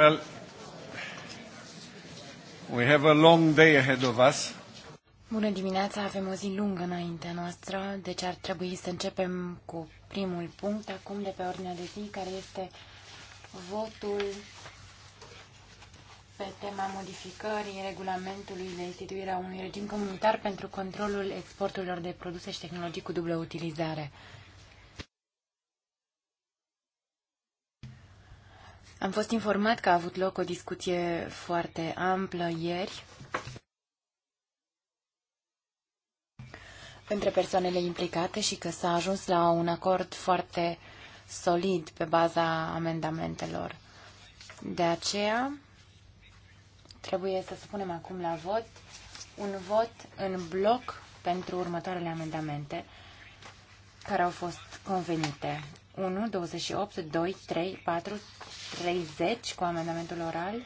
Well, we have a long day ahead of us. Bună dimineața, avem o zi lungă înaintea noastră, deci ar trebui să începem cu primul punct acum de pe ordinea de zi, care este votul pe tema modificării regulamentului de instituire a unui regim comunitar pentru controlul exporturilor de produse și tehnologii cu dublă utilizare. Am fost informat că a avut loc o discuție foarte amplă ieri între persoanele implicate și că s-a ajuns la un acord foarte solid pe baza amendamentelor. De aceea, trebuie să supunem acum la vot un vot în bloc pentru următoarele amendamente care au fost convenite. 1, 28, 2, 3, 4, 30 cu amendamentul oral,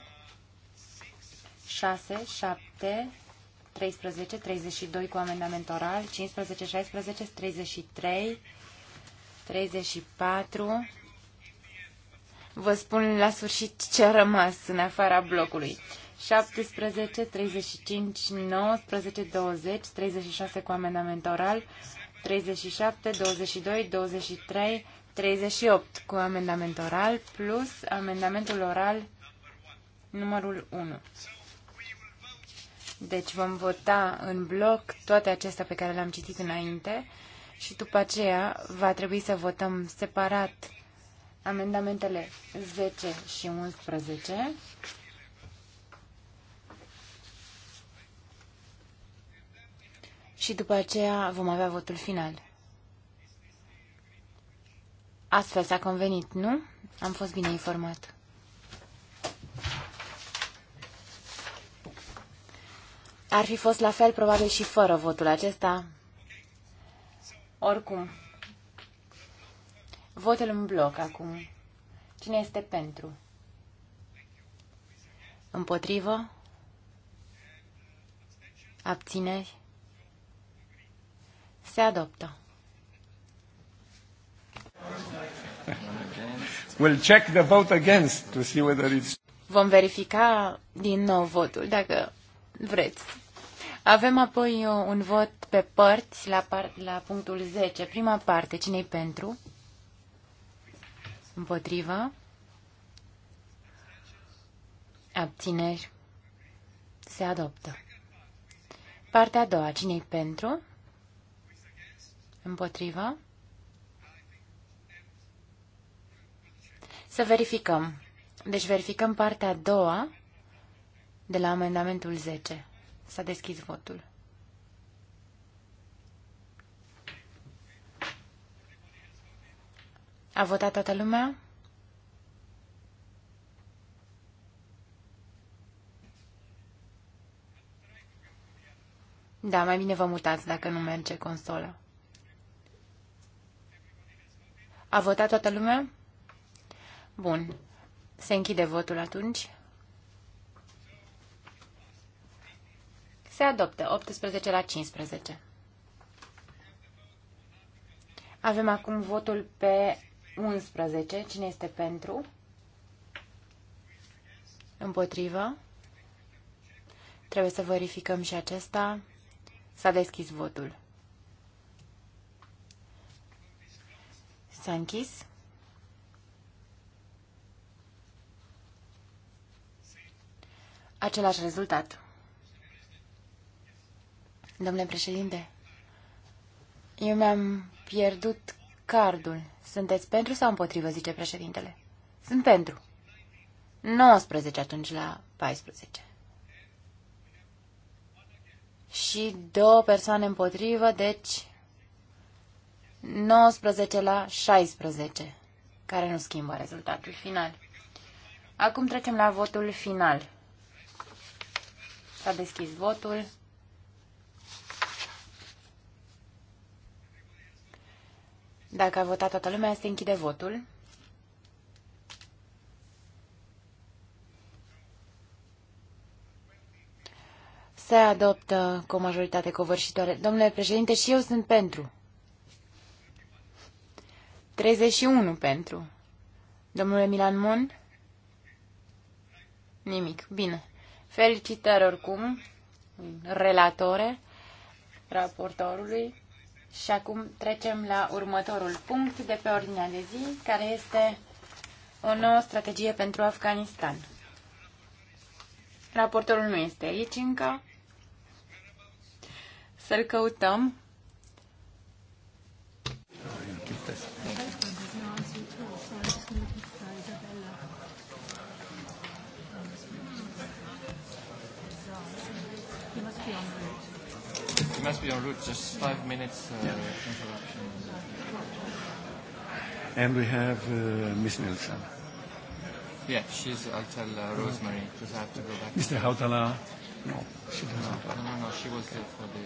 6, 7, 13, 32 cu amendament oral, 15, 16, 33, 34. Vă spun la sfârșit ce a rămas în afara blocului. 17, 35, 19, 20, 36 cu amendament oral, 37, 22, 23, 38 cu amendament oral plus amendamentul oral numărul 1. Deci vom vota în bloc toate acestea pe care le-am citit înainte și după aceea va trebui să votăm separat amendamentele 10 și 11. Și după aceea vom avea votul final. Astfel s-a convenit, nu? Am fost bine informat. Ar fi fost la fel probabil și fără votul acesta. Oricum. Votul în bloc acum. Cine este pentru? Împotrivă? Abțineri? Se adoptă. We'll check the vote against to see whether it's... Vom verifica din nou votul, dacă vreți. Avem apoi uh, un vot pe părți la, par- la punctul 10. Prima parte, cine e pentru? Împotriva? Abțineri? Se adoptă. Partea a doua, cine e pentru? Împotriva? Să verificăm. Deci verificăm partea a doua de la amendamentul 10. S-a deschis votul. A votat toată lumea? Da, mai bine vă mutați dacă nu merge consola. A votat toată lumea? Bun. Se închide votul atunci. Se adoptă 18 la 15. Avem acum votul pe 11. Cine este pentru? Împotrivă. Trebuie să verificăm și acesta. S-a deschis votul. S-a închis. același rezultat. Domnule președinte, eu mi-am pierdut cardul. Sunteți pentru sau împotrivă, zice președintele? Sunt pentru. 19 atunci la 14. Și două persoane împotrivă, deci 19 la 16, care nu schimbă rezultatul final. Acum trecem la votul final. S-a deschis votul. Dacă a votat toată lumea, se închide votul. Se adoptă cu o majoritate covârșitoare. Domnule președinte, și eu sunt pentru. 31 pentru. Domnule Milan Mon? Nimic. Bine. Felicitări oricum, relatore, raportorului. Și acum trecem la următorul punct de pe ordinea de zi, care este o nouă strategie pentru Afganistan. Raportorul nu este aici încă. Să-l căutăm. must be en route, just five minutes uh, yeah. interruption. And we have uh, Miss Nilsson. Yeah, she's, I'll tell uh, Rosemary, because I have to go back. Mr. Hautala? No, she doesn't. No, no, no, she was there for the...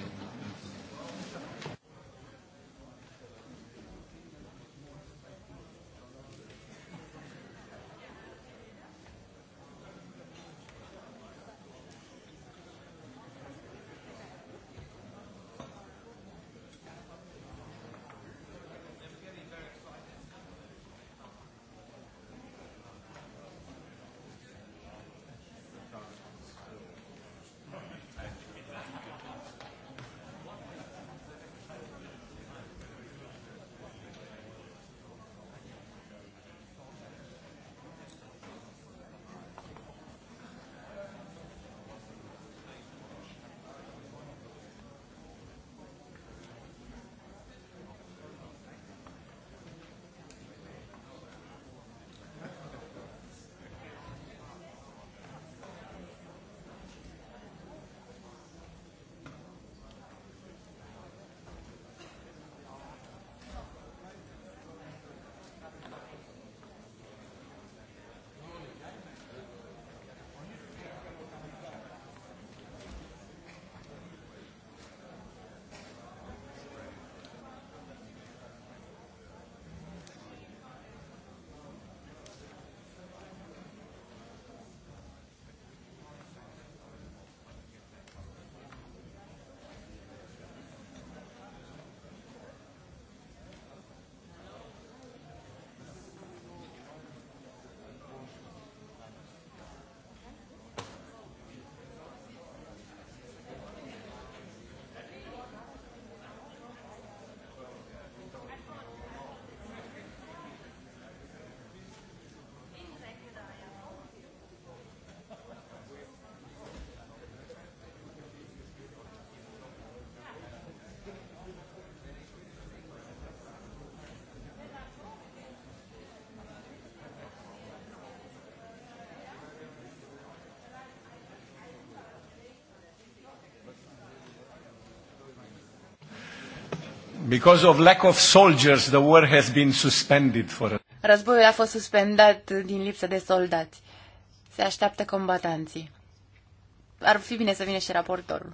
Because of lack of soldiers, the war has been suspended for a... Războiul a fost suspendat din lipsă de soldați. Se așteaptă combatanții. Ar fi bine să vină și raportorul.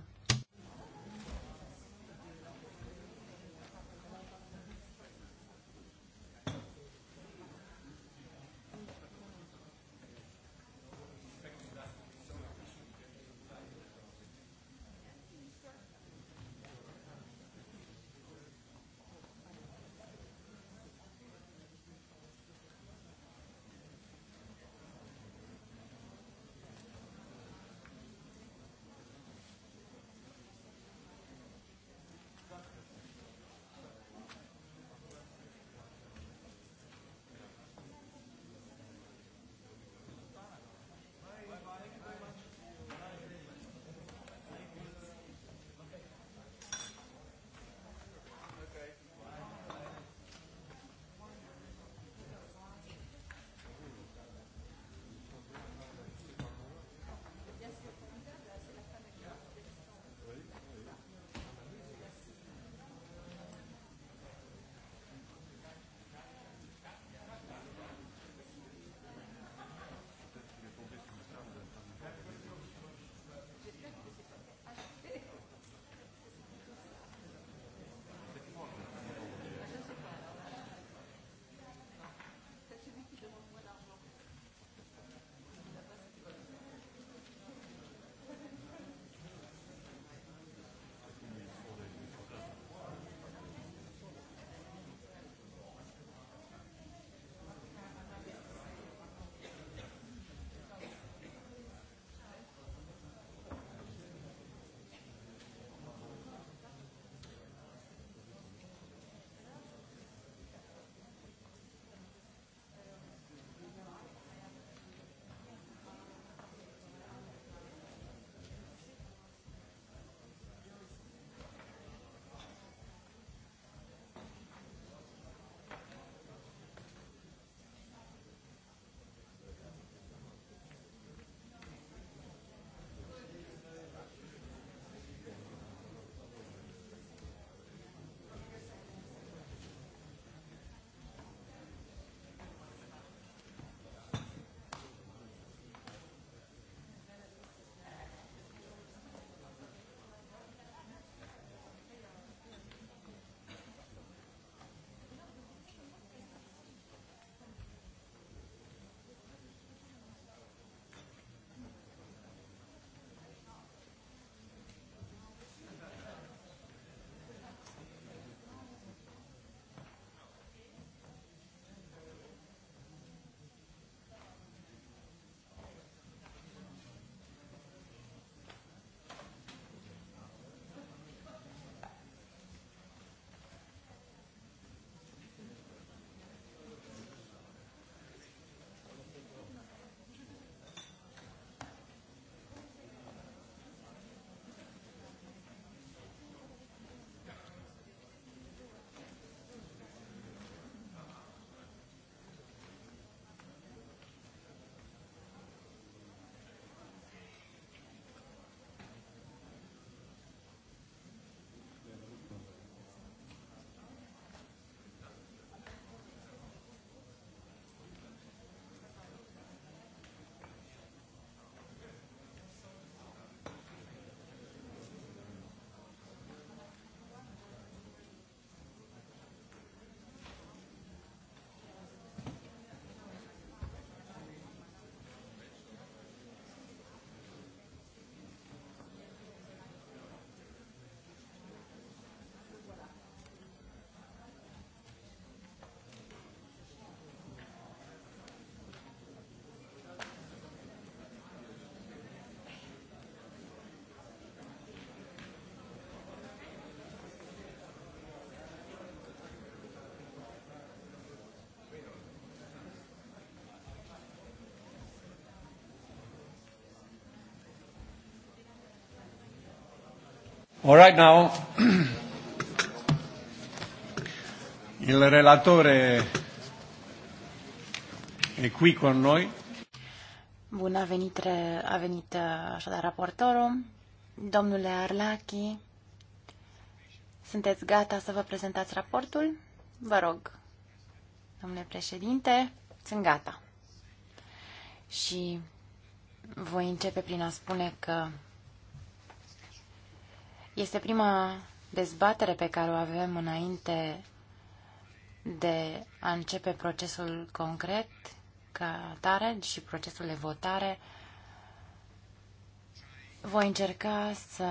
All right now, il relatore e qui con noi. Bun a venit, a venit uh, așadar raportorul. Domnule Arlachi, sunteți gata să vă prezentați raportul? Vă rog, domnule președinte, sunt gata. Și voi începe prin a spune că este prima dezbatere pe care o avem înainte de a începe procesul concret ca tare și procesul de votare. Voi încerca să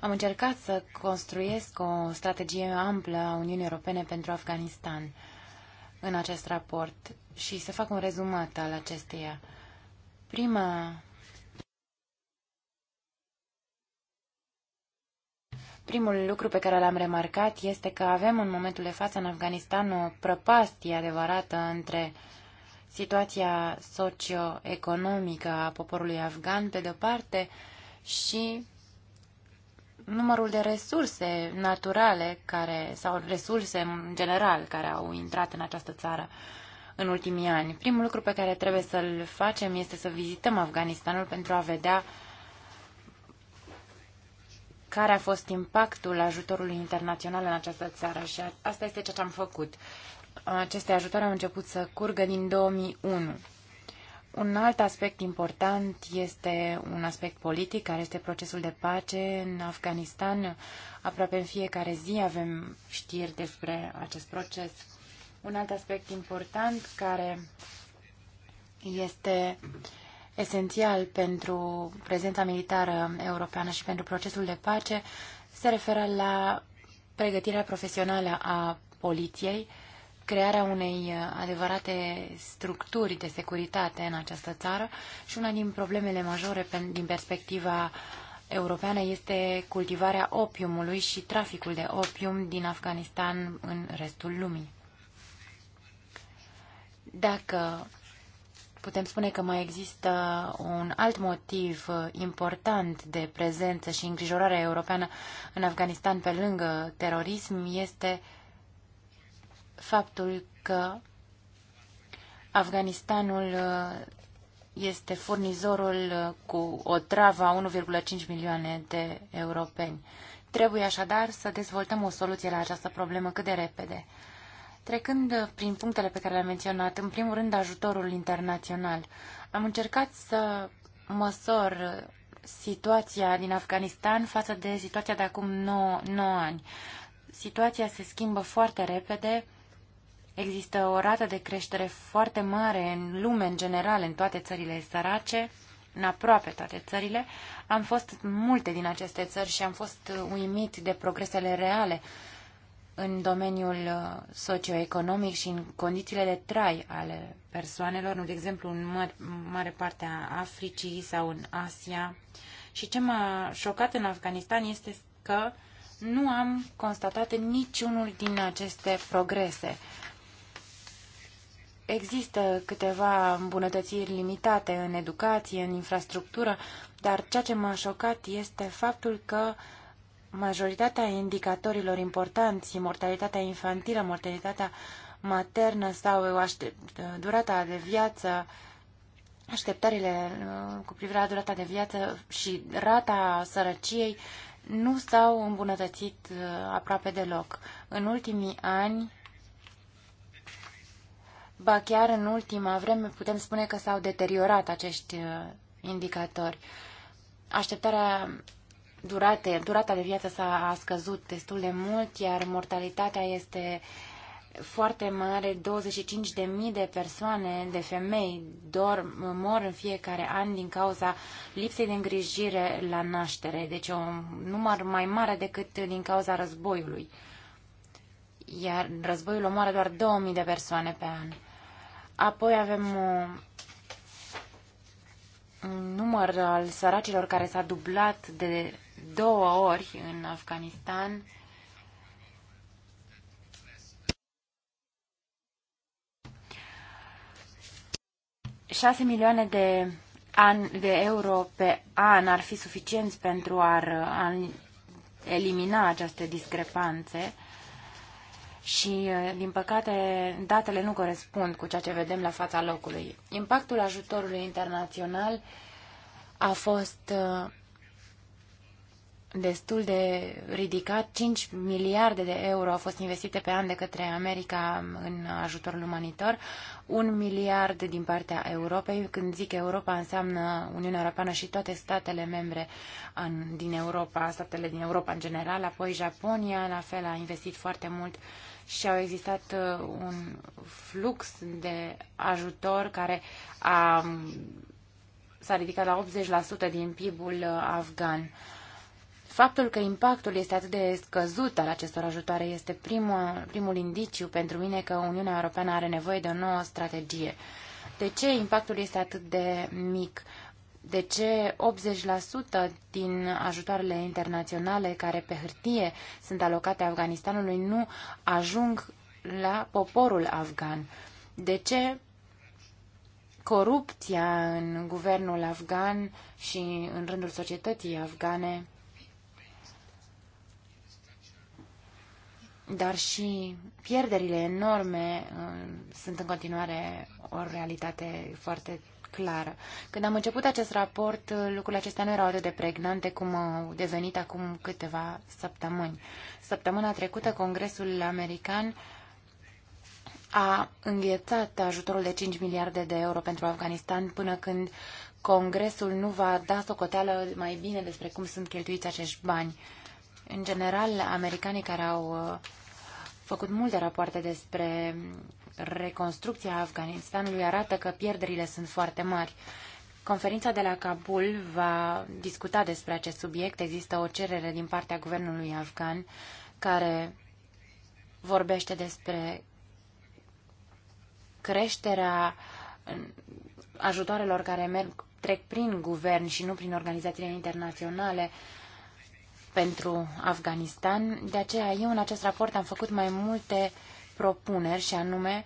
Am încercat să construiesc o strategie amplă a Uniunii Europene pentru Afganistan în acest raport și să fac un rezumat al acesteia. Prima Primul lucru pe care l-am remarcat este că avem în momentul de față în Afganistan o prăpastie adevărată între situația socioeconomică a poporului afgan, pe de-o parte, și numărul de resurse naturale care, sau resurse în general care au intrat în această țară în ultimii ani. Primul lucru pe care trebuie să-l facem este să vizităm Afganistanul pentru a vedea uh, care a fost impactul ajutorului internațional în această țară și asta este ceea ce am făcut. Aceste ajutoare au început să curgă din 2001. Un alt aspect important este un aspect politic, care este procesul de pace în Afganistan. Aproape în fiecare zi avem știri despre acest proces. Un alt aspect important care este uh, esențial pentru prezența militară europeană și pentru procesul de pace se referă la pregătirea profesională a poliției, crearea unei adevărate structuri de securitate în această țară și una din problemele majore din perspectiva europeană este cultivarea opiumului și traficul de opium din Afganistan în restul lumii. Dacă putem spune că mai există un alt motiv uh, important de prezență și îngrijorare europeană în Afganistan pe lângă terorism este faptul că Afganistanul uh, este furnizorul uh, cu o travă a 1,5 milioane de europeni. Trebuie așadar să dezvoltăm o soluție la această problemă cât de repede. Trecând prin punctele pe care le-am menționat, în primul rând ajutorul internațional. Am încercat să măsor situația din Afganistan față de situația de acum 9, 9 ani. Situația se schimbă foarte repede, există o rată de creștere foarte mare în lume, în general, în toate țările sărace, în aproape toate țările. Am fost multe din aceste țări și am fost uimit de progresele reale în domeniul uh, socioeconomic și în condițiile de trai ale persoanelor, de exemplu în mare, parte a Africii sau în Asia. Și ce m-a șocat în Afganistan este că nu am constatat niciunul din aceste progrese. Există câteva îmbunătățiri limitate în educație, în infrastructură, dar ceea ce m-a șocat este faptul că uh, majoritatea indicatorilor importanți, mortalitatea infantilă, mortalitatea maternă sau aștept, durata de viață, așteptările uh, cu privire la durata de viață și rata sărăciei nu s-au îmbunătățit uh, aproape deloc. În ultimii ani, ba chiar în ultima vreme, putem spune că s-au deteriorat acești uh, indicatori. Așteptarea durate, durata de viață s-a scăzut destul de mult, iar mortalitatea este foarte mare, 25.000 de persoane, de femei, dor, mor în fiecare an din cauza lipsei de îngrijire la naștere, deci un număr mai mare decât din cauza războiului. Iar războiul omoară doar 2000 de persoane pe an. Apoi avem o, un număr al săracilor care s-a dublat de două ori în Afganistan. Șase milioane de, an, de euro pe an ar fi suficienți pentru a, a elimina aceste discrepanțe și, eh, din păcate, datele nu corespund cu ceea ce vedem la fața locului. Impactul ajutorului internațional a fost eh, destul de ridicat. 5 miliarde de euro au fost investite pe an de către America în ajutorul umanitar, un miliard din partea Europei. Când zic Europa, înseamnă Uniunea Europeană și toate statele membre în, din Europa, statele din Europa în general, apoi Japonia, la fel, a investit foarte mult și au existat uh, un flux de ajutor care a, s-a ridicat la 80% din PIB-ul uh, afgan. Faptul că impactul este atât de scăzut al acestor ajutoare este primul, primul indiciu pentru mine că Uniunea Europeană are nevoie de o nouă strategie. De ce impactul este atât de mic? De ce 80% din ajutoarele internaționale care pe hârtie sunt alocate Afganistanului nu ajung la poporul afgan? De ce corupția în guvernul afgan și în rândul societății afgane dar și pierderile enorme uh, sunt în continuare o realitate foarte clară. Când am început acest raport, uh, lucrurile acestea nu erau atât de pregnante cum au devenit acum câteva săptămâni. Săptămâna trecută, Congresul American a înghețat ajutorul de 5 miliarde de euro pentru Afganistan până când Congresul nu va da socoteală mai bine despre cum sunt cheltuiți acești bani. În general, americanii care au uh, făcut multe rapoarte despre reconstrucția Afganistanului arată că pierderile sunt foarte mari. Conferința de la Kabul va discuta despre acest subiect. Există o cerere din partea guvernului afgan care vorbește despre creșterea ajutoarelor care merg, trec prin guvern și nu prin organizațiile internaționale. Uh, pentru Afganistan. De aceea eu în acest raport am făcut mai multe propuneri și anume,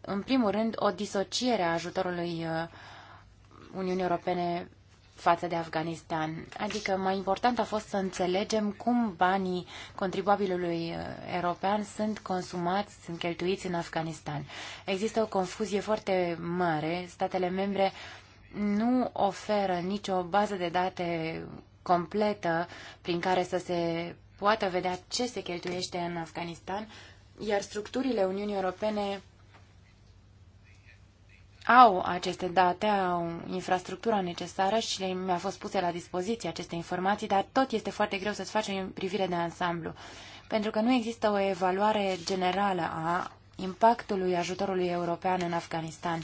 în primul rând, o disociere a ajutorului uh, Uniunii Europene față de Afganistan. Adică mai important a fost să înțelegem cum banii contribuabilului uh, european sunt consumați, sunt cheltuiți în Afganistan. Există o confuzie foarte mare. Statele membre nu oferă nicio bază de date completă prin care să se poată vedea ce se cheltuiește în Afganistan, iar structurile Uniunii Europene au aceste date, au infrastructura necesară și mi-a fost puse la dispoziție aceste informații, dar tot este foarte greu să-ți faci o privire de ansamblu, pentru că nu există o evaluare generală a impactului ajutorului european în Afganistan.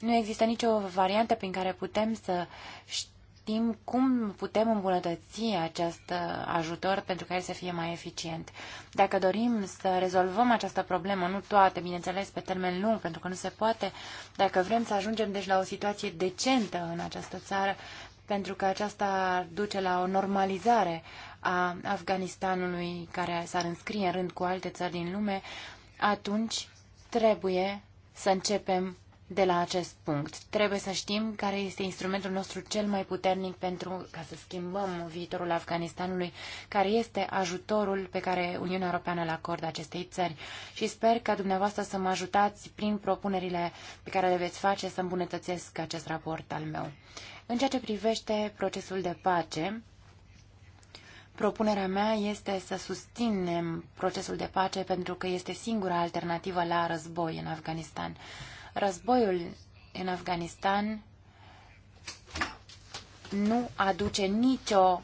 Nu există nicio variantă prin care putem să știm pregătim cum putem îmbunătăți acest ajutor pentru ca el să fie mai eficient. Dacă dorim să rezolvăm această problemă, nu toate, bineînțeles, pe termen lung, pentru că nu se poate, dacă vrem să ajungem deci la o situație decentă în această țară, pentru că aceasta duce la o normalizare a Afganistanului care s-ar înscrie în rând cu alte țări din lume, atunci trebuie să începem de la acest punct. Trebuie să știm care este instrumentul nostru cel mai puternic pentru ca să schimbăm viitorul Afganistanului, care este ajutorul pe care Uniunea Europeană îl acordă acestei țări. Și sper ca dumneavoastră să mă ajutați prin propunerile pe care le veți face să îmbunătățesc acest raport al meu. În ceea ce privește procesul de pace, Propunerea mea este să susținem procesul de pace pentru că este singura alternativă la război în Afganistan. Războiul în Afganistan nu aduce nicio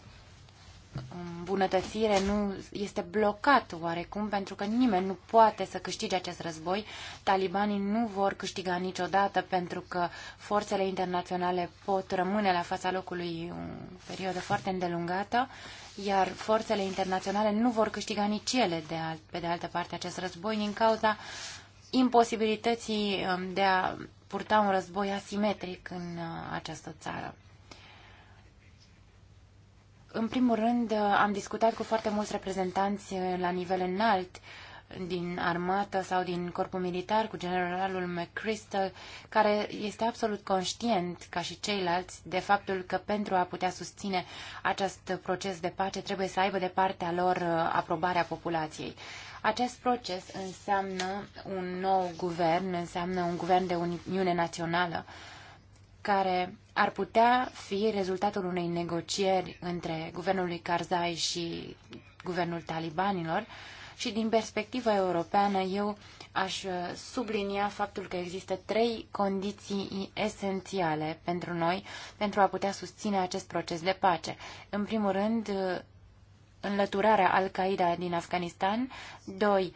îmbunătățire, nu este blocat oarecum, pentru că nimeni nu poate să câștige acest război. Talibanii nu vor câștiga niciodată, pentru că forțele internaționale pot rămâne la fața locului o perioadă foarte îndelungată, iar forțele internaționale nu vor câștiga nici ele, de alt, pe de altă parte, acest război din cauza uh, imposibilității um, de a purta un război asimetric în uh, această țară. În primul rând, uh, am discutat cu foarte mulți reprezentanți uh, la nivel înalt uh, din armată sau din corpul militar cu generalul McChrystal, care este absolut conștient, ca și ceilalți, de faptul că pentru a putea susține acest proces de pace trebuie să aibă de partea lor uh, aprobarea populației. Acest proces înseamnă un nou guvern, înseamnă un guvern de Uniune Națională, care ar putea fi rezultatul unei negocieri între guvernul lui Karzai și guvernul talibanilor, uh, și din perspectiva europeană, eu aș uh, sublinia faptul că există trei condiții esențiale pentru noi pentru a putea susține acest proces de pace. În primul rând, uh, înlăturarea Al-Qaeda din Afganistan, doi,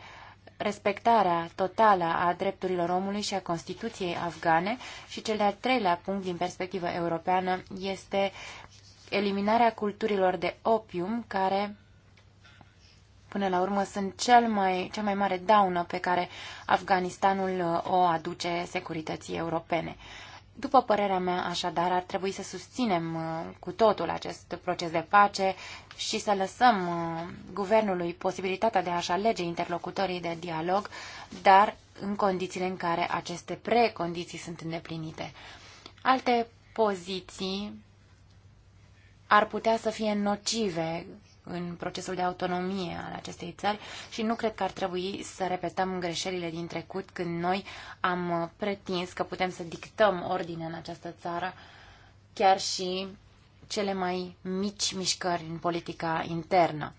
respectarea totală a drepturilor omului și a Constituției afgane și cel de-al treilea punct din perspectivă europeană este eliminarea culturilor de opium care până la urmă sunt cel mai, cea mai mare daună pe care Afganistanul uh, o aduce securității europene. După părerea mea, așadar, ar trebui să susținem uh, cu totul acest proces de pace și să lăsăm uh, guvernului posibilitatea de a-și alege interlocutorii de dialog, dar în condițiile în care aceste precondiții sunt îndeplinite. Alte poziții ar putea să fie nocive în procesul de autonomie al acestei țări și nu cred că ar trebui să repetăm greșelile din trecut când noi am uh, pretins că putem să dictăm ordine în această țară, chiar și cele mai mici mișcări în politica internă.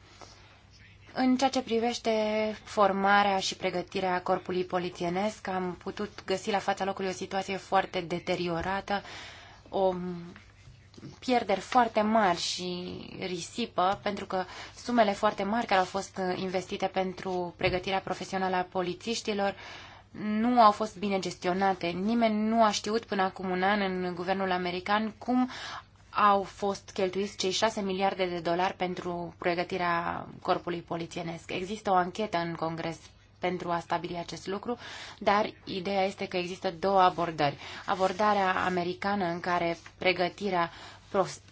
În ceea ce privește formarea și pregătirea corpului polițienesc, am putut găsi la fața locului o situație foarte deteriorată, o pierderi foarte mari și risipă, pentru că sumele foarte mari care au fost uh, investite pentru pregătirea profesională a polițiștilor nu au fost bine gestionate. Nimeni nu a știut până acum un an în guvernul american cum au fost cheltuiți cei 6 miliarde de dolari pentru pregătirea corpului polițienesc. Există o anchetă în Congres pentru a stabili acest lucru, dar ideea este că există două abordări. Abordarea americană în care pregătirea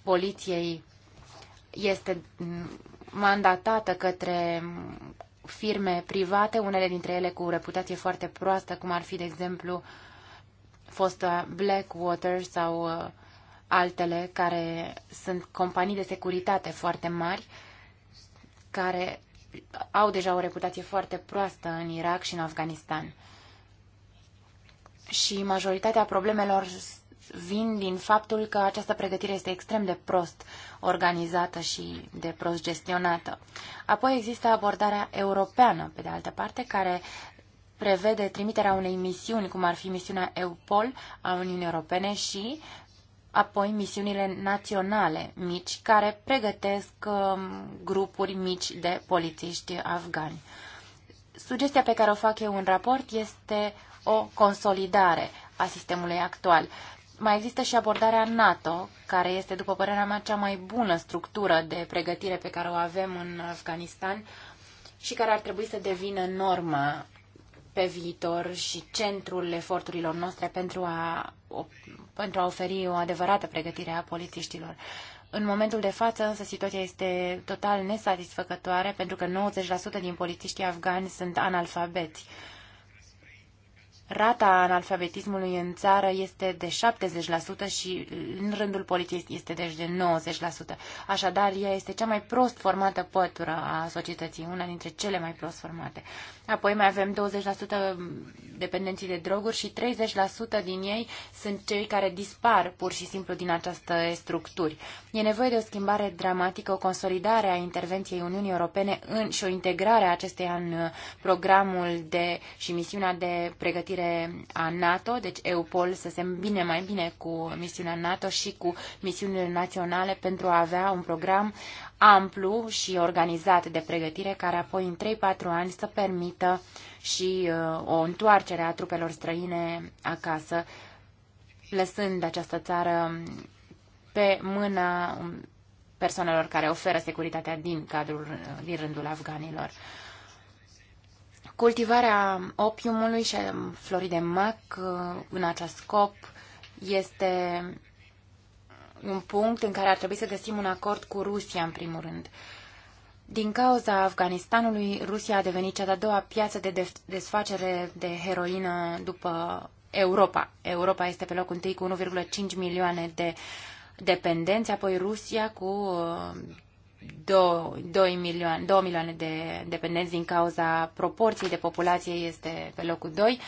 poliției este mandatată către firme private, unele dintre ele cu reputație foarte proastă, cum ar fi, de exemplu, fosta Blackwater sau uh, altele, care sunt companii de securitate foarte mari, care au deja o reputație foarte proastă în Irak și în Afganistan. Și majoritatea problemelor vin din faptul că această pregătire este extrem de prost organizată și de prost gestionată. Apoi există abordarea europeană, pe de altă parte, care prevede trimiterea unei misiuni, cum ar fi misiunea EUPOL a Uniunii Europene și apoi misiunile naționale mici, care pregătesc um, grupuri mici de polițiști afgani. Sugestia pe care o fac eu în raport este o consolidare a sistemului actual mai există și abordarea NATO, care este, după părerea mea, cea mai bună structură de pregătire pe care o avem în Afganistan și care ar trebui să devină normă pe viitor și centrul eforturilor noastre pentru a, o, pentru a oferi o adevărată pregătire a polițiștilor. În momentul de față, însă, situația este total nesatisfăcătoare pentru că 90% din polițiștii afgani sunt analfabeti. Uh, Rata analfabetismului în țară este de 70% și în rândul poliției este deci de 90%. Așadar, ea este cea mai prost formată pătură a societății, una dintre cele mai prost formate. Apoi mai avem 20% dependenții de droguri și 30% din ei sunt cei care dispar pur și simplu din această structuri. E nevoie de o schimbare dramatică, o consolidare a intervenției Uniunii Europene în, și o integrare a acesteia în programul de, și misiunea de pregătire pregătire a NATO, deci EUPOL să se îmbine mai bine cu misiunea NATO și cu misiunile naționale pentru a avea un program amplu și organizat de pregătire care apoi în 3-4 ani să permită și uh, o întoarcere a trupelor străine acasă, lăsând această țară pe mâna persoanelor care oferă securitatea din cadrul, din rândul afganilor. Cultivarea opiumului și a florii de mac uh, în acest scop este un punct în care ar trebui să găsim un acord cu Rusia, în primul rând. Din cauza Afganistanului, Rusia a devenit cea de-a doua piață de desfacere de heroină după Europa. Europa este pe locul întâi cu 1,5 milioane de dependenți, apoi Rusia cu uh, 2, 2, milioane, 2 milioane de dependenți din cauza proporției de populație este pe locul 2.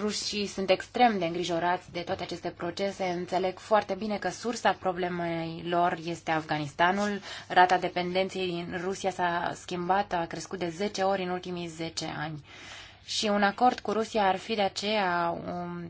Rușii sunt extrem de îngrijorați de toate aceste procese. Înțeleg foarte bine că sursa problemei lor este Afganistanul. Rata dependenței din Rusia s-a schimbat, a crescut de 10 ori în ultimii 10 ani. Și un acord cu Rusia ar fi de aceea un,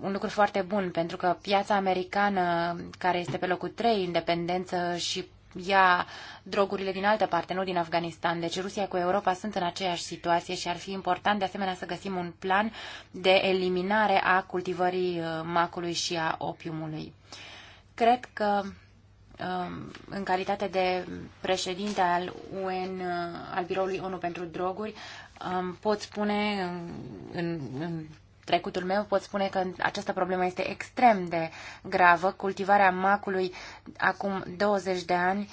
un lucru foarte bun, pentru că piața americană, care este pe locul 3, independență și ia drogurile din altă parte, nu din Afganistan. Deci Rusia cu Europa sunt în aceeași situație și ar fi important de asemenea să găsim un plan de eliminare a cultivării uh, macului și a opiumului. Cred că um, în calitate de președinte al UN, uh, al Biroului ONU pentru Droguri, um, pot spune în, în, în trecutul meu, pot spune că această problemă este extrem de gravă. Cultivarea macului acum 20 de ani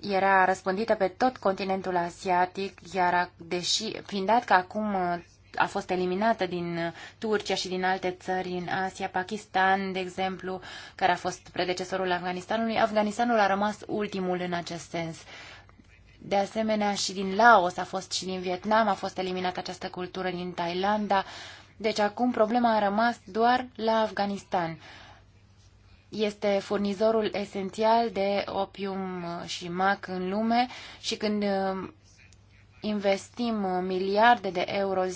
era răspândită pe tot continentul asiatic, iar deși, fiind dat că acum uh, a fost eliminată din uh, Turcia și din alte țări în Asia, Pakistan, de exemplu, care a fost predecesorul Afganistanului, Afganistanul a rămas ultimul în acest sens. De asemenea, și din Laos a fost și din Vietnam a fost eliminată această cultură, din Thailanda deci acum problema a rămas doar la Afganistan. Este furnizorul esențial de opium și mac în lume și când uh, investim miliarde de euro, 10%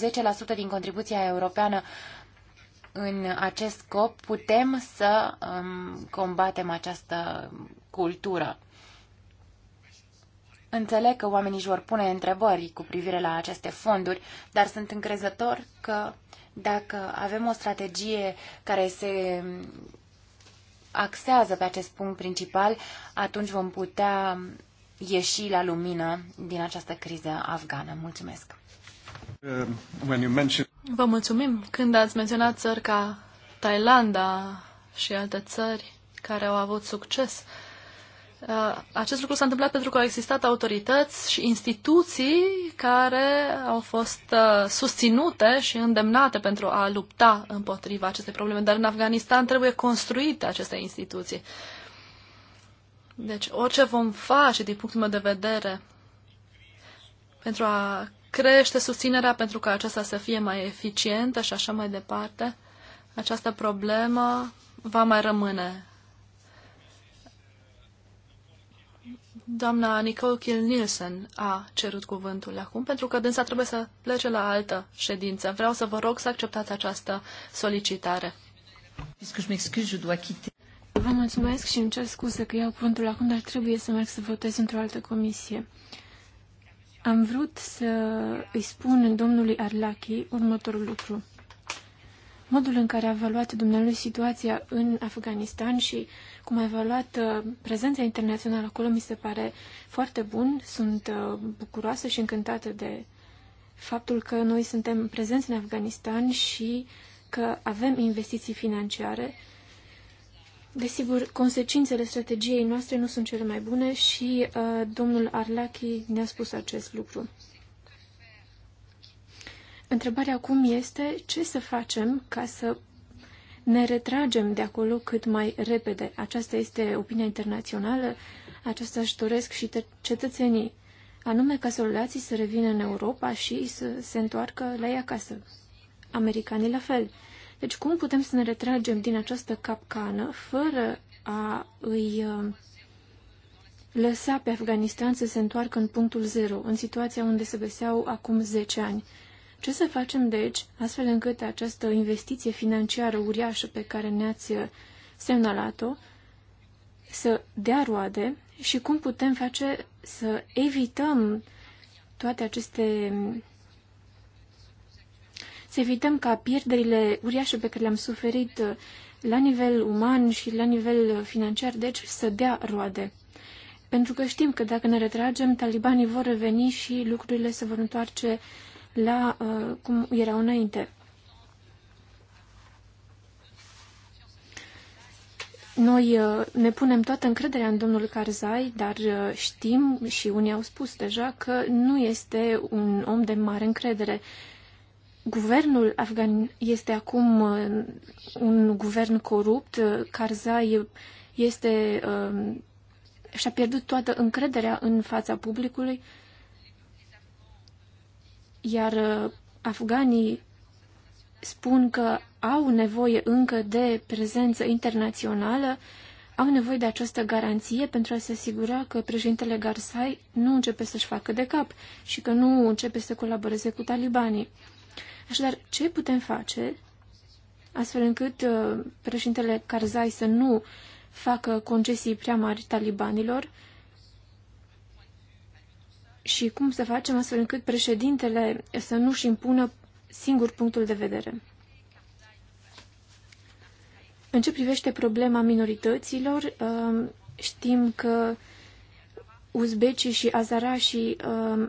din contribuția europeană în acest scop, putem să um, combatem această cultură. Înțeleg că oamenii își vor pune întrebări cu privire la aceste fonduri, dar sunt încrezător că uh, dacă avem o strategie care se axează pe acest punct principal, atunci vom putea ieși la lumină din această criză afgană. Mulțumesc! Vă mulțumim! Când ați menționat țări ca Thailanda și alte țări care au avut succes Uh, acest lucru s-a întâmplat pentru că au existat autorități și instituții care au fost uh, susținute și îndemnate pentru a lupta împotriva acestei probleme, dar în Afganistan trebuie construite aceste instituții. Deci orice vom face din punctul meu de vedere pentru a crește susținerea, pentru ca aceasta să fie mai eficientă și așa mai departe, această problemă va mai rămâne Doamna Nicole Kiel Nielsen a cerut cuvântul acum, pentru că dânsa trebuie să plece la altă ședință. Vreau să vă rog să acceptați această solicitare. Vă mulțumesc și îmi cer scuze că iau cuvântul acum, dar trebuie să merg să votez într-o altă comisie. Am vrut să îi spun domnului Arlachi următorul lucru modul în care a evaluat dumnealui situația în Afganistan și cum a evaluat uh, prezența internațională acolo mi se pare foarte bun. Sunt uh, bucuroasă și încântată de faptul că noi suntem prezenți în Afganistan și că avem investiții financiare. Desigur, consecințele strategiei noastre nu sunt cele mai bune și uh, domnul Arlachi ne-a spus acest lucru. Întrebarea acum este ce să facem ca să ne retragem de acolo cât mai repede. Aceasta este opinia internațională, aceasta își doresc și cetățenii, anume ca soldații să revină în Europa și să se întoarcă la ei acasă. Americanii la fel. Deci cum putem să ne retragem din această capcană fără a îi uh, lăsa pe Afganistan să se întoarcă în punctul zero, în situația unde se găseau acum 10 ani? Ce să facem, deci, astfel încât această investiție financiară uriașă pe care ne-ați uh, semnalat-o să dea roade și cum putem face să evităm toate aceste să evităm ca pierderile uriașe pe care le-am suferit uh, la nivel uman și la nivel uh, financiar, deci să dea roade. Pentru că știm că dacă ne retragem, talibanii vor reveni și lucrurile se vor întoarce la uh, cum erau înainte. Noi uh, ne punem toată încrederea în domnul Karzai, dar uh, știm și unii au spus deja că nu este un om de mare încredere. Guvernul afgan este acum uh, un guvern corupt. Uh, Karzai este uh, și-a pierdut toată încrederea în fața publicului. Uh, iar uh, afganii spun că au nevoie încă de prezență internațională, au nevoie de această garanție pentru a se asigura că președintele Garsai nu începe să-și facă de cap și că nu începe să colaboreze cu talibanii. Așadar, ce putem face astfel încât uh, președintele Karzai să nu facă concesii prea mari talibanilor și cum să facem astfel încât președintele să nu-și impună singur punctul de vedere. În ce privește problema minorităților, uh, știm că uzbecii și azarașii uh,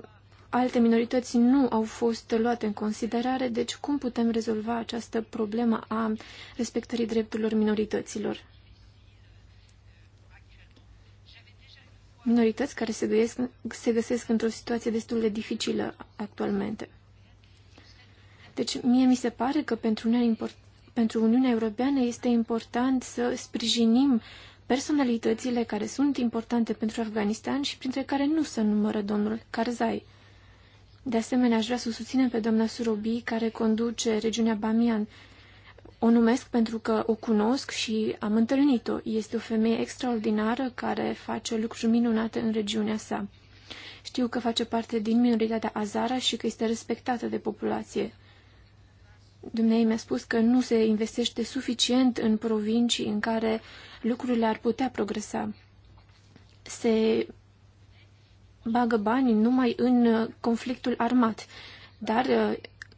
alte minorități nu au fost luate în considerare, deci cum putem rezolva această problemă a respectării drepturilor minorităților? minorități care se, găiesc, se găsesc într-o situație destul de dificilă actualmente. Deci, mie mi se pare că pentru Uniunea, pentru Uniunea Europeană este important să sprijinim personalitățile care sunt importante pentru Afganistan și printre care nu se numără domnul Karzai. De asemenea, aș vrea să susținem pe doamna Surobi, care conduce regiunea Bamian o numesc pentru că o cunosc și am întâlnit-o. Este o femeie extraordinară care face lucruri minunate în regiunea sa. Știu că face parte din minoritatea Azara și că este respectată de populație. Dumnezeu mi-a spus că nu se investește suficient în provincii în care lucrurile ar putea progresa. Se bagă bani numai în conflictul armat, dar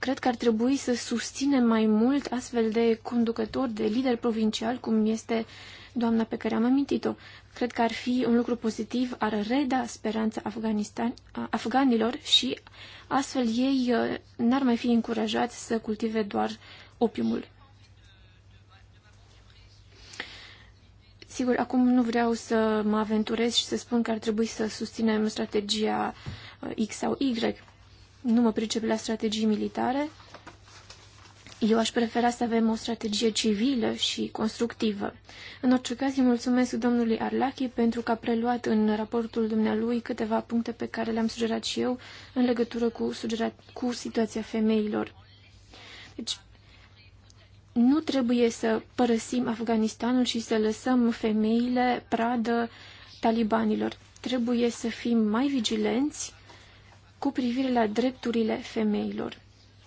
Cred că ar trebui să susținem mai mult astfel de conducători, de lideri provincial, cum este doamna pe care am amintit-o. Cred că ar fi un lucru pozitiv, ar reda speranța Afganistan, afganilor și astfel ei uh, n-ar mai fi încurajați să cultive doar opiumul. Sigur, acum nu vreau să mă aventurez și să spun că ar trebui să susținem strategia uh, X sau Y, nu mă pricep la strategii militare. Eu aș prefera să avem o strategie civilă și constructivă. În orice caz, îi mulțumesc domnului Arlachi pentru că a preluat în raportul dumnealui câteva puncte pe care le-am sugerat și eu în legătură cu, sugera- cu situația femeilor. Deci, nu trebuie să părăsim Afganistanul și să lăsăm femeile pradă talibanilor. Trebuie să fim mai vigilenți cu privire la drepturile femeilor.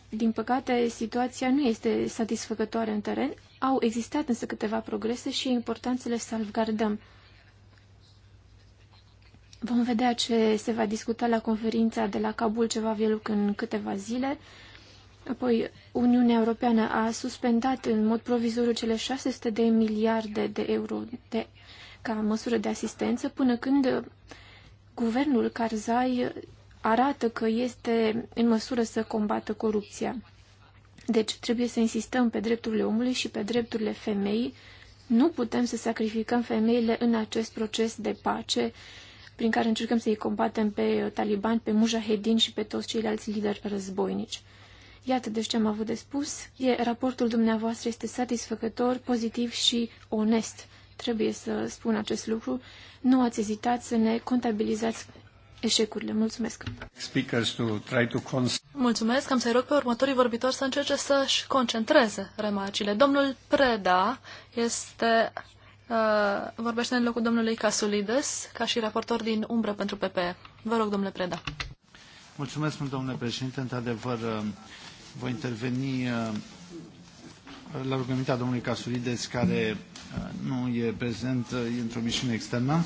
Din păcate, situația nu este satisfăcătoare în teren, au existat însă câteva progrese și e important să le salvgardăm. Vom vedea ce se va discuta la conferința de la Kabul ce va avea loc în câteva zile. Apoi, Uniunea Europeană a suspendat în mod provizoriu cele 600 de miliarde de euro de, ca măsură de asistență până când guvernul Karzai arată că este în măsură să combată corupția. Deci trebuie să insistăm pe drepturile omului și pe drepturile femeii. Nu putem să sacrificăm femeile în acest proces de pace prin care încercăm să-i combatem pe uh, talibani, pe mujahedin și pe toți ceilalți lideri războinici. Iată deci ce am avut de spus. E, raportul dumneavoastră este satisfăcător, pozitiv și onest. Trebuie să spun acest lucru. Nu ați ezitat să ne contabilizați eșecurile. Mulțumesc! Mulțumesc! Am să-i rog pe următorii vorbitori să încerce să-și concentreze remarcile. Domnul Preda este, uh, vorbește în locul domnului Casulides, ca și raportor din umbră pentru PPE. Vă rog, domnule Preda. Mulțumesc, domnule președinte. Într-adevăr, uh, voi interveni uh, la rugămintea domnului Casulides, care uh, nu e prezent, e într-o misiune externă.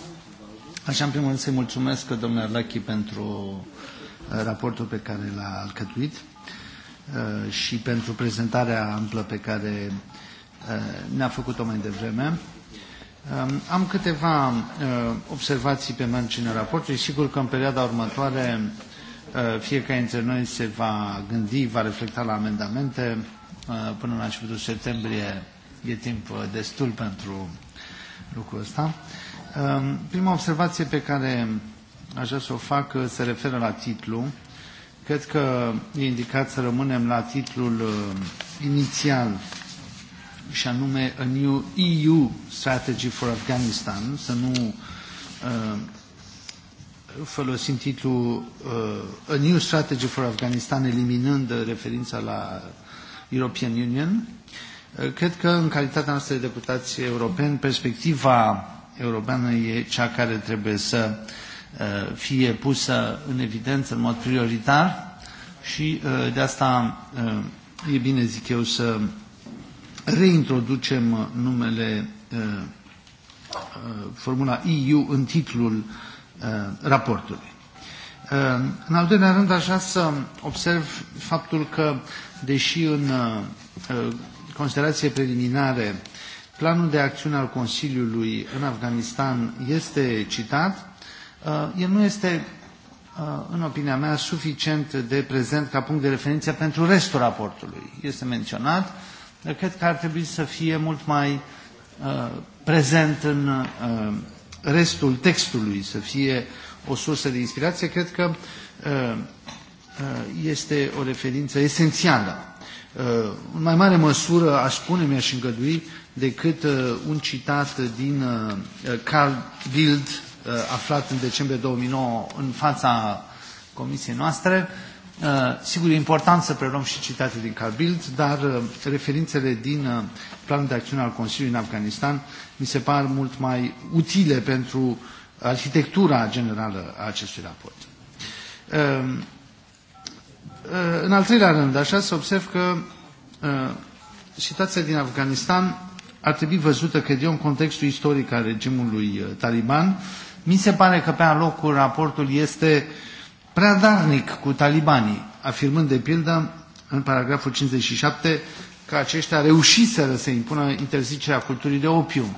Așa, în primul rând, să-i mulțumesc, domnule Arlachi, pentru uh, raportul pe care l-a alcătuit uh, și pentru prezentarea amplă pe care uh, ne-a făcut-o mai devreme. Um, am câteva observații pe marginea raportului. Sigur că în perioada următoare fiecare dintre noi se va gândi, va reflecta la amendamente. Până la începutul septembrie e timp destul pentru lucrul ăsta. Ehm, prima observație pe care aș vrea să o fac uh, se referă la titlu. Cred că e indicat să rămânem la titlul uh, inițial și anume A New EU Strategy for Afghanistan, să nu uh, folosim titlul A New Strategy for Afghanistan eliminând referința la European Union. Cred că în calitatea noastră de deputați europeni perspectiva europeană e cea care trebuie să uh, fie pusă în evidență în mod prioritar și uh, de asta uh, e bine, zic eu, să reintroducem numele formula EU în titlul raportului. În al doilea rând, aș vrea să observ faptul că, deși în considerație preliminare Planul de acțiune al Consiliului în Afganistan este citat. Uh, el nu este, uh, în opinia mea, suficient de prezent ca punct de referință pentru restul raportului. Este menționat, dar cred că ar trebui să fie mult mai uh, prezent în restul textului, să fie o sursă de inspirație. Cred că este o referință esențială. În mai mare măsură, aș spune, mi-aș îngădui, decât uh, un citat din uh, Carl Bild, uh, aflat în decembrie 2009 în fața comisiei noastre. Sigur, e important să preluăm și citate din Carl Bild, dar referințele din planul de acțiune al Consiliului în Afganistan mi se par mult mai utile pentru arhitectura generală a acestui raport. Um, în al treilea rând, așa se observ că situația din Afganistan ar trebui văzută, cred eu, în contextul istoric al regimului uh, taliban. Mi se pare că pe alocul raportul este prea darnic cu talibanii, afirmând, de pildă, în paragraful 57, că aceștia reușiseră să impună interzicerea culturii de opium.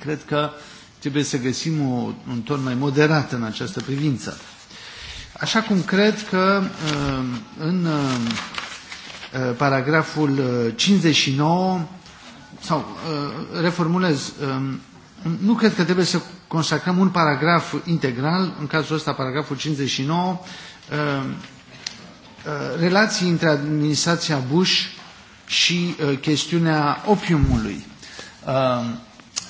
Cred că trebuie să găsim o, un ton mai moderat în această privință. Așa cum cred că uh, în uh, paragraful 59 sau uh, reformulez, um, nu cred că trebuie să consacrăm un paragraf integral, în cazul ăsta paragraful 59, um, uh, relații între administrația Bush și uh, chestiunea opiumului. Um,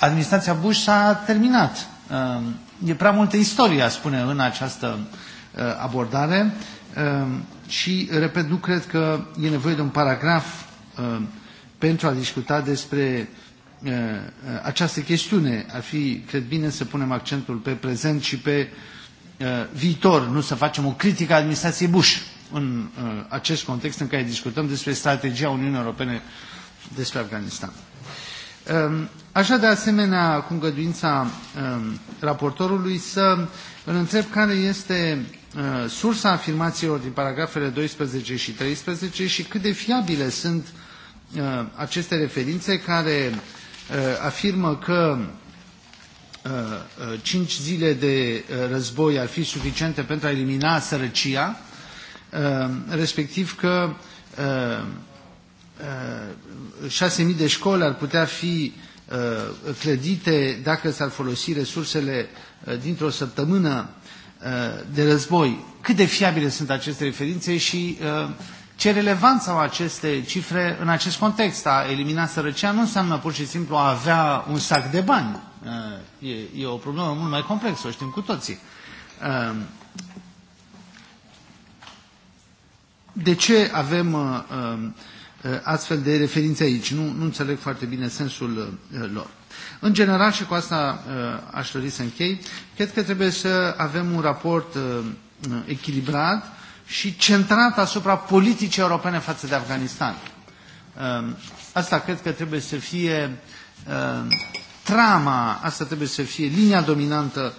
administrația Bush s-a terminat. E prea multă istorie, spune, în această abordare și, repet, nu cred că e nevoie de un paragraf pentru a discuta despre uh, uh, această chestiune. Ar fi, cred bine, să punem accentul pe prezent și pe uh, viitor, nu să facem o critică a administrației Bush în acest context în care discutăm despre strategia Uniunii Europene despre Afganistan. Um, Așa de asemenea, cu îngăduința um, raportorului, să îl întreb care este sursa afirmațiilor din paragrafele 12 și 13 și cât de fiabile sunt uh, Uh, aceste referințe care uh, afirmă că uh, cinci zile de război ar fi suficiente pentru a elimina sărăcia, respectiv că 6.000 de școli ar putea fi clădite dacă s-ar folosi resursele dintr-o săptămână de război. Cât de fiabile sunt aceste referințe și ce relevanță au aceste cifre în acest context? A elimina sărăcia nu înseamnă pur și simplu a avea un sac de bani. Uh, e, e o problemă mult mai complexă, o știm cu toții. Uh, de ce avem uh, astfel de referințe aici? Nu, nu înțeleg foarte bine sensul lor. În general, și cu asta aș dori să închei, cred că trebuie să avem un raport echilibrat și centrat asupra politicii europene față de Afganistan. Um, asta cred că trebuie să fie um, trama, asta trebuie să fie linia dominantă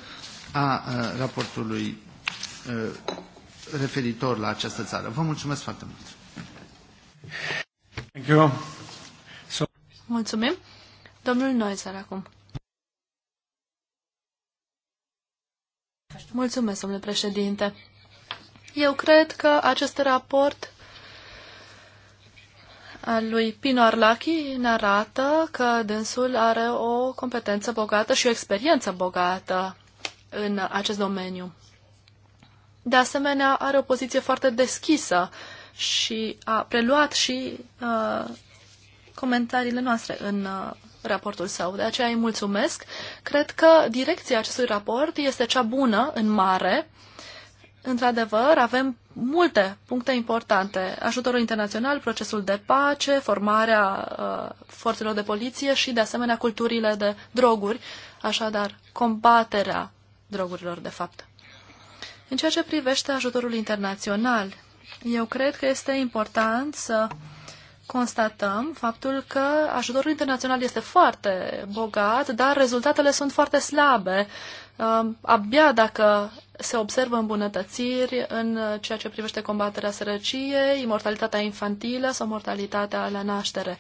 a uh, raportului uh, referitor la această țară. Vă mulțumesc foarte mult! Thank you. So... Mulțumim! Domnul Noizar acum. Mulțumesc, domnule președinte. Eu cred că acest raport al lui Pino Arlachi ne arată că dânsul are o competență bogată și o experiență bogată în acest domeniu. De asemenea, are o poziție foarte deschisă și a preluat și uh, comentariile noastre în uh, raportul său. De aceea îi mulțumesc. Cred că direcția acestui raport este cea bună în mare. Într-adevăr, avem multe puncte importante. Ajutorul internațional, procesul de pace, formarea uh, forțelor de poliție și, de asemenea, culturile de droguri, așadar, combaterea drogurilor, de fapt. În ceea ce privește ajutorul internațional, eu cred că este important să constatăm faptul că ajutorul internațional este foarte bogat, dar rezultatele sunt foarte slabe. Uh, abia dacă se observă îmbunătățiri în ceea ce privește combaterea sărăciei, mortalitatea infantilă sau mortalitatea la naștere.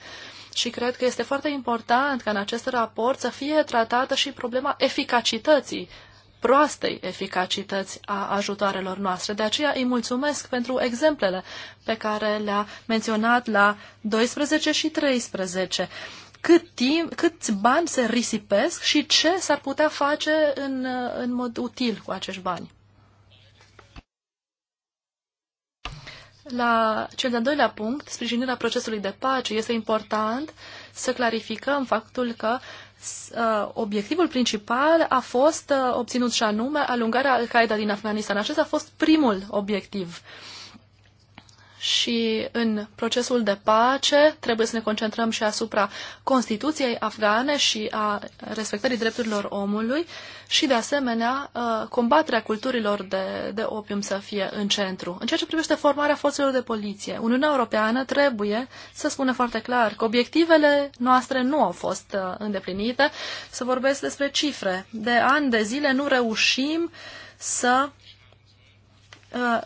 Și cred că este foarte important ca în acest raport să fie tratată și problema eficacității, proastei eficacități a ajutoarelor noastre. De aceea îi mulțumesc pentru exemplele pe care le-a menționat la 12 și 13 cât timp, câți bani se risipesc și ce s-ar putea face în, în mod util cu acești bani. La cel de-al doilea punct, sprijinirea procesului de pace, este important să clarificăm faptul că uh, obiectivul principal a fost uh, obținut și anume alungarea Al-Qaeda din Afganistan. Acesta a fost primul obiectiv. Uh, și în procesul de pace trebuie să ne concentrăm și asupra Constituției afgane și a respectării drepturilor omului și, de asemenea, uh, combaterea culturilor de, de opium să fie în centru. În ceea ce privește formarea forțelor de poliție, Uniunea Europeană trebuie să spună foarte clar că obiectivele noastre nu au fost uh, îndeplinite. Să vorbesc despre cifre. De ani de zile nu reușim să uh,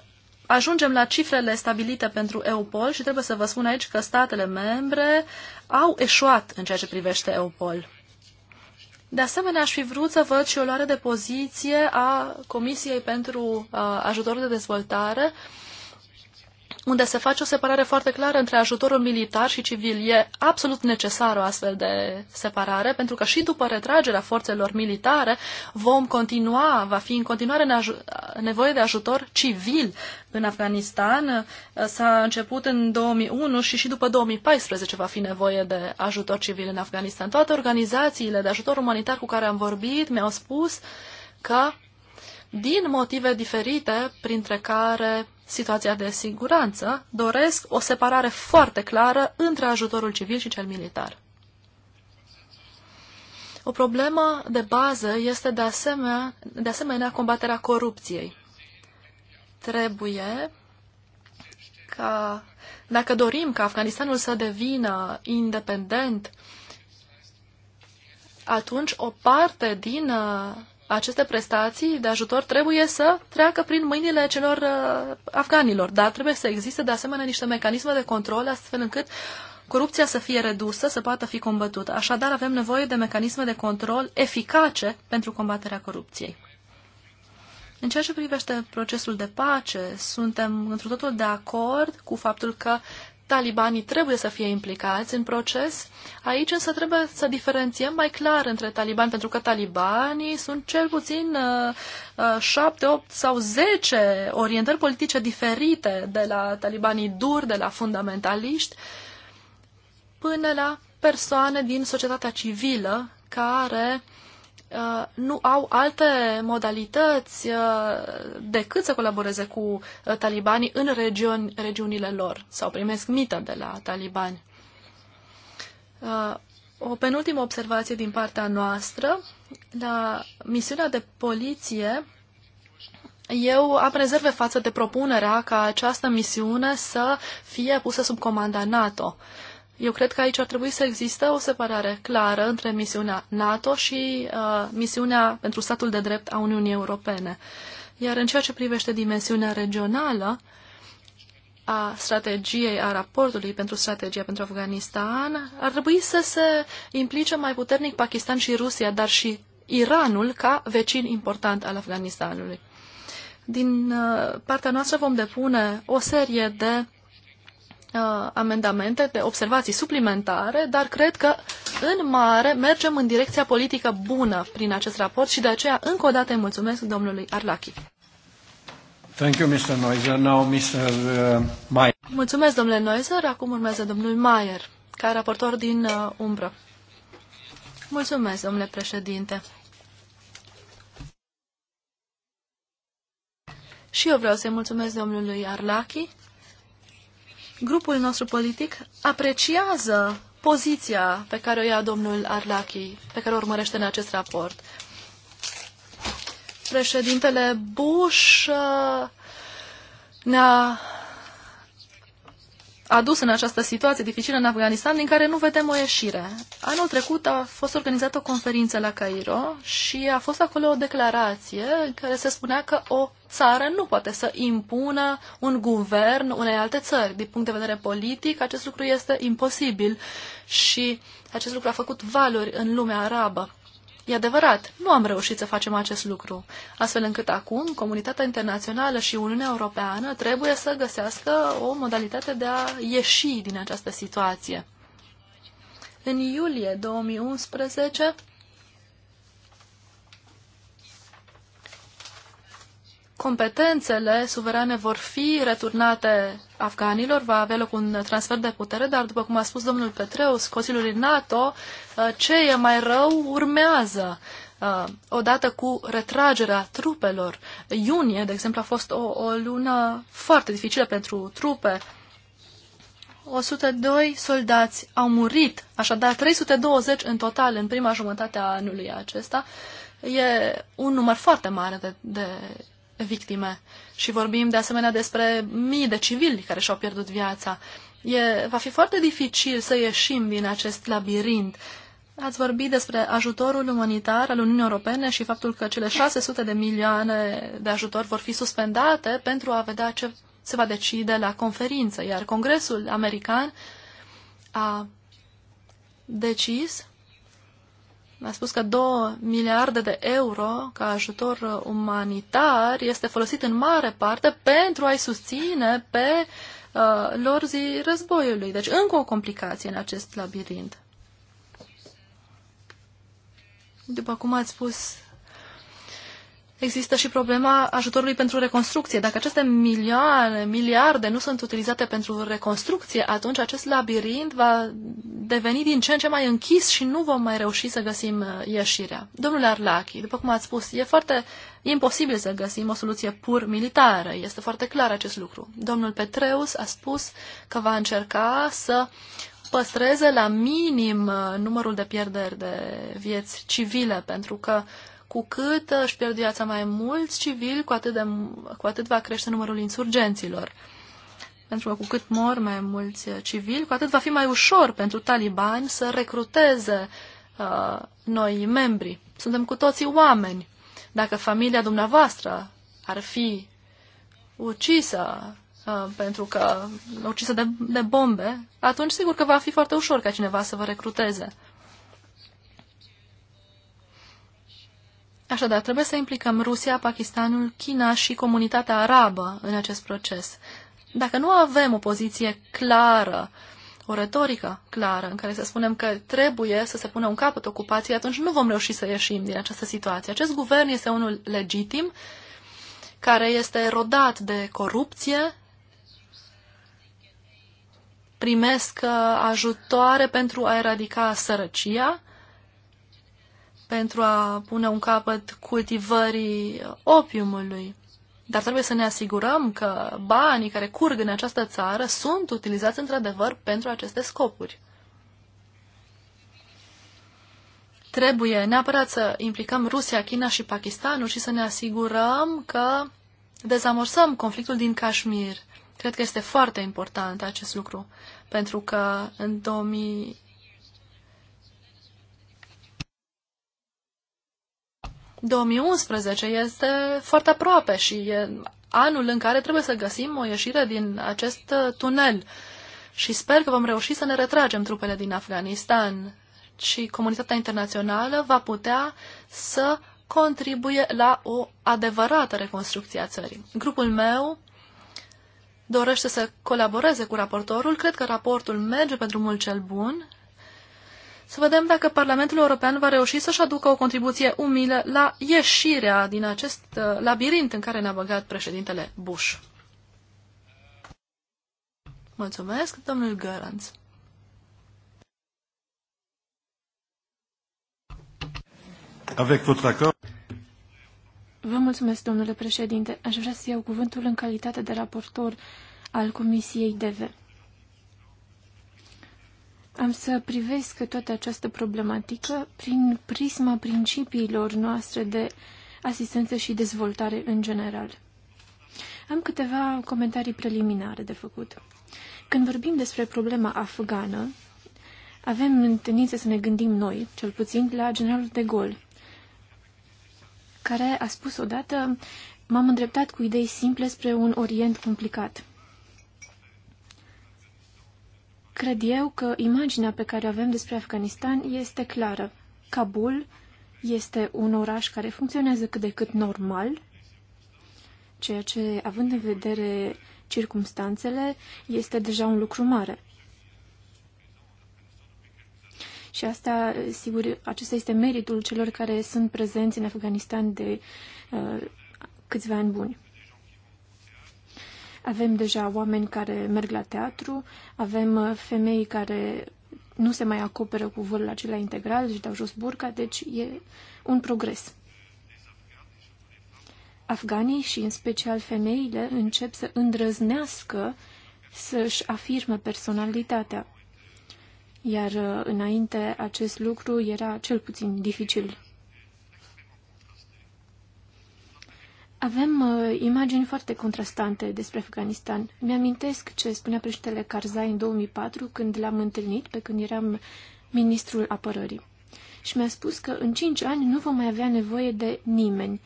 ajungem la cifrele stabilite pentru EUPOL și trebuie să vă spun aici că statele membre au eșuat în ceea ce privește EUPOL. De asemenea, aș fi vrut să văd și o luare de poziție a Comisiei pentru uh, Ajutorul Ajutor de Dezvoltare uh, unde se face o separare foarte clară între ajutorul militar și civil. E absolut necesară o astfel de separare, pentru că și după retragerea forțelor militare vom continua, va fi în continuare nevoie de ajutor civil în Afganistan. S-a început în 2001 și și după 2014 va fi nevoie de ajutor civil în Afganistan. Toate organizațiile de ajutor umanitar cu care am vorbit mi-au spus că din motive diferite, printre care situația de siguranță, doresc o separare foarte clară între ajutorul civil și cel militar. O problemă de bază este de asemenea, de asemenea combaterea corupției. Trebuie ca, dacă dorim ca Afganistanul să devină independent, atunci o parte din uh, aceste prestații de ajutor trebuie să treacă prin mâinile celor uh, afganilor, dar trebuie să existe de asemenea niște mecanisme de control astfel încât corupția să fie redusă, să poată fi combătută. Așadar, avem nevoie de mecanisme de control eficace pentru combaterea corupției. În ceea ce privește procesul de pace, suntem într totul de acord cu faptul că talibanii trebuie să fie implicați în proces. Aici însă trebuie să diferențiem mai clar între talibani, pentru că talibanii sunt cel puțin uh, uh, șapte, opt sau zece orientări politice diferite de la talibanii duri, de la fundamentaliști, până la persoane din societatea civilă care Uh, nu au alte modalități uh, decât să colaboreze cu uh, talibanii în regiuni, regiunile lor sau primesc mită de la talibani. O penultimă observație din partea noastră, la misiunea de poliție, eu am rezerve față de propunerea ca această misiune să fie pusă sub comanda NATO. Uh, eu cred că aici ar trebui să existe o separare clară între misiunea NATO și uh, misiunea pentru statul de drept a Uniunii Europene. Iar în ceea ce privește dimensiunea regională a strategiei, a raportului pentru strategia pentru Afganistan, ar trebui să se implice mai puternic Pakistan și Rusia, dar și Iranul ca vecin important al Afganistanului. Din uh, partea noastră vom depune o serie de uh, amendamente, de observații suplimentare, dar cred că în mare mergem în direcția politică bună prin acest raport și de aceea încă o dată îi mulțumesc domnului Arlachi. Thank you, Mr. Noiser. Now, Mr. Mayer. Mulțumesc, domnule Noiser. Acum urmează domnul Mayer, ca raportor din uh, umbră. Mulțumesc, domnule președinte. Și eu vreau să-i mulțumesc domnului Arlachi Grupul nostru politic apreciază poziția pe care o ia domnul Arlachi, pe care o urmărește în acest raport. Președintele Bush uh, ne-a adus în această situație dificilă în Afganistan, din care nu vedem o ieșire. Anul trecut a fost organizată o conferință la Cairo și a fost acolo o declarație în care se spunea că o țară nu poate să impună un guvern unei alte țări. Din punct de vedere politic, acest lucru este imposibil și acest lucru a făcut valuri în lumea arabă. E adevărat, nu am reușit să facem acest lucru, astfel încât acum comunitatea internațională și Uniunea Europeană trebuie să găsească o modalitate de a ieși din această situație. În iulie 2011, competențele suverane vor fi returnate afganilor, va avea loc un transfer de putere, dar după cum a spus domnul Petreus, Consiliului NATO, uh, ce e mai rău urmează uh, odată cu retragerea trupelor. Iunie, de exemplu, a fost o, o lună foarte dificilă pentru trupe. 102 soldați au murit, așadar 320 în total în prima jumătate a anului acesta. E un număr foarte mare de, de victime. Și vorbim de asemenea despre mii de civili care și-au pierdut viața. E, va fi foarte dificil să ieșim din acest labirint. Ați vorbit despre ajutorul umanitar al Uniunii Europene și faptul că cele 600 de milioane de ajutor vor fi suspendate pentru a vedea ce se va decide la conferință. Iar Congresul American a decis a spus că 2 miliarde de euro ca ajutor uh, umanitar este folosit în mare parte pentru a-i susține pe uh, lor zi războiului. Deci încă o complicație în acest labirint. După cum ați spus Există și problema ajutorului pentru reconstrucție. Dacă aceste milioane, miliarde nu sunt utilizate pentru reconstrucție, atunci acest labirint va deveni din ce în ce mai închis și nu vom mai reuși să găsim uh, ieșirea. Domnule Arlachi, după cum ați spus, e foarte imposibil să găsim o soluție pur militară. Este foarte clar acest lucru. Domnul Petreus a spus că va încerca să păstreze la minim uh, numărul de pierderi de vieți civile, pentru că uh, cu cât uh, își pierd viața mai mulți civili, cu atât, de, cu atât va crește numărul insurgenților. Pentru că cu cât mor mai mulți uh, civili, cu atât va fi mai ușor pentru talibani să recruteze uh, noi membri. Suntem cu toții oameni. Dacă familia dumneavoastră ar fi ucisă uh, pentru că ucisă de, de bombe, atunci sigur că va fi foarte ușor ca cineva să vă recruteze. Așadar, trebuie să implicăm Rusia, Pakistanul, China și comunitatea arabă în acest proces. Dacă nu avem o poziție clară, o retorică clară, în care să spunem că trebuie să se pună un capăt ocupației, atunci nu vom reuși să ieșim din această situație. Acest guvern este unul legitim, care este rodat de corupție, primesc uh, ajutoare pentru a eradica sărăcia, pentru a pune un capăt cultivării opiumului. Dar trebuie să ne asigurăm că banii care curg în această țară sunt utilizați într-adevăr pentru aceste scopuri. Trebuie neapărat să implicăm Rusia, China și Pakistanul și să ne asigurăm că dezamorsăm conflictul din Kashmir. Cred că este foarte important acest lucru, pentru că în 2000, 2011 este foarte aproape și e anul în care trebuie să găsim o ieșire din acest uh, tunel. Și sper că vom reuși să ne retragem trupele din Afganistan și comunitatea internațională va putea să contribuie la o adevărată reconstrucție a țării. Grupul meu dorește să colaboreze cu raportorul. Cred că raportul merge pentru mult cel bun să vedem dacă Parlamentul European va reuși să-și aducă o contribuție umilă la ieșirea din acest uh, labirint în care ne-a băgat președintele Bush. Mulțumesc, domnul Găranț. Vă mulțumesc, domnule președinte. Aș vrea să iau cuvântul în calitate de raportor al Comisiei DV. Am să privesc toată această problematică prin prisma principiilor noastre de asistență și dezvoltare în general. Am câteva comentarii preliminare de făcut. Când vorbim despre problema afgană, avem tendința să ne gândim noi, cel puțin, la generalul de gol, care a spus odată, m-am îndreptat cu idei simple spre un orient complicat. Cred eu că imaginea pe care o avem despre Afganistan este clară. Kabul este un oraș care funcționează cât de cât normal, ceea ce, având în vedere circumstanțele, este deja un lucru mare. Și asta, sigur, acesta este meritul celor care sunt prezenți în Afganistan de uh, câțiva ani buni. Avem deja oameni care merg la teatru, avem uh, femei care nu se mai acoperă cu vârful acela integral, și dau jos burca, deci e un progres. Afganii și în special femeile încep să îndrăznească să-și afirme personalitatea. Iar uh, înainte acest lucru era cel puțin dificil. Avem uh, imagini foarte contrastante despre Afganistan. Mi-amintesc ce spunea președintele Karzai în 2004 când l-am întâlnit, pe când eram ministrul apărării. Și mi-a spus că în cinci ani nu vom mai avea nevoie de nimeni.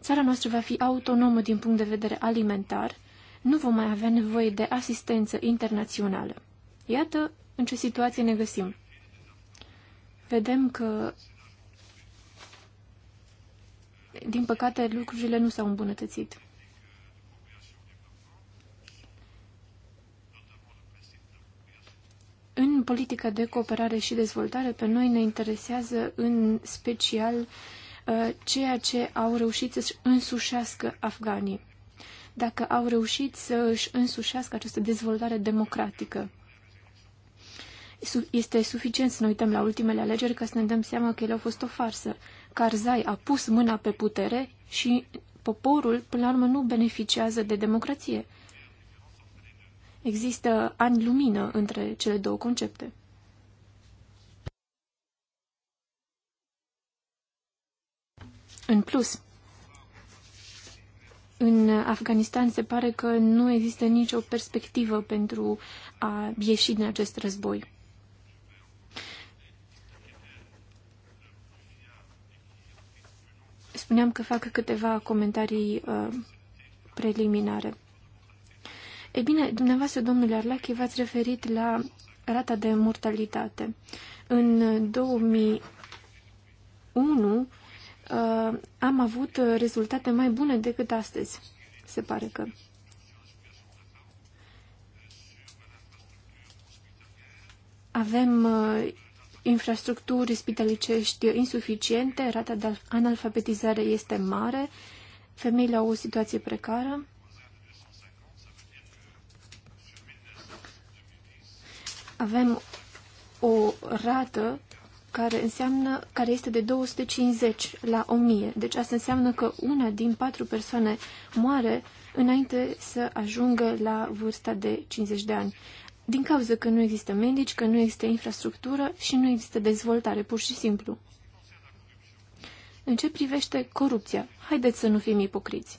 Țara noastră va fi autonomă din punct de vedere alimentar, nu vom mai avea nevoie de asistență internațională. Iată în ce situație ne găsim. Vedem că din păcate, lucrurile nu s-au îmbunătățit. În politica de cooperare și dezvoltare, pe noi ne interesează în special uh, ceea ce au reușit să-și însușească afganii. Dacă au reușit să și însușească această dezvoltare democratică. Este suficient să ne uităm la ultimele alegeri ca să ne dăm seama că ele au fost o farsă. Karzai a pus mâna pe putere și poporul, până la urmă, nu beneficiază de democrație. Există ani lumină între cele două concepte. În plus, în Afganistan se pare că nu există nicio perspectivă pentru a ieși din acest război. spuneam că fac câteva comentarii uh, preliminare. E bine, dumneavoastră, domnule Arlache, v-ați referit la rata de mortalitate. În 2001 uh, am avut rezultate mai bune decât astăzi, se pare că. Avem uh, infrastructuri spitalicești insuficiente, rata de analfabetizare este mare, femeile au o situație precară. Avem o rată care înseamnă care este de 250 la 1000. Deci asta înseamnă că una din patru persoane moare înainte să ajungă la vârsta de 50 de ani din cauza că nu există medici, că nu există infrastructură și nu există dezvoltare, pur și simplu. În ce privește corupția, haideți să nu fim ipocriți.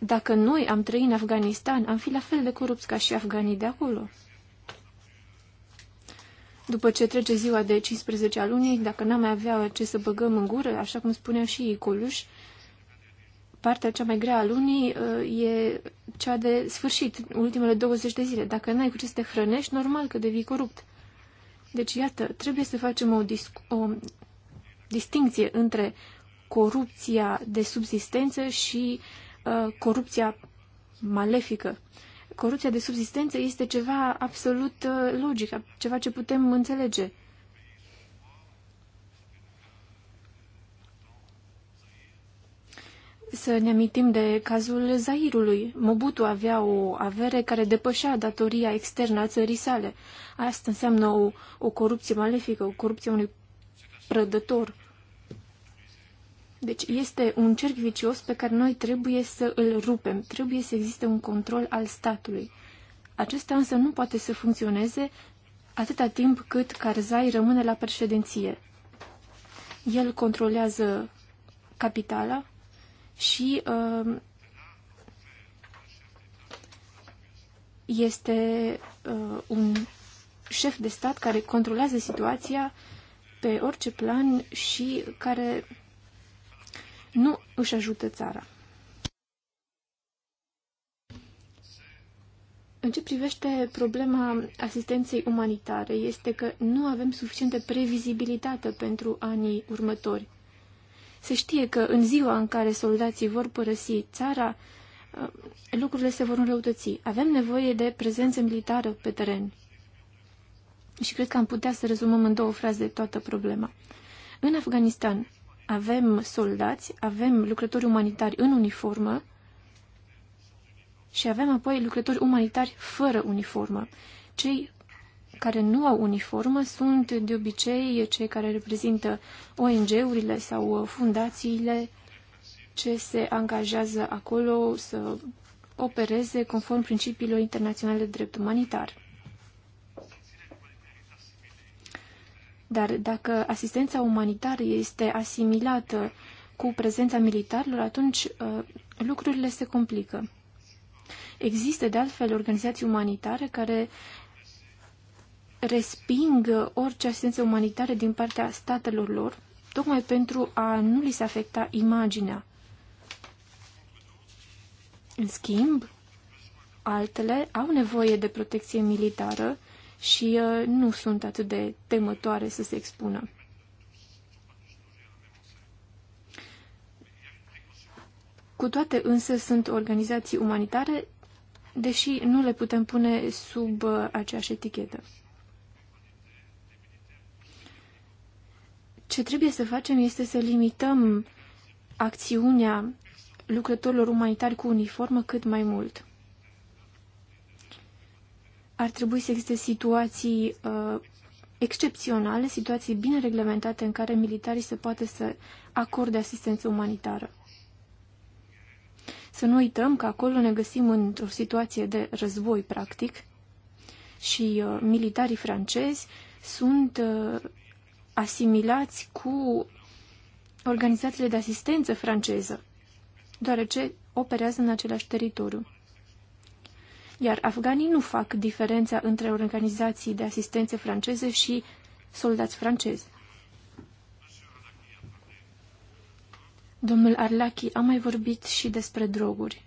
Dacă noi am trăit în Afganistan, am fi la fel de corupți ca și afganii de acolo. După ce trece ziua de 15 a lunii, dacă n-am mai avea ce să băgăm în gură, așa cum spunea și Coluș, partea cea mai grea a lunii uh, e cea de sfârșit, ultimele 20 de zile. Dacă n-ai cu ce să te hrănești, normal că devii corupt. Deci, iată, trebuie să facem o, o distinție între corupția de subsistență și uh, corupția malefică. Corupția de subsistență este ceva absolut uh, logic, ceva ce putem înțelege. Uh, să ne amintim de cazul Zairului. Mobutu avea o avere care depășea datoria externă a țării sale. Asta înseamnă o, o corupție malefică, o corupție unui prădător. Deci este un cerc vicios pe care noi trebuie să îl rupem. Trebuie să existe un control al statului. Acesta însă nu poate să funcționeze atâta timp cât Karzai rămâne la președinție. El controlează capitala, și uh, este uh, un șef de stat care controlează situația pe orice plan și care nu își ajută țara. În ce privește problema asistenței umanitare, este că nu avem suficientă previzibilitate pentru anii următori. Se știe că în ziua în care soldații vor părăsi țara, uh, lucrurile se vor înrăutăți. Avem nevoie de prezență militară pe teren. Și cred că am putea să rezumăm în două fraze toată problema. În Afganistan avem soldați, avem lucrători umanitari în uniformă și avem apoi lucrători umanitari fără uniformă. Cei care nu au uniformă sunt de obicei cei care reprezintă ONG-urile sau uh, fundațiile ce se angajează acolo să opereze conform principiilor internaționale de drept umanitar. Dar dacă asistența umanitară este asimilată cu prezența militarilor, atunci uh, lucrurile se complică. Există, de altfel, organizații umanitare care resping orice asistență umanitară din partea statelor lor, tocmai pentru a nu li se afecta imaginea. În schimb, altele au nevoie de protecție militară și uh, nu sunt atât de temătoare să se expună. Cu toate însă sunt organizații umanitare, deși nu le putem pune sub uh, aceeași etichetă. Ce trebuie să facem este să limităm acțiunea lucrătorilor umanitari cu uniformă cât mai mult. Ar trebui să existe situații uh, excepționale, situații bine reglementate în care militarii se poate să acorde asistență umanitară. Să nu uităm că acolo ne găsim într-o situație de război, practic, și uh, militarii francezi sunt uh, asimilați cu organizațiile de asistență franceză, deoarece operează în același teritoriu. Iar afganii nu fac diferența între organizații de asistență franceze și soldați francezi. Domnul Arlachi a mai vorbit și despre droguri.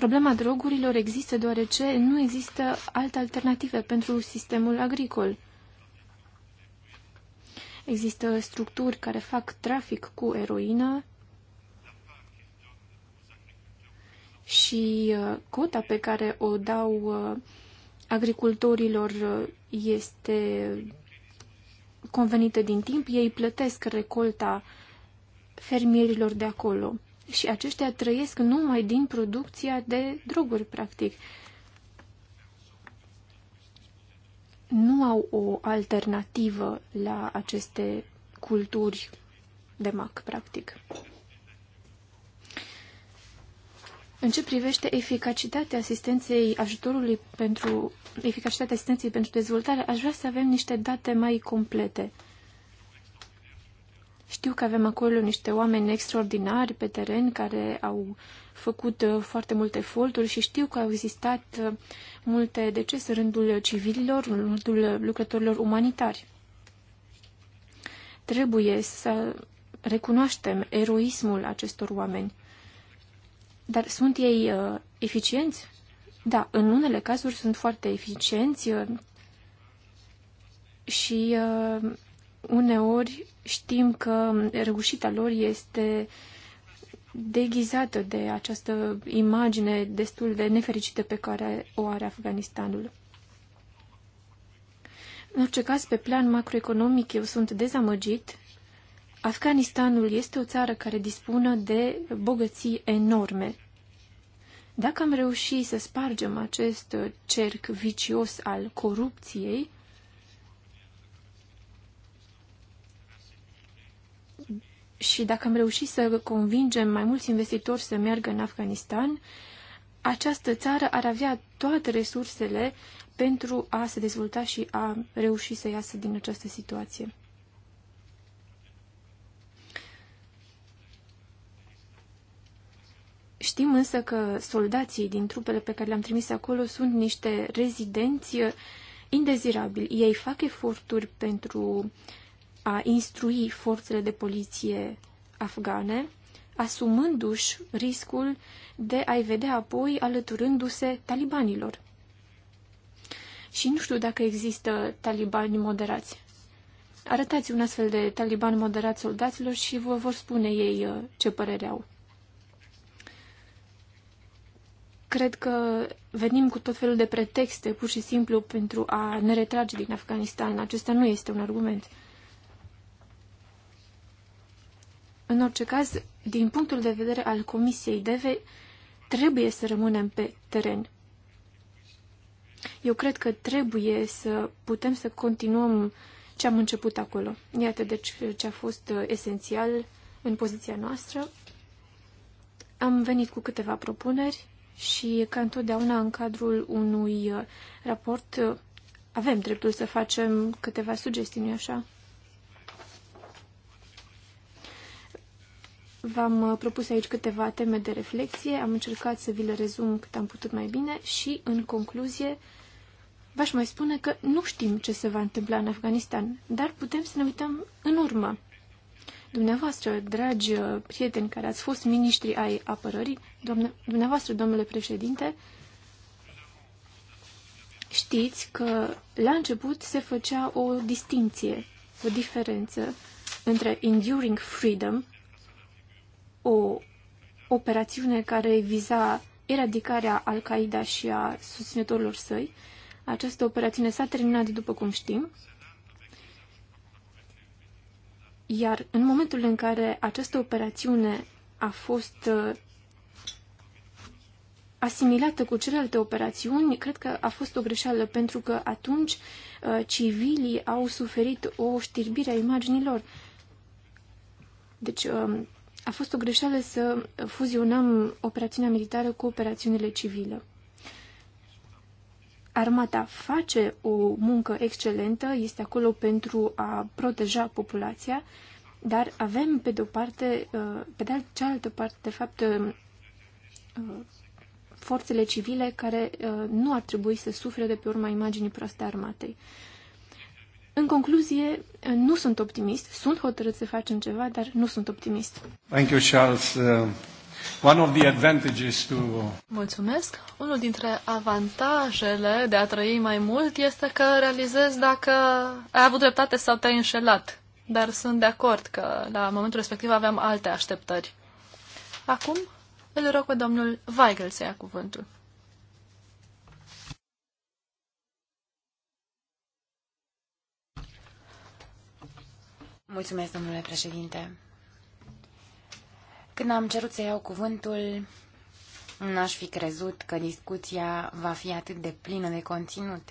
Problema drogurilor există deoarece nu există alte alternative pentru sistemul agricol. Există structuri care fac trafic cu eroină și uh, cota pe care o dau uh, agricultorilor uh, este convenită din timp. Ei plătesc recolta fermierilor de acolo și aceștia trăiesc numai din producția de droguri, practic. Nu au o alternativă la aceste culturi de mac, practic. În ce privește eficacitatea asistenței ajutorului pentru eficacitatea asistenței pentru dezvoltare, aș vrea să avem niște date mai complete. Știu că avem acolo niște oameni extraordinari pe teren care au făcut uh, foarte multe eforturi și știu că au existat uh, multe decese în rândul civililor, în rândul lucrătorilor umanitari. Trebuie să recunoaștem eroismul acestor oameni. Dar sunt ei uh, eficienți? Da, în unele cazuri sunt foarte eficienți uh, și uh, uneori știm că reușita lor este deghizată de această imagine destul de nefericită pe care o are Afganistanul. În orice caz, pe plan macroeconomic, eu sunt dezamăgit. Afganistanul este o țară care dispune de bogății enorme. Dacă am reușit să spargem acest cerc vicios al corupției, și dacă am reușit să convingem mai mulți investitori să meargă în Afganistan, această țară ar avea toate resursele pentru a se dezvolta și a reuși să iasă din această situație. Știm însă că soldații din trupele pe care le-am trimis acolo sunt niște rezidenți indezirabili. Ei fac eforturi pentru a instrui forțele de poliție afgane, asumându-și riscul de a-i vedea apoi alăturându-se talibanilor. Și nu știu dacă există talibani moderați. Arătați un astfel de taliban moderat soldaților și vă vor spune ei uh, ce părere au. Cred că venim cu tot felul de pretexte, pur și simplu, pentru a ne retrage din Afganistan. Acesta nu este un argument. În orice caz, din punctul de vedere al Comisiei DEVE, trebuie să rămânem pe teren. Eu cred că trebuie să putem să continuăm ce am început acolo. Iată, deci, ce a fost uh, esențial în poziția noastră. Am venit cu câteva propuneri și, ca întotdeauna, în cadrul unui uh, raport, uh, avem dreptul să facem câteva sugestii, nu așa? V-am uh, propus aici câteva teme de reflexie, am încercat să vi le rezum cât am putut mai bine și, în concluzie, v-aș mai spune că nu știm ce se va întâmpla în Afganistan, dar putem să ne uităm în urmă. Dumneavoastră, dragi uh, prieteni care ați fost miniștri ai apărării, doamne, dumneavoastră, domnule președinte, știți că la început se făcea o distinție, o diferență între enduring freedom, o operațiune care viza eradicarea Al-Qaeda și a susținătorilor săi. Această operațiune s-a terminat, după cum știm, iar în momentul în care această operațiune a fost uh, asimilată cu celelalte operațiuni, cred că a fost o greșeală, pentru că atunci uh, civilii au suferit o știrbire a imaginilor. Deci, um, a fost o greșeală să fuzionăm operațiunea militară cu operațiunile civile. Armata face o muncă excelentă, este acolo pentru a proteja populația, dar avem, pe de-o parte, uh, pe de cealaltă parte, de fapt, uh, forțele civile care uh, nu ar trebui să sufere de pe urma imaginii proaste armatei. În concluzie, nu sunt optimist, sunt hotărât să facem ceva, dar nu sunt optimist. Thank you, Charles. Uh, one of the advantages to... Mulțumesc. Unul dintre avantajele de a trăi mai mult este că realizezi dacă ai avut dreptate sau te-ai înșelat. Dar sunt de acord că la momentul respectiv aveam alte așteptări. Acum îl rog pe domnul Weigel să ia cuvântul. Când am cerut să iau cuvântul, n-aș fi crezut că discuția va fi atât de plină de conținut.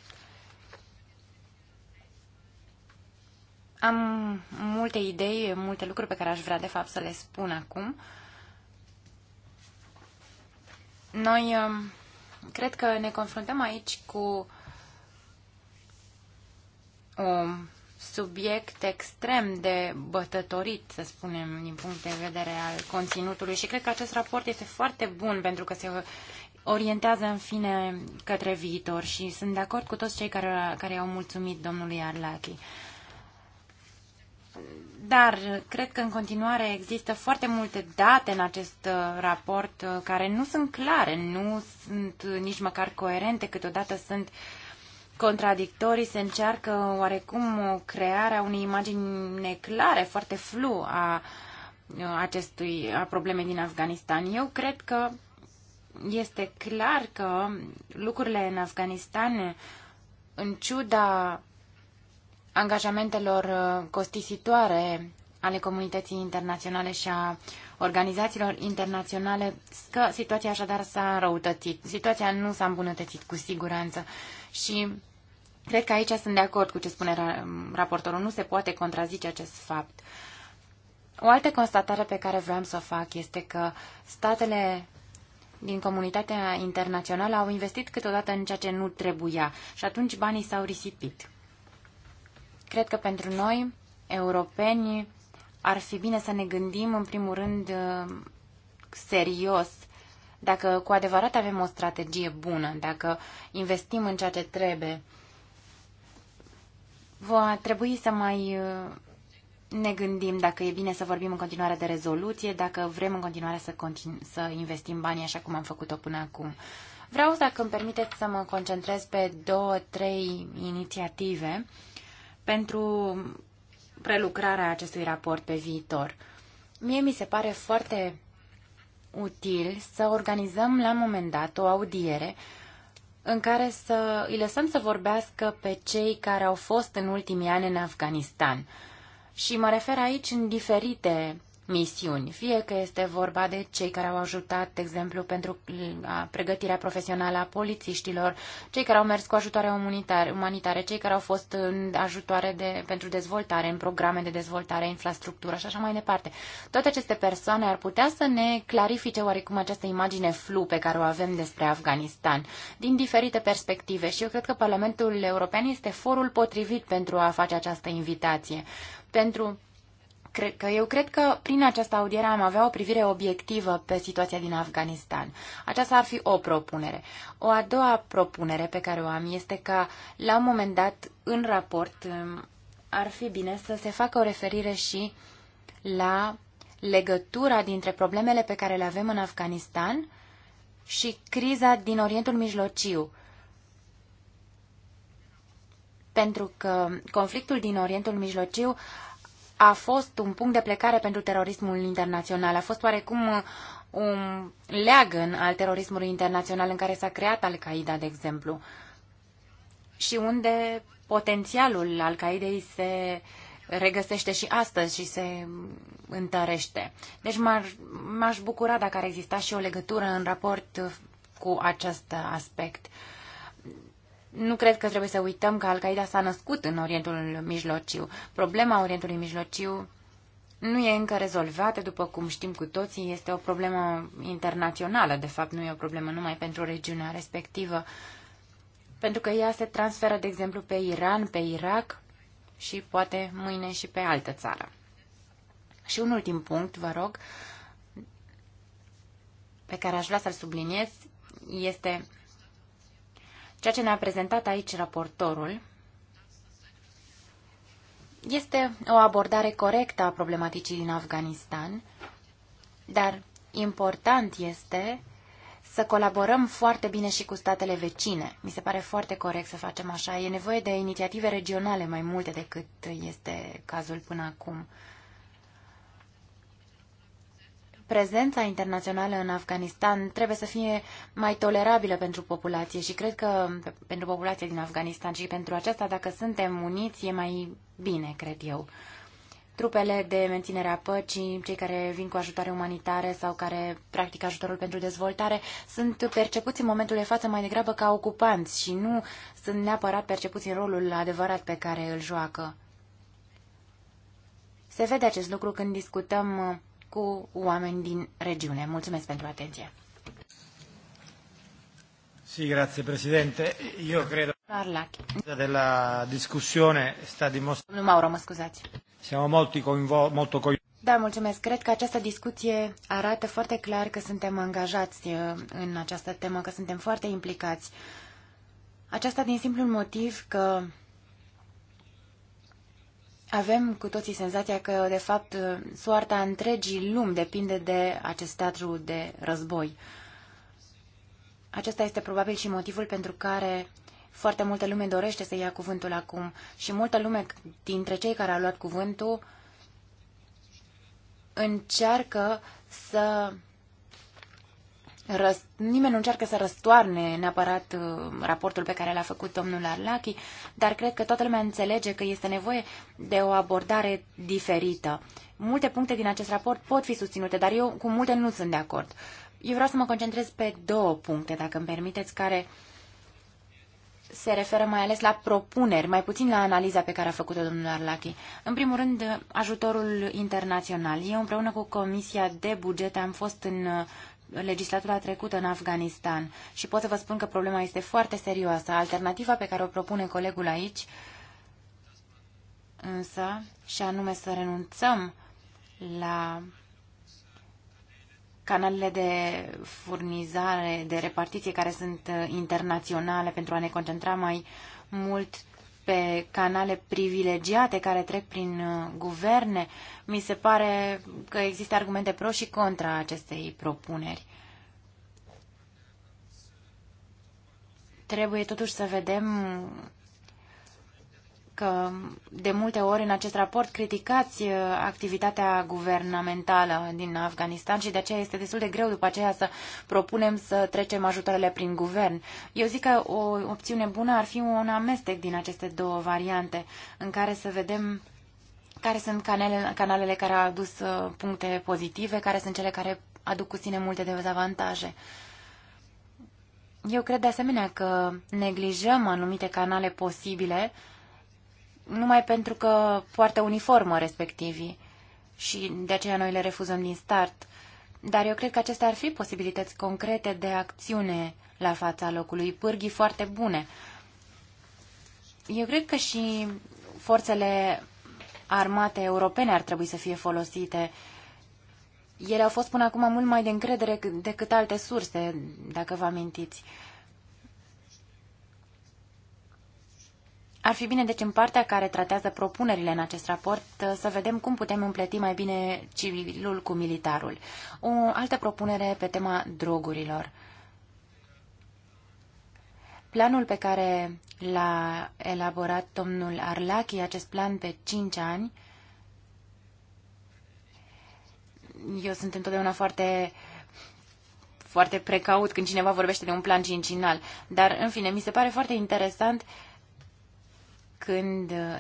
Am multe idei, multe lucruri pe care aș vrea de fapt să le spun acum. Noi um, cred că ne confruntăm aici cu o subiect extrem de bătătorit, să spunem, din punct de vedere al conținutului și cred că acest raport este foarte bun pentru că se orientează în fine către viitor și sunt de acord cu toți cei care, care au mulțumit domnului Arlachi. Dar cred că în continuare există foarte multe date în acest uh, raport uh, care nu sunt clare, nu sunt nici măcar coerente, câteodată sunt uh, contradictorii, se încearcă oarecum crearea unei imagini neclare, foarte flu a acestui, a problemei din Afganistan. Eu cred că este clar că lucrurile în Afganistan, în ciuda angajamentelor costisitoare ale comunității internaționale și a organizațiilor internaționale, că situația așadar s-a răutățit. Situația nu s-a îmbunătățit cu siguranță și Cred că aici sunt de acord cu ce spune raportorul. Nu se poate contrazice acest fapt. O altă constatare pe care vreau să o fac este că statele din comunitatea internațională au investit câteodată în ceea ce nu trebuia și atunci banii s-au risipit. Cred că pentru noi, europeni, ar fi bine să ne gândim în primul rând serios dacă cu adevărat avem o strategie bună, dacă investim în ceea ce trebuie Va trebui să mai uh, ne gândim dacă e bine să vorbim în continuare de rezoluție, dacă vrem în continuare să, continu- să investim banii așa cum am făcut-o până acum. Vreau, dacă îmi permiteți, să mă concentrez pe două, trei inițiative pentru prelucrarea acestui raport pe viitor. Mie mi se pare foarte util să organizăm la un moment dat o audiere în care să îi lăsăm să vorbească pe cei care au fost în ultimii ani în Afganistan. Și mă refer aici în diferite misiuni, fie că este vorba de cei care au ajutat, de exemplu, pentru pregătirea profesională a polițiștilor, cei care au mers cu ajutoare umanitare, umanitare cei care au fost în ajutoare de, pentru dezvoltare, în programe de dezvoltare, infrastructură și așa mai departe. Toate aceste persoane ar putea să ne clarifice oarecum această imagine flu pe care o avem despre Afganistan, din diferite perspective și eu cred că Parlamentul European este forul potrivit pentru a face această invitație. Pentru cred că eu cred că prin această audiere am avea o privire obiectivă pe situația din Afganistan. Aceasta ar fi o propunere. O a doua propunere pe care o am este ca la un moment dat în raport um, ar fi bine să se facă o referire și la legătura dintre problemele pe care le avem în Afganistan și criza din Orientul Mijlociu. Pentru că conflictul din Orientul Mijlociu a fost un punct de plecare pentru terorismul internațional. A fost oarecum uh, un leagăn al terorismului internațional în care s-a creat Al-Qaeda, de exemplu, și unde potențialul Al-Qaidei se regăsește și astăzi și se întărește. Deci m-aș bucura dacă ar exista și o legătură în raport cu acest aspect. Uh, nu cred că trebuie să uităm că Al-Qaeda s-a născut în Orientul Mijlociu. Problema Orientului Mijlociu nu e încă rezolvată, după cum știm cu toții, este o problemă internațională, de fapt nu e o problemă numai pentru regiunea respectivă, pentru că ea se transferă, de exemplu, pe Iran, pe Irak și poate mâine și pe altă țară. Și un ultim punct, vă rog, pe care aș vrea să-l subliniez, este Ceea ce ne-a prezentat aici raportorul este o abordare corectă a problematicii din Afganistan, dar important este să colaborăm foarte bine și cu statele vecine. Mi se pare foarte corect să facem așa. E nevoie de inițiative regionale mai multe decât este cazul până acum prezența internațională în Afganistan trebuie să fie mai tolerabilă pentru populație și cred că pentru populația din Afganistan și pentru aceasta, dacă suntem uniți, e mai bine, cred eu. Trupele de menținere a păcii, cei care vin cu ajutoare umanitare sau care practică ajutorul pentru dezvoltare, sunt percepuți în momentul de față mai degrabă ca ocupanți și nu sunt neapărat percepuți în rolul adevărat pe care îl joacă. Se vede acest lucru când discutăm cu oameni din regiune. Mulțumesc pentru atenție. Sì, grazie Presidente. Io credo che della discussione sta dimostrando... Mauro, mă scuzați. Siamo molti coinvo- molto coinvolti. Da, mulțumesc. Cred că această discuție arată foarte clar că suntem angajați uh, în această temă, că suntem foarte implicați. Aceasta din simplul motiv că avem cu toții senzația că, de fapt, soarta întregii lumi depinde de acest teatru de război. Acesta este probabil și motivul pentru care foarte multă lume dorește să ia cuvântul acum și multă lume dintre cei care au luat cuvântul încearcă să răs, nimeni nu încearcă să răstoarne neapărat uh, raportul pe care l-a făcut domnul Arlachi, dar cred că toată lumea înțelege că este nevoie de o abordare diferită. Multe puncte din acest raport pot fi susținute, dar eu cu multe nu sunt de acord. Eu vreau să mă concentrez pe două puncte, dacă îmi permiteți, care se referă mai ales la propuneri, mai puțin la analiza pe care a făcut-o domnul Arlachi. În primul rând, ajutorul internațional. Eu împreună cu Comisia de Buget am fost în uh, legislatura trecută în Afganistan și pot să vă spun că problema este foarte serioasă. Alternativa pe care o propune colegul aici, însă, și anume să renunțăm la canalele de furnizare, de repartiție care sunt uh, internaționale pentru a ne concentra mai mult pe canale privilegiate care trec prin uh, guverne, mi se pare că există argumente pro și contra acestei propuneri. Trebuie totuși să vedem că de multe ori în acest raport criticați uh, activitatea guvernamentală din Afganistan și de aceea este destul de greu după aceea să propunem să trecem ajutoarele prin guvern. Eu zic că o opțiune bună ar fi un amestec din aceste două variante în care să vedem care sunt canalele, canalele care au adus uh, puncte pozitive, care sunt cele care aduc cu sine multe dezavantaje. Eu cred de asemenea că neglijăm anumite canale posibile numai pentru că poartă uniformă respectivii și de aceea noi le refuzăm din start. Dar eu cred că acestea ar fi posibilități concrete de acțiune la fața locului, pârghii foarte bune. Eu cred că și forțele armate europene ar trebui să fie folosite. Ele au fost până acum mult mai de încredere decât alte surse, dacă vă amintiți. Uh, Ar fi bine, deci, în partea care tratează propunerile în acest raport, uh, să vedem cum putem împleti mai bine civilul cu militarul. O altă propunere pe tema drogurilor. Planul pe care l-a elaborat domnul Arlachi, acest plan pe 5 ani, eu sunt întotdeauna foarte foarte precaut când cineva vorbește de un plan cincinal, dar, în fine, mi se pare foarte interesant uh, când uh,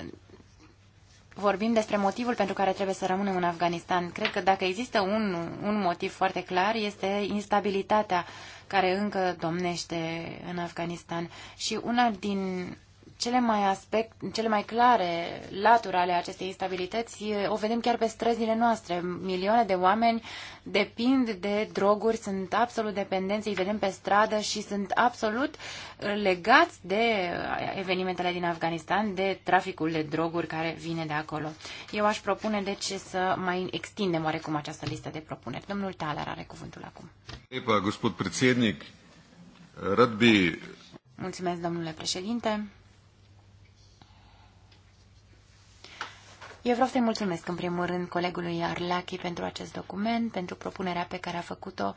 vorbim despre motivul pentru care trebuie să rămânem în Afganistan. Cred că dacă există un, un motiv foarte clar, este instabilitatea care încă domnește în Afganistan. Și una din cele mai, aspect, cele mai clare laturi ale acestei instabilități o vedem chiar pe străzile noastre. Milioane de oameni depind de droguri, sunt absolut dependenți, îi vedem pe stradă și sunt absolut uh, legați de uh, evenimentele din Afganistan, de traficul de droguri care vine de acolo. Eu aș propune, deci, să mai extindem oarecum această listă de propuneri. Domnul taler are cuvântul acum. Mulțumesc, domnule președinte. Eu vreau să-i mulțumesc în primul rând colegului Arlachi pentru acest document, pentru propunerea pe care a făcut-o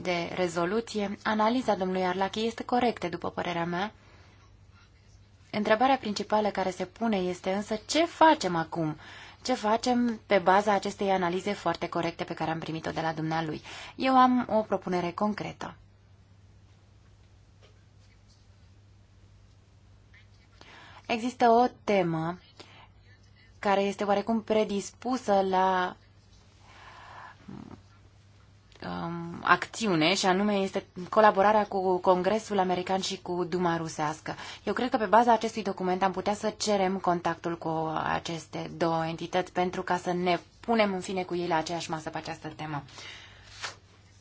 de rezoluție. Analiza domnului Arlachi este corectă, după părerea mea. Întrebarea principală care se pune este însă ce facem acum? Ce facem pe baza acestei analize foarte corecte pe care am primit-o de la dumnealui? Eu am o propunere concretă. Există o temă care este oarecum predispusă la um, acțiune și anume este colaborarea cu Congresul American și cu Duma Rusească. Eu cred că pe baza acestui document am putea să cerem contactul cu aceste două entități pentru ca să ne punem în fine cu ei la aceeași masă pe această temă.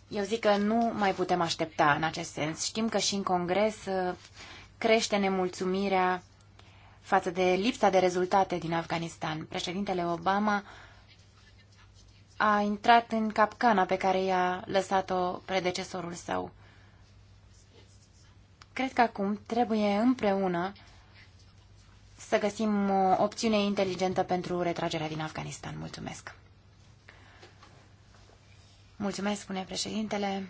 Eu zic că nu mai putem aștepta în acest sens. Știm că și în Congres uh, crește nemulțumirea față de lipsa de rezultate din Afganistan. Președintele Obama a intrat în capcana pe care i-a lăsat-o predecesorul său. Cred că acum trebuie împreună să găsim o opțiune inteligentă pentru retragerea din Afganistan. Mulțumesc! Mulțumesc, spune președintele.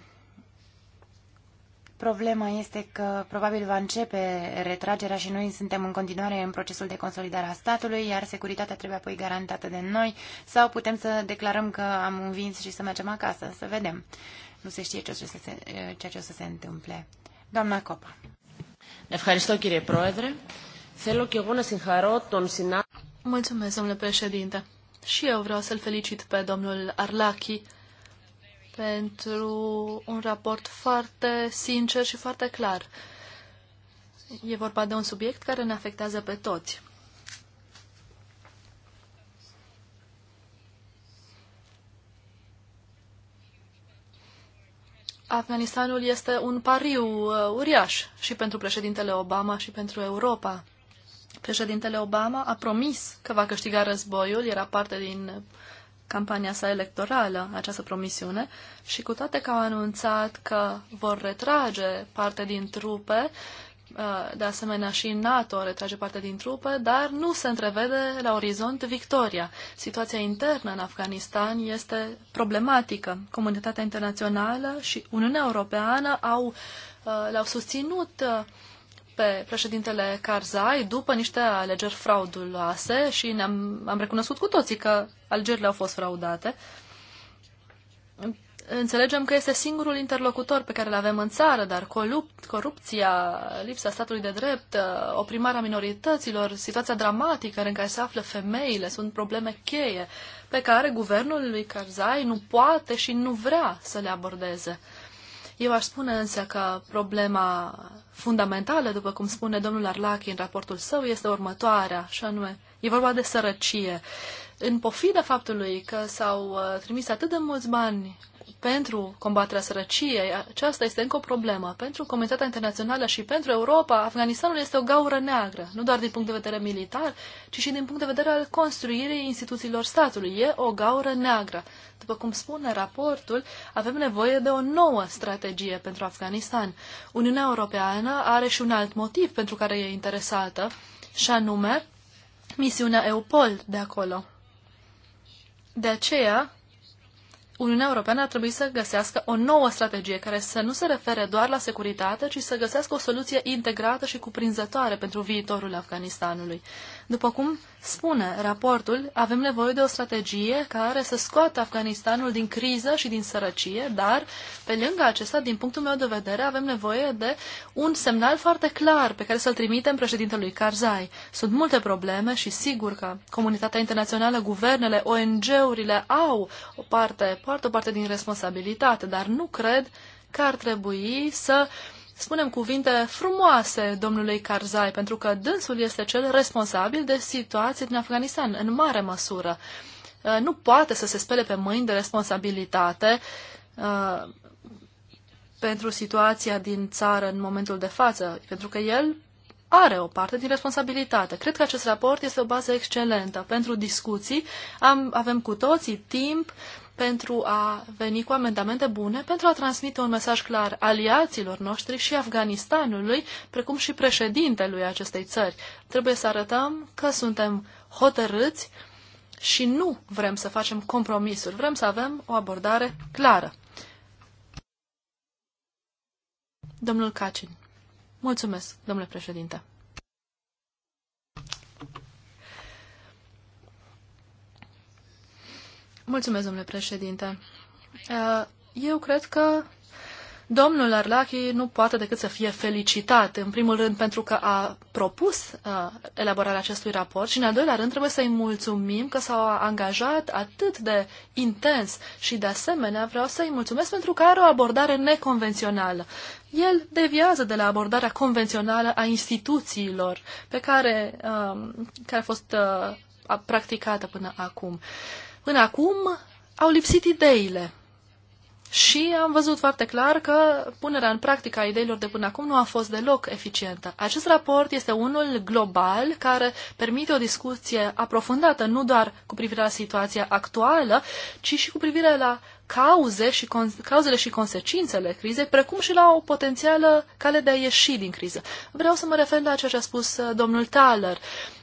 Problema este că probabil va începe retragerea și noi suntem în continuare în procesul de consolidare a statului, iar securitatea trebuie apoi garantată de noi sau putem să declarăm că am învins și să mergem acasă, să vedem. Nu se știe ce o să se, ceea ce o să se întâmple. Doamna Copa. Mulțumesc, domnule președinte. Și eu vreau să-l felicit pe domnul Arlachi pentru un raport foarte sincer și foarte clar. E vorba de un subiect care ne afectează pe toți. Afganistanul este un pariu uh, uriaș și pentru președintele Obama și pentru Europa. Președintele Obama a promis că va câștiga războiul, era parte din uh, campania sa electorală această promisiune și cu toate că au anunțat că vor retrage parte din trupe, uh, de asemenea și NATO retrage parte din trupe, dar nu se întrevede la orizont victoria. Situația internă în Afganistan este problematică. Comunitatea internațională și Uniunea Europeană au, uh, le-au susținut uh, pe președintele Karzai după niște alegeri frauduloase și ne-am am recunoscut cu toții că alegerile au fost fraudate. Înțelegem că este singurul interlocutor pe care îl avem în țară, dar corup- corupția, lipsa statului de drept, oprimarea minorităților, situația dramatică în care se află femeile sunt probleme cheie pe care guvernul lui Karzai nu poate și nu vrea să le abordeze. Eu aș spune însă că problema fundamentală, după cum spune domnul Arlachi în raportul său, este următoarea, și anume, e vorba de sărăcie. În pofida faptului că s-au uh, trimis atât de mulți bani pentru combaterea sărăciei, aceasta este încă o problemă. Pentru comunitatea internațională și pentru Europa, Afganistanul este o gaură neagră, nu doar din punct de vedere militar, ci și din punct de vedere al construirii instituțiilor statului. E o gaură neagră. După cum spune raportul, avem nevoie de o nouă strategie pentru Afganistan. Uniunea Europeană are și un alt motiv pentru care e interesată, și anume misiunea EUPOL de acolo. De aceea, Uniunea Europeană ar trebui să găsească o nouă strategie care să nu se refere doar la securitate, ci să găsească o soluție integrată și cuprinzătoare pentru viitorul Afganistanului. După cum spune raportul, avem nevoie de o strategie care să scoată Afganistanul din criză și din sărăcie, dar, pe lângă acesta, din punctul meu de vedere, avem nevoie de un semnal foarte clar pe care să-l trimitem președintelui Karzai. Sunt multe probleme și sigur că comunitatea internațională, guvernele, ONG-urile au o parte, poartă o parte din responsabilitate, dar nu cred că ar trebui să uh, spunem cuvinte frumoase domnului Karzai, pentru că dânsul este cel responsabil de situație din Afganistan, în mare măsură. Uh, nu poate să se spele pe mâini de responsabilitate uh, pentru situația din țară în momentul de față, pentru că el are o parte din responsabilitate. Cred că acest raport este o bază excelentă pentru discuții. Am, avem cu toții timp uh, pentru a veni cu amendamente bune, pentru a transmite un mesaj clar aliaților noștri și Afganistanului, precum și președintelui acestei țări. Trebuie să arătăm că suntem hotărâți și nu vrem să facem compromisuri, vrem să avem o abordare clară. Domnul Cacin. Mulțumesc, domnule președinte. Mulțumesc, domnule președinte. Uh, eu cred că domnul Arlachi nu poate decât să fie felicitat, în primul rând pentru că a propus uh, elaborarea acestui raport și, în al doilea rând, trebuie să-i mulțumim că s-a angajat atât de intens și, de asemenea, vreau să-i mulțumesc pentru că are o abordare neconvențională. El deviază de la abordarea convențională a instituțiilor pe care, uh, care a fost practicată până acum. Uh, Până acum au lipsit ideile. Și am văzut foarte clar că punerea în practică a ideilor de până acum nu a fost deloc eficientă. Acest raport este unul global care permite o discuție aprofundată nu doar cu privire la situația actuală, ci și cu privire la cauze și cauzele și consecințele crizei, precum și la o potențială cale de a ieși din criză. Vreau să mă refer la ceea ce a spus uh, domnul Thaler.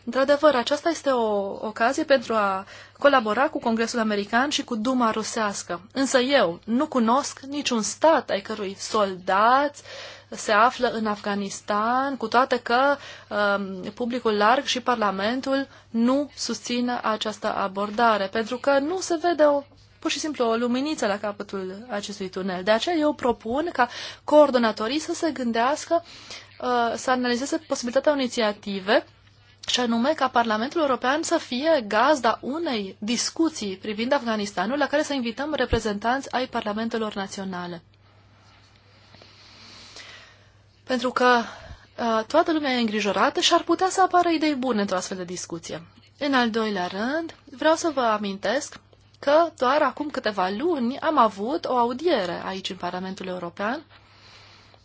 Într-adevăr, aceasta este o ocazie pentru a colabora cu Congresul American și cu Duma Rusească. Însă eu nu cunosc niciun stat ai cărui soldați se află în Afganistan, cu toate că um, publicul larg și Parlamentul nu susțin această abordare, pentru că nu se vede o pur și simplu o luminiță la capătul acestui tunel. De aceea eu propun ca coordonatorii să se gândească, uh, să analizeze posibilitatea inițiative și anume ca Parlamentul European să fie gazda unei discuții privind Afganistanul la care să invităm reprezentanți ai parlamentelor naționale. Pentru că uh, toată lumea e îngrijorată și ar putea să apară idei bune într-o astfel de discuție. În al doilea rând, vreau să vă amintesc că doar acum câteva luni am avut o audiere aici în Parlamentul European,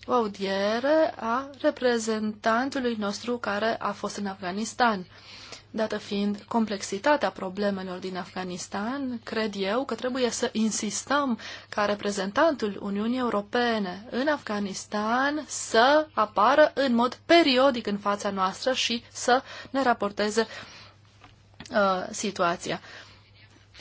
o audiere a reprezentantului nostru care a fost în Afganistan. Dată fiind complexitatea problemelor din Afganistan, cred eu că trebuie să insistăm ca reprezentantul Uniunii Europene în Afganistan să apară în mod periodic în fața noastră și să ne raporteze uh, situația. Uh,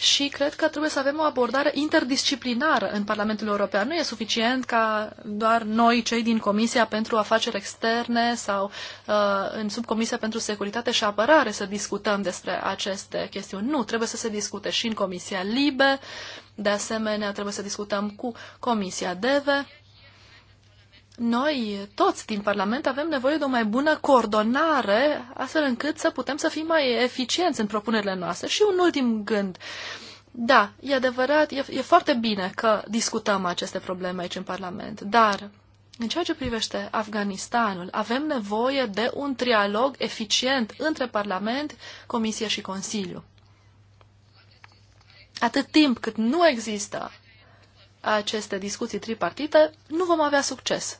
și cred că trebuie să avem o abordare interdisciplinară în Parlamentul European. Nu e suficient ca doar noi, cei din Comisia pentru Afaceri Externe sau uh, în Subcomisia pentru Securitate și Apărare, să discutăm despre aceste chestiuni. Nu, trebuie să se discute și în Comisia Libe, de asemenea trebuie să discutăm cu Comisia DEVE noi toți din Parlament avem nevoie de o mai bună coordonare, astfel încât să putem să fim mai eficienți în propunerile noastre. Și un ultim gând. Da, e adevărat, e, e foarte bine că discutăm aceste probleme aici în Parlament, dar în ceea ce privește Afganistanul, avem nevoie de un trialog eficient între Parlament, Comisie și Consiliu. Atât timp cât nu există aceste discuții tripartite, nu vom avea succes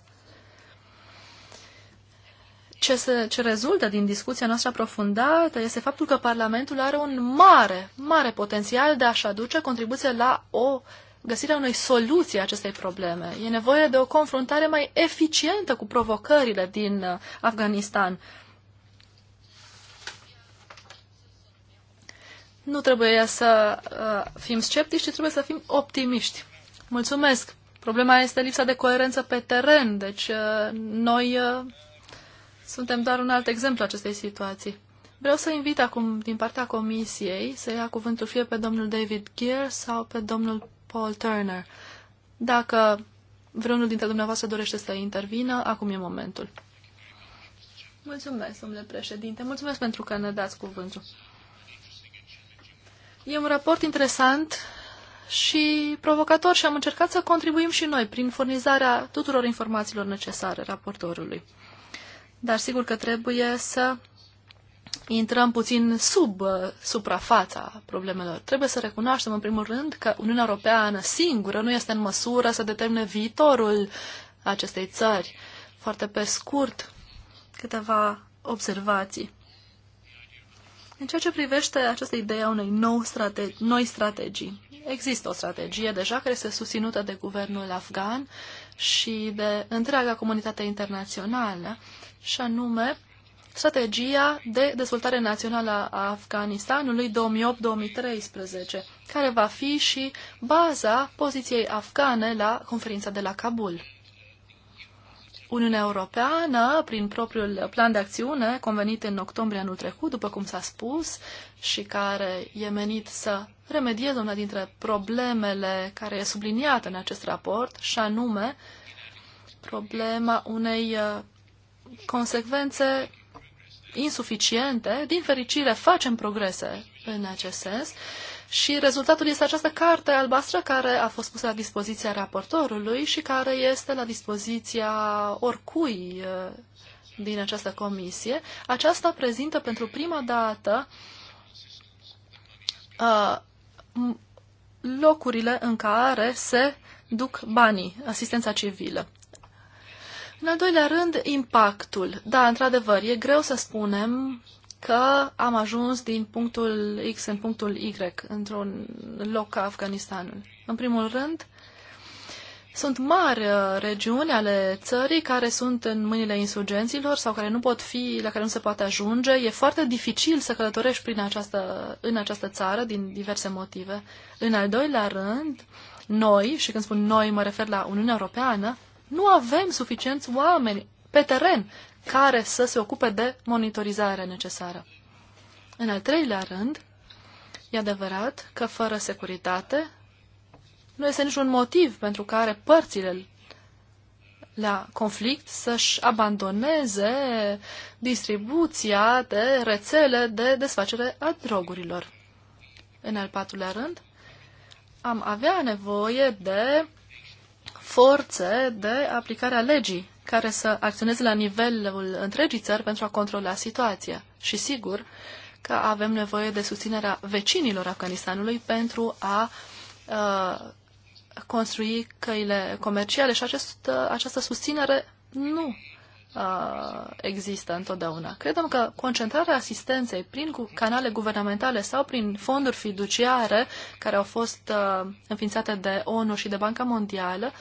ce, se, ce rezultă din discuția noastră aprofundată este faptul că Parlamentul are un mare, mare potențial de a-și aduce contribuție la o găsirea unei soluții acestei probleme. E nevoie de o confruntare mai eficientă cu provocările din uh, Afganistan. Nu trebuie să uh, fim sceptici, ci trebuie să fim optimiști. Mulțumesc! Problema este lipsa de coerență pe teren, deci uh, noi uh, suntem doar un alt exemplu acestei situații. Vreau să invit acum din partea comisiei să ia cuvântul fie pe domnul David Gear sau pe domnul Paul Turner. Dacă vreunul dintre dumneavoastră dorește să intervină, acum e momentul. Mulțumesc, domnule președinte. Mulțumesc pentru că ne dați cuvântul. E un raport interesant și provocator și am încercat să contribuim și noi prin furnizarea tuturor informațiilor necesare raportorului. Dar sigur că trebuie să intrăm puțin sub uh, suprafața problemelor. Trebuie să recunoaștem, în primul rând, că Uniunea Europeană singură nu este în măsură să determine viitorul acestei țări. Foarte pe scurt, câteva observații. În ceea ce privește această idee a unei nou strate- noi strategii, există o strategie deja care este susținută de guvernul afgan și de întreaga comunitate internațională. Uh, și anume strategia de dezvoltare națională a Afganistanului 2008-2013, care va fi și baza poziției afgane la conferința de la Kabul. Uniunea Europeană, prin propriul plan de acțiune convenit în octombrie anul trecut, după cum s-a spus, și care e menit să remedieze una dintre problemele care e subliniată în acest raport, și anume problema unei consecvențe insuficiente. Din fericire, facem progrese în acest sens și rezultatul este această carte albastră care a fost pusă la dispoziția raportorului și care este la dispoziția oricui uh, din această comisie. Aceasta prezintă pentru prima dată uh, locurile în care se duc banii, asistența civilă. În al doilea rând, impactul. Da, într-adevăr, e greu să spunem că am ajuns din punctul X în punctul Y, într-un loc ca Afganistanul. În primul rând, sunt mari uh, regiuni ale țării care sunt în mâinile insurgenților sau care nu pot fi, la care nu se poate ajunge. E foarte dificil să călătorești prin această, în această țară din diverse motive. În al doilea rând, noi, și când spun noi mă refer la Uniunea Europeană, nu avem suficienți oameni pe teren care să se ocupe de monitorizarea necesară. În al treilea rând, e adevărat că fără securitate nu este niciun motiv pentru care părțile la conflict să-și abandoneze distribuția de rețele de desfacere a drogurilor. În al patrulea rând, am avea nevoie de forțe de aplicare a legii care să acționeze la nivelul întregii țări pentru a controla situația. Și sigur că avem nevoie de susținerea vecinilor Afganistanului pentru a uh, construi căile comerciale și acest, această susținere nu Uh, există întotdeauna. Credem că concentrarea asistenței prin canale guvernamentale sau prin fonduri fiduciare care au fost uh, înființate de ONU și de Banca Mondială,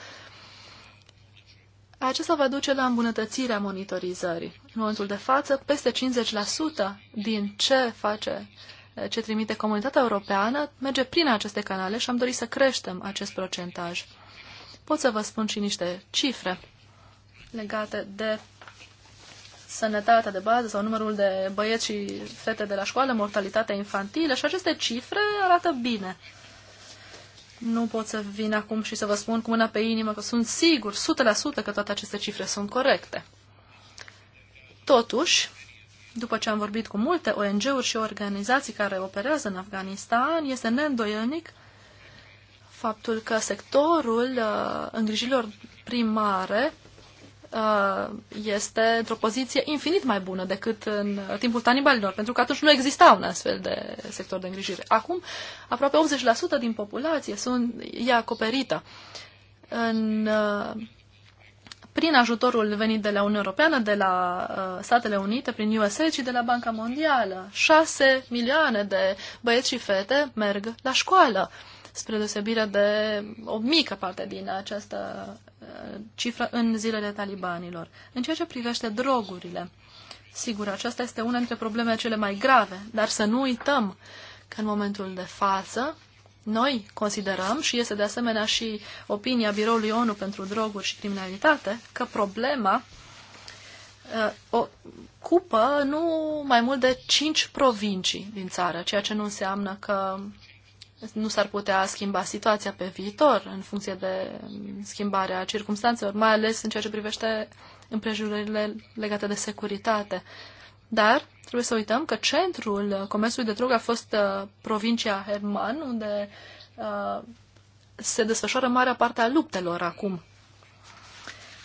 acesta va duce la îmbunătățirea monitorizării. În momentul de față, peste 50% din ce face uh, ce trimite comunitatea europeană merge prin aceste canale și am dorit să creștem acest procentaj. Pot să vă spun și niște cifre legate de sănătatea de bază sau numărul de băieți și fete de la școală, mortalitatea infantilă și aceste cifre arată bine. Nu pot să vin acum și să vă spun cu mâna pe inimă că sunt sigur 100% că toate aceste cifre sunt corecte. Totuși, după ce am vorbit cu multe ONG-uri și organizații care operează în Afganistan, este neîndoielnic faptul că sectorul uh, îngrijilor primare Uh, este într-o poziție infinit mai bună decât în timpul tanibalilor, pentru că atunci nu exista un astfel de sector de îngrijire. Acum, aproape 80% din populație sunt, e acoperită în, uh, prin ajutorul venit de la Uniunea Europeană, de la uh, Statele Unite, prin USA și de la Banca Mondială. 6 milioane de băieți și fete merg la școală spre deosebire de o mică parte din această cifră în zilele talibanilor. În ceea ce privește drogurile, sigur, aceasta este una dintre problemele cele mai grave, dar să nu uităm că în momentul de față noi considerăm, și este de asemenea și opinia Biroului ONU pentru droguri și criminalitate, că problema uh, o cupă nu mai mult de cinci provincii din țară, ceea ce nu înseamnă că nu s-ar putea schimba situația pe viitor în funcție de schimbarea circumstanțelor, mai ales în ceea ce privește împrejurările legate de securitate. Dar trebuie să uităm că centrul comerțului de drog a fost uh, provincia Herman, unde uh, se desfășoară marea parte a luptelor acum.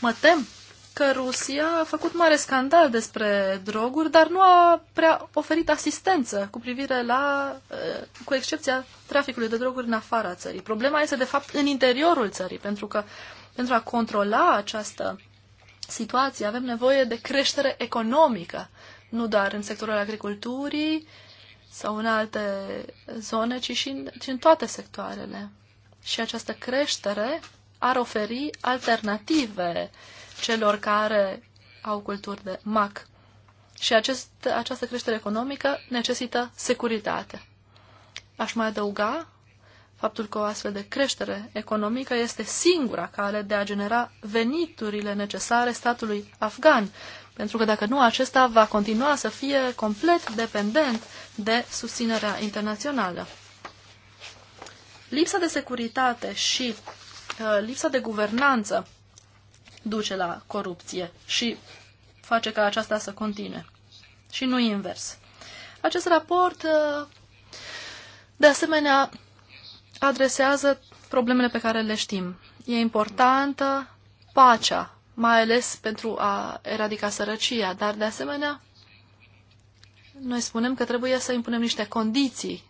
Mă tem că Rusia a făcut mare scandal despre droguri, dar nu a prea oferit asistență cu privire la, eh, cu excepția traficului de droguri în afara țării. Problema este, de fapt, în interiorul țării, pentru că pentru a controla această situație avem nevoie de creștere economică, nu doar în sectorul agriculturii sau în alte zone, ci și în, ci în toate sectoarele. Și această creștere ar oferi alternative uh, celor care au culturi de mac. Și acest, această creștere economică necesită securitate. Aș mai adăuga faptul că o astfel de creștere economică este singura cale de a genera veniturile necesare statului afgan, pentru că dacă nu, acesta va continua să fie complet dependent de susținerea internațională. Lipsa de securitate și uh, lipsa de guvernanță duce la corupție și face ca aceasta să continue. Și nu invers. Acest raport, uh, de asemenea, adresează problemele pe care le știm. E importantă pacea, mai ales pentru a eradica sărăcia, dar, de asemenea, noi spunem că trebuie să impunem niște condiții.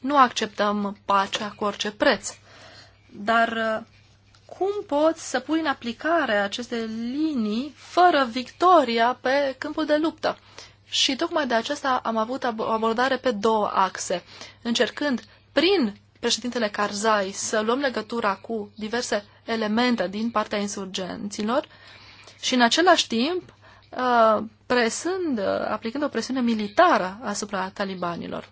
Nu acceptăm pacea cu orice preț. Dar uh, cum poți să pui în aplicare aceste linii fără victoria pe câmpul de luptă. Și tocmai de aceasta am avut o abordare pe două axe, încercând prin președintele Karzai să luăm legătura cu diverse elemente din partea insurgenților și în același timp uh, presând, uh, aplicând o presiune militară asupra talibanilor.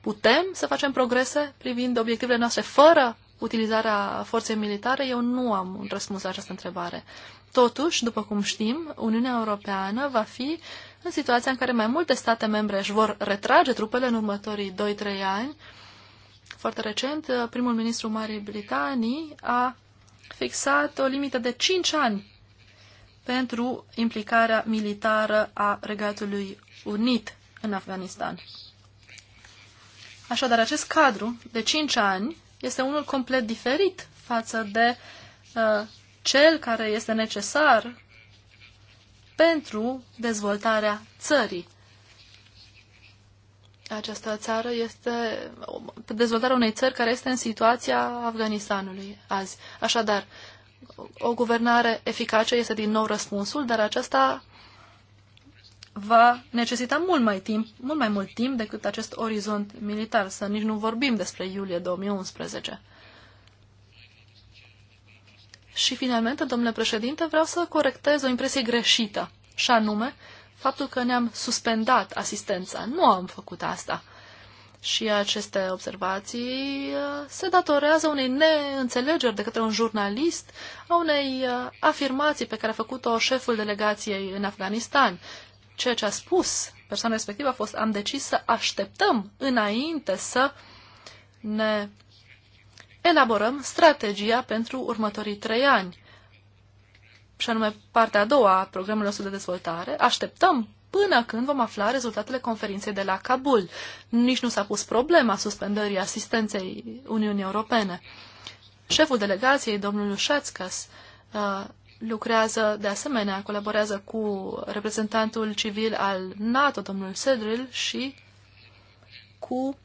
Putem să facem progrese privind obiectivele noastre fără utilizarea forței militare, eu nu am un răspuns la această întrebare. Totuși, după cum știm, Uniunea Europeană va fi în situația în care mai multe state membre își vor retrage trupele în următorii 2-3 ani. Foarte recent, primul ministru Marii Britanii a fixat o limită de 5 ani pentru implicarea militară a Regatului Unit în Afganistan. Așadar, acest cadru de 5 ani este unul complet diferit față de uh, cel care este necesar pentru dezvoltarea țării. Această țară este dezvoltarea unei țări care este în situația Afganistanului azi. Așadar, o guvernare eficace este din nou răspunsul, dar aceasta va necesita mult mai, timp, mult mai mult timp decât acest orizont militar, să nici nu vorbim despre iulie 2011. Și finalmente, domnule președinte, vreau să corectez o impresie greșită, și anume faptul că ne-am suspendat asistența. Nu am făcut asta. Și aceste observații uh, se datorează unei neînțelegeri de către un jurnalist, a unei uh, afirmații pe care a făcut-o șeful delegației în Afganistan ceea ce a spus persoana respectivă a fost am decis să așteptăm înainte să ne elaborăm strategia pentru următorii trei ani. Și anume partea a doua a programului nostru de dezvoltare, așteptăm până când vom afla rezultatele conferinței de la Kabul. Nici nu s-a pus problema suspendării asistenței Uniunii Europene. Șeful delegației, domnul Șațcas, lucrează de asemenea, colaborează cu reprezentantul civil al NATO, domnul Sedril, și cu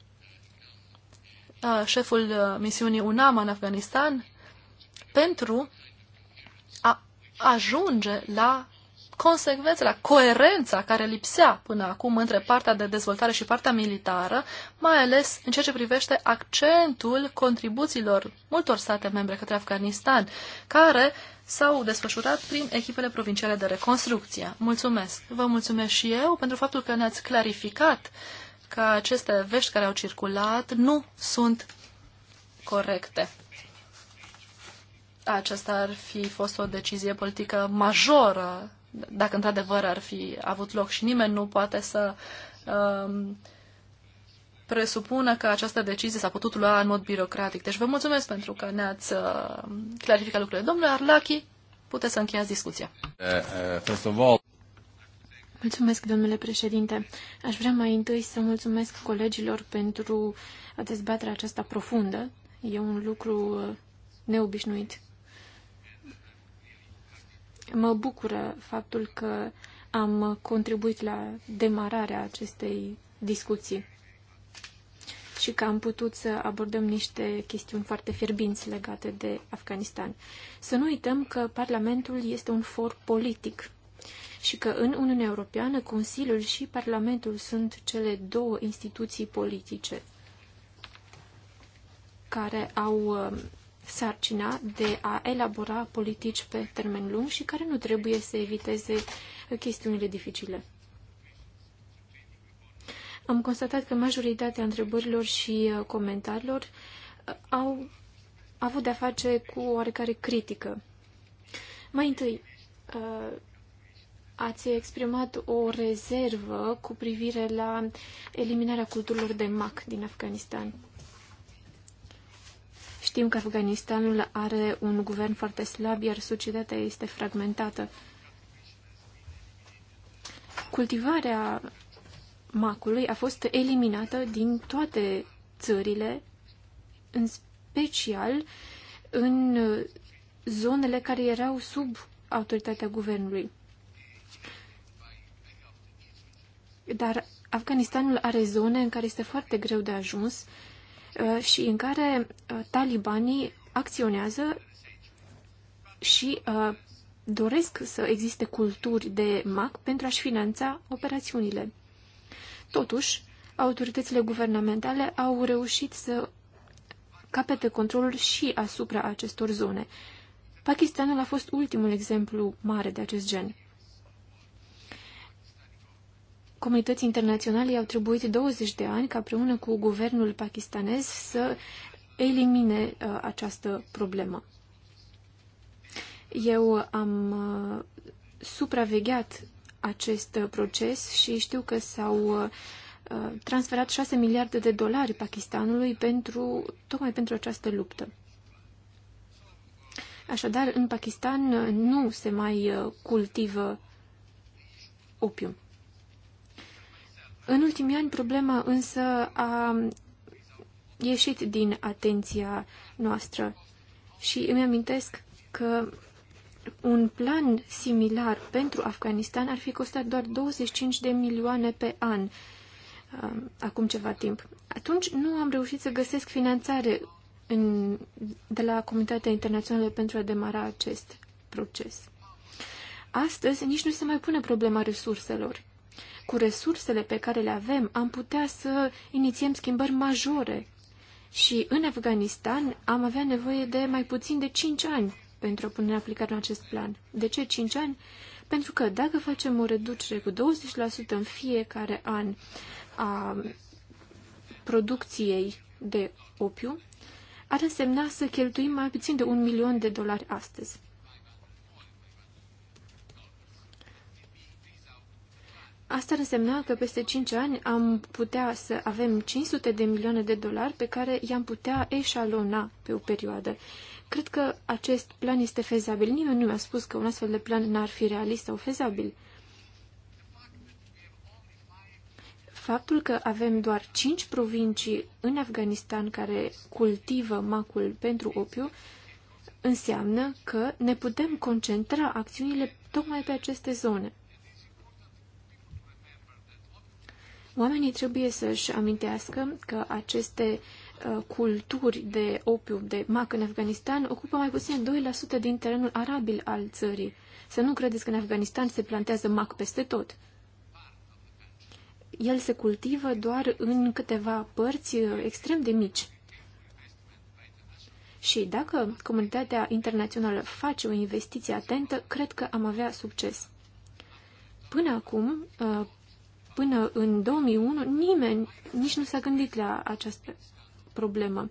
uh, șeful uh, misiunii UNAMA în Afganistan pentru a ajunge la consecvențe, la coerența care lipsea până acum între partea de dezvoltare și partea militară, mai ales în ceea ce privește accentul contribuțiilor multor state membre către Afganistan, care uh, s-au desfășurat prin echipele provinciale de reconstrucție. Mulțumesc! Vă mulțumesc și eu pentru faptul că ne-ați clarificat că aceste vești care au circulat nu sunt corecte. Aceasta ar fi fost o decizie politică majoră, dacă într-adevăr ar fi avut loc și nimeni nu poate să uh, presupună că această decizie s-a putut lua în mod birocratic. Deci vă mulțumesc pentru că ne-ați uh, clarificat lucrurile. Domnule Arlachi, puteți să încheiați discuția. Uh, uh, mulțumesc, domnule președinte. Aș vrea mai întâi să mulțumesc colegilor pentru dezbaterea aceasta profundă. E un lucru neobișnuit. Mă bucură faptul că am contribuit la demararea acestei discuții și că am putut să abordăm niște chestiuni foarte fierbinți legate de Afganistan. Să nu uităm că Parlamentul este un for politic și că în Uniunea Europeană Consiliul și Parlamentul sunt cele două instituții politice care au um, sarcina de a elabora politici pe termen lung și care nu trebuie să eviteze chestiunile dificile. Am constatat că majoritatea întrebărilor și uh, comentariilor uh, au avut de-a face cu oarecare critică. Mai întâi, uh, ați exprimat o rezervă cu privire la eliminarea culturilor de mac din Afganistan. Știm că Afganistanul are un guvern foarte slab, iar societatea este fragmentată. Cultivarea macului a fost eliminată din toate țările, în special în zonele care erau sub autoritatea guvernului. Dar Afganistanul are zone în care este foarte greu de ajuns uh, și în care uh, talibanii acționează și uh, doresc să existe culturi de MAC pentru a-și finanța operațiunile. Totuși, autoritățile guvernamentale au reușit să capete controlul și asupra acestor zone. Pakistanul a fost ultimul exemplu mare de acest gen. Comunității internaționale au trebuit 20 de ani ca împreună cu guvernul pakistanez să elimine uh, această problemă. Eu am uh, supravegheat acest uh, proces și știu că s-au uh, uh, transferat 6 miliarde de dolari Pakistanului pentru, tocmai pentru această luptă. Așadar, în Pakistan nu se mai cultivă opium. În ultimii ani, problema însă a ieșit din atenția noastră și îmi amintesc că un plan similar pentru Afganistan ar fi costat doar 25 de milioane pe an um, acum ceva timp. Atunci nu am reușit să găsesc finanțare în, de la comunitatea internațională pentru a demara acest proces. Astăzi nici nu se mai pune problema resurselor. Cu resursele pe care le avem, am putea să inițiem schimbări majore. Și în Afganistan am avea nevoie de mai puțin de 5 ani pentru a pune în aplicare în acest plan. De ce 5 ani? Pentru că dacă facem o reducere cu 20% în fiecare an a producției de opiu, ar însemna să cheltuim mai puțin de un milion de dolari astăzi. Asta ar însemna că peste 5 ani am putea să avem 500 de milioane de dolari pe care i-am putea eșalona pe o perioadă. Cred că acest plan este fezabil. Nimeni nu mi-a spus că un astfel de plan n-ar fi realist sau fezabil. Faptul că avem doar cinci provincii în Afganistan care cultivă macul pentru opiu înseamnă că ne putem concentra acțiunile tocmai pe aceste zone. Oamenii trebuie să-și amintească că aceste Uh, culturi de opiu de mac în Afganistan ocupă mai puțin 2% din terenul arabil al țării. Să nu credeți că în Afganistan se plantează mac peste tot. El se cultivă doar în câteva părți uh, extrem de mici. Și dacă comunitatea internațională face o investiție atentă, cred că am avea succes. Până acum, uh, până în 2001, nimeni nici nu s-a gândit la această problemă.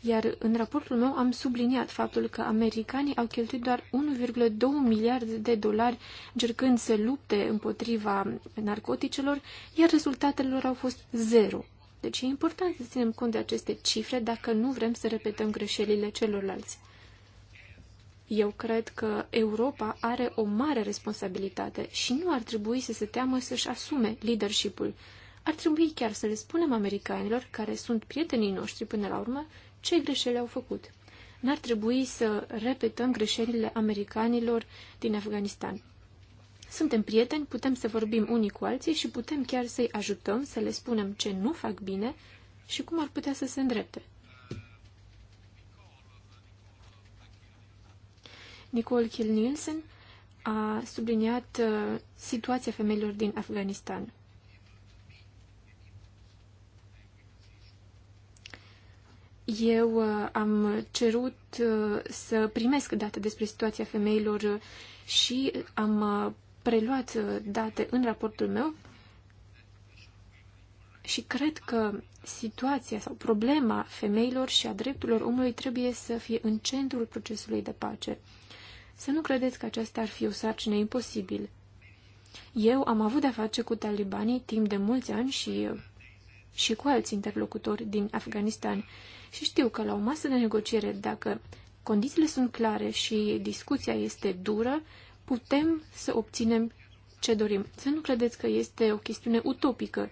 Iar în raportul meu am subliniat faptul că americanii au cheltuit doar 1,2 miliarde de dolari încercând să lupte împotriva narcoticelor, iar rezultatele lor au fost zero. Deci e important să ținem cont de aceste cifre dacă nu vrem să repetăm greșelile celorlalți. Eu cred că Europa are o mare responsabilitate și nu ar trebui să se teamă să-și asume leadership-ul. Ar trebui chiar să le spunem americanilor, care sunt prietenii noștri până la urmă, ce greșeli au făcut. N-ar trebui să repetăm greșelile americanilor din Afganistan. Suntem prieteni, putem să vorbim unii cu alții și putem chiar să-i ajutăm, să le spunem ce nu fac bine și cum ar putea să se îndrepte. Nicole Kilnielsen Nielsen a subliniat uh, situația femeilor din Afganistan. Eu uh, am cerut uh, să primesc date despre situația femeilor și am uh, preluat date în raportul meu și cred că situația sau problema femeilor și a drepturilor omului trebuie să fie în centrul procesului de pace. Să nu credeți că aceasta ar fi o sarcină imposibil. Eu am avut de-a face cu talibanii timp de mulți ani și, și cu alți interlocutori din Afganistan și știu că la o masă de negociere, dacă condițiile sunt clare și discuția este dură, putem să obținem ce dorim. Să nu credeți că este o chestiune utopică.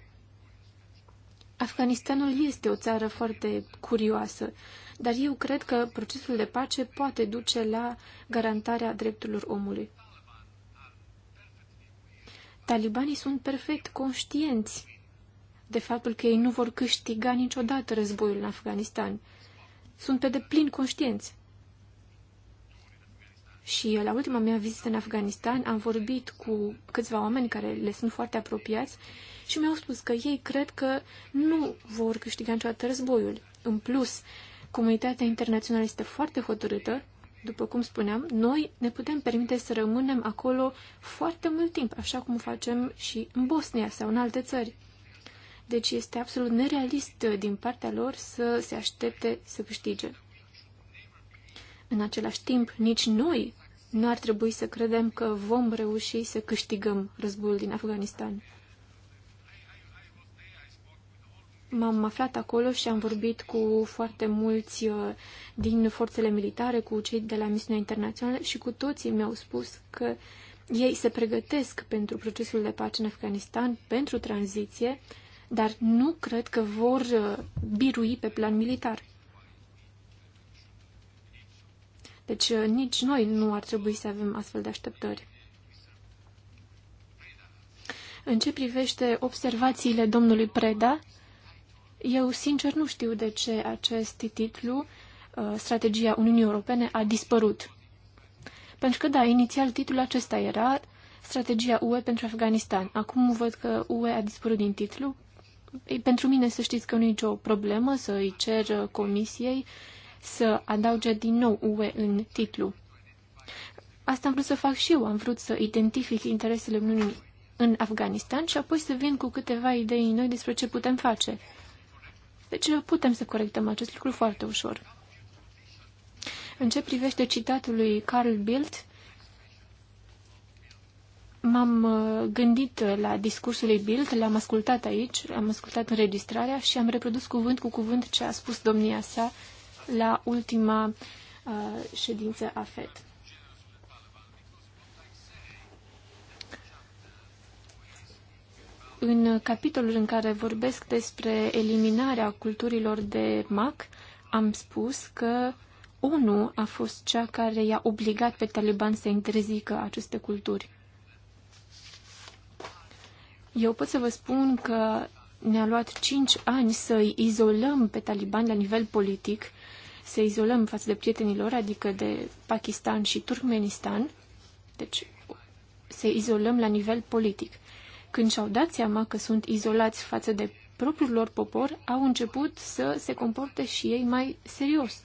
Afganistanul este o țară foarte curioasă, dar eu cred că procesul de pace poate duce la garantarea drepturilor omului. Talibanii sunt perfect conștienți de faptul că ei nu vor câștiga niciodată războiul în Afganistan. Sunt pe deplin conștienți. Și la ultima mea vizită în Afganistan am vorbit cu câțiva oameni care le sunt foarte apropiați și mi-au spus că ei cred că nu vor câștiga niciodată războiul. În plus, comunitatea internațională este foarte hotărâtă, după cum spuneam, noi ne putem permite să rămânem acolo foarte mult timp, așa cum facem și în Bosnia sau în alte țări. Deci este absolut nerealist uh, din partea lor să se aștepte să câștige. În același timp, nici noi nu ar trebui să credem că vom reuși să câștigăm războiul din Afganistan. M-am aflat acolo și am vorbit cu foarte mulți uh, din forțele militare, cu cei de la misiunea internațională și cu toții mi-au spus că ei se pregătesc pentru procesul de pace în Afganistan, pentru tranziție dar nu cred că vor uh, birui pe plan militar. Deci uh, nici noi nu ar trebui să avem astfel de așteptări. În ce privește observațiile domnului Preda, eu sincer nu știu de ce acest titlu, uh, Strategia Uniunii Europene, a dispărut. Pentru că, da, inițial titlul acesta era Strategia UE pentru Afganistan. Acum văd că UE a dispărut din titlu pentru mine să știți că nu e nicio problemă să îi cer comisiei să adauge din nou UE în titlu. Asta am vrut să fac și eu, am vrut să identific interesele Uniunii în Afganistan și apoi să vin cu câteva idei noi despre ce putem face. Deci putem să corectăm acest lucru foarte ușor. În ce privește citatul lui Carl Bildt, M-am uh, gândit la discursul lui Bild, l-am ascultat aici, am ascultat înregistrarea și am reprodus cuvânt cu cuvânt ce a spus domnia sa la ultima uh, ședință a FED. În capitolul în care vorbesc despre eliminarea culturilor de MAC, am spus că ONU a fost cea care i-a obligat pe taliban să interzică aceste culturi. Eu pot să vă spun că ne-a luat 5 ani să îi izolăm pe talibani la nivel politic, să izolăm față de prietenilor, adică de Pakistan și Turkmenistan, deci să izolăm la nivel politic. Când și-au dat seama că sunt izolați față de propriul lor popor, au început să se comporte și ei mai serios.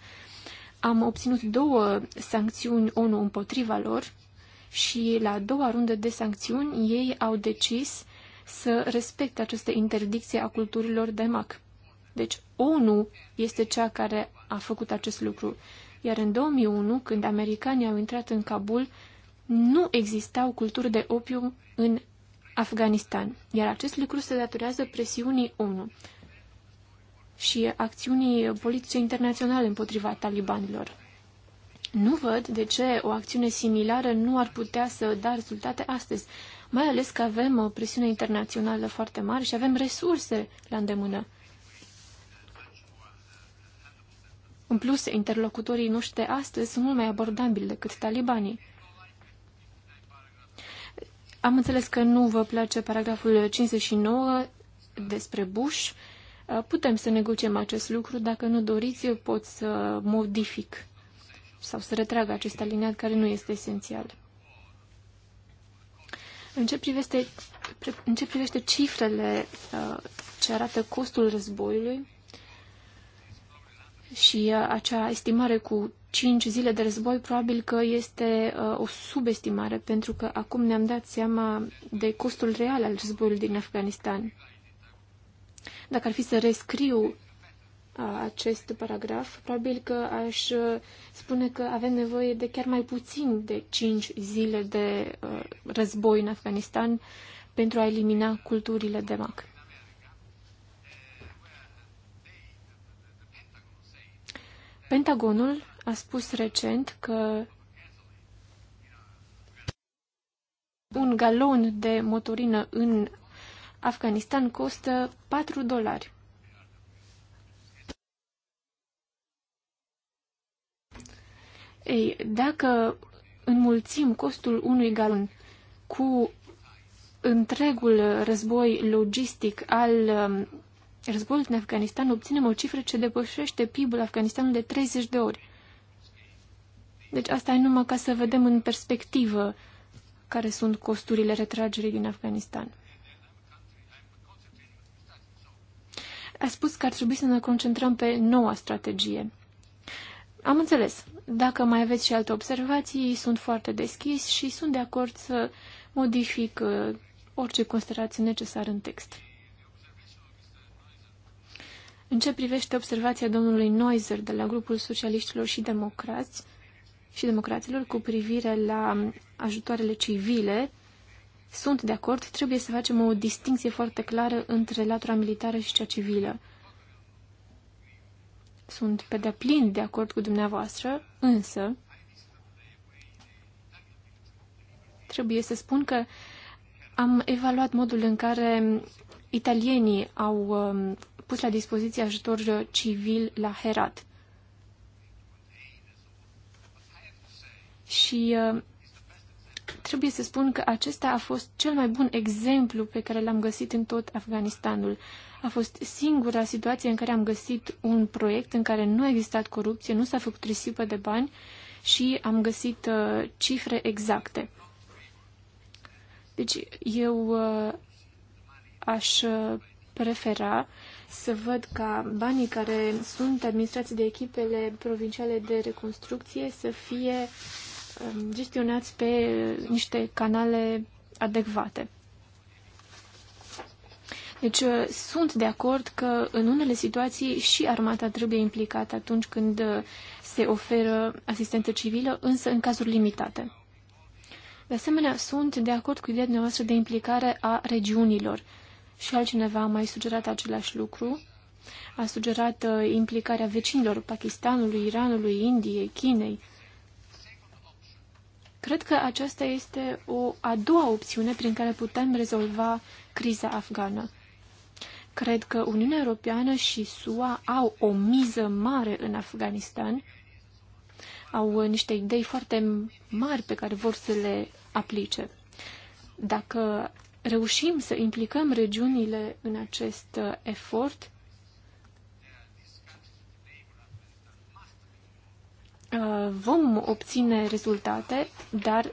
Am obținut două sancțiuni ONU împotriva lor și la a doua rundă de sancțiuni ei au decis să respecte această interdicție a culturilor de mac. Deci ONU este cea care a făcut acest lucru. Iar în 2001, când americanii au intrat în Kabul, nu existau culturi de opium în Afganistan, iar acest lucru se datorează presiunii ONU și acțiunii politice internaționale împotriva talibanilor. Nu văd de ce o acțiune similară nu ar putea să da rezultate astăzi mai ales că avem o presiune internațională foarte mare și avem resurse la îndemână. În plus, interlocutorii noștri de astăzi sunt mult mai abordabili decât talibanii. Am înțeles că nu vă place paragraful 59 despre Bush. Putem să negociem acest lucru. Dacă nu doriți, eu pot să modific sau să retrag acest aliniat care nu este esențial. În ce privește, în ce privește cifrele uh, ce arată costul războiului și uh, acea estimare cu 5 zile de război, probabil că este uh, o subestimare, pentru că acum ne-am dat seama de costul real al războiului din Afganistan. Dacă ar fi să rescriu acest paragraf, probabil că aș spune că avem nevoie de chiar mai puțin de 5 zile de război în Afganistan pentru a elimina culturile de mac. Pentagonul a spus recent că un galon de motorină în Afganistan costă 4 dolari. Ei, dacă înmulțim costul unui galon cu întregul război logistic al um, războiului din Afganistan, obținem o cifră ce depășește PIB-ul Afganistanului de 30 de ori. Deci asta e numai ca să vedem în perspectivă care sunt costurile retragerii din Afganistan. A spus că ar trebui să ne concentrăm pe noua strategie. Am înțeles. Dacă mai aveți și alte observații, sunt foarte deschis și sunt de acord să modific uh, orice considerație necesară în text. În ce privește observația domnului Noiser, de la grupul socialiștilor și democrați și democraților cu privire la ajutoarele civile, sunt de acord, trebuie să facem o distinție foarte clară între latura militară și cea civilă. Sunt pe deplin de acord cu dumneavoastră, însă trebuie să spun că am evaluat modul în care italienii au um, pus la dispoziție ajutor civil la Herat. Și uh, trebuie să spun că acesta a fost cel mai bun exemplu pe care l-am găsit în tot Afganistanul. A fost singura situație în care am găsit un proiect în care nu a existat corupție, nu s-a făcut risipă de bani și am găsit uh, cifre exacte. Deci eu uh, aș uh, prefera să văd ca banii care sunt administrați de echipele provinciale de reconstrucție să fie um, gestionați pe uh, niște canale adecvate. Deci uh, sunt de acord că în unele situații și armata trebuie implicată atunci când uh, se oferă asistență civilă, însă în cazuri limitate. De asemenea, sunt de acord cu ideea dumneavoastră de implicare a regiunilor. Și altcineva a mai sugerat același lucru. A sugerat uh, implicarea vecinilor Pakistanului, Iranului, Indiei, Chinei. Cred că aceasta este o a doua opțiune prin care putem rezolva criza afgană. Cred că Uniunea Europeană și SUA au o miză mare în Afganistan, au uh, niște idei foarte mari pe care vor să le aplice. Dacă reușim să implicăm regiunile în acest uh, efort, uh, vom obține rezultate, dar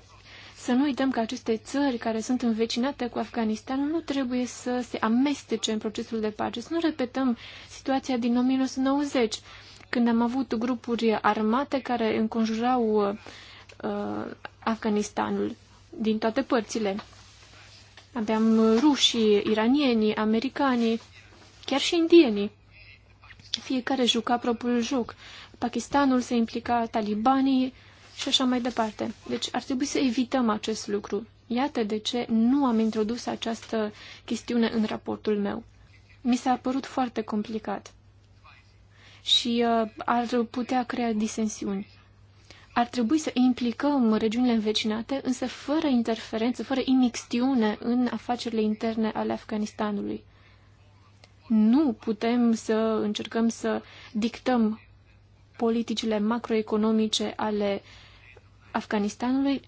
să nu uităm că aceste țări care sunt învecinate cu Afganistanul nu trebuie să se amestece în procesul de pace, să nu repetăm situația din 1990, când am avut grupuri armate care înconjurau uh, Afganistanul din toate părțile. Aveam rușii, iranienii, americanii, chiar și indienii. Fiecare juca propriul joc. Pakistanul se implica, talibanii, și așa mai departe. Deci ar trebui să evităm acest lucru. Iată de ce nu am introdus această chestiune în raportul meu. Mi s-a părut foarte complicat și uh, ar putea crea disensiuni. Ar trebui să implicăm regiunile învecinate, însă fără interferență, fără imixtiune în afacerile interne ale Afganistanului. Nu putem să încercăm să dictăm politicile macroeconomice ale Afganistanului,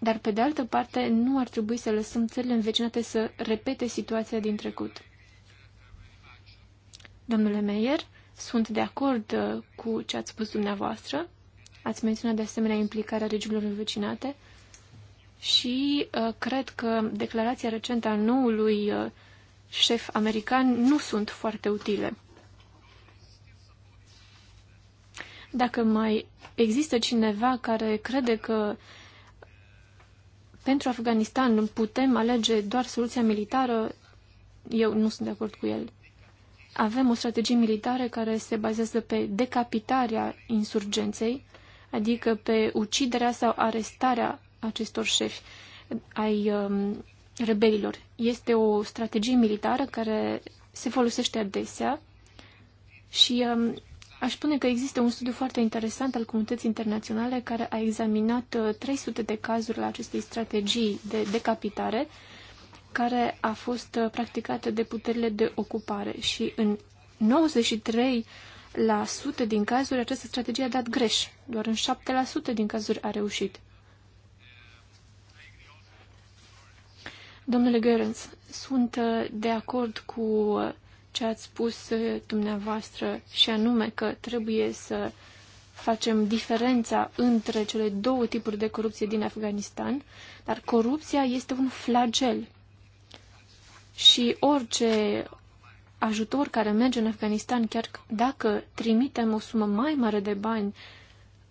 dar pe de altă parte nu ar trebui să lăsăm țările învecinate să repete situația din trecut. Domnule Meyer, sunt de acord uh, cu ce ați spus dumneavoastră. Ați menționat de asemenea implicarea regiunilor învecinate și uh, cred că declarația recentă a noului uh, șef american nu sunt foarte utile. Dacă mai există cineva care crede că pentru Afganistan putem alege doar soluția militară, eu nu sunt de acord cu el. Avem o strategie militară care se bazează pe decapitarea insurgenței, adică pe uciderea sau arestarea acestor șefi ai um, rebelilor. Este o strategie militară care se folosește adesea și um, Aș spune că există un studiu foarte interesant al comunității internaționale care a examinat 300 uh, de cazuri la acestei strategii de decapitare care a fost uh, practicată de puterile de ocupare și în 93 la sute din cazuri această strategie a dat greș. Doar în 7% din cazuri a reușit. Domnule Görens, sunt uh, de acord cu ce ați spus eh, dumneavoastră și anume că trebuie să facem diferența între cele două tipuri de corupție din Afganistan, dar corupția este un flagel. Și orice ajutor care merge în Afganistan, chiar dacă trimitem o sumă mai mare de bani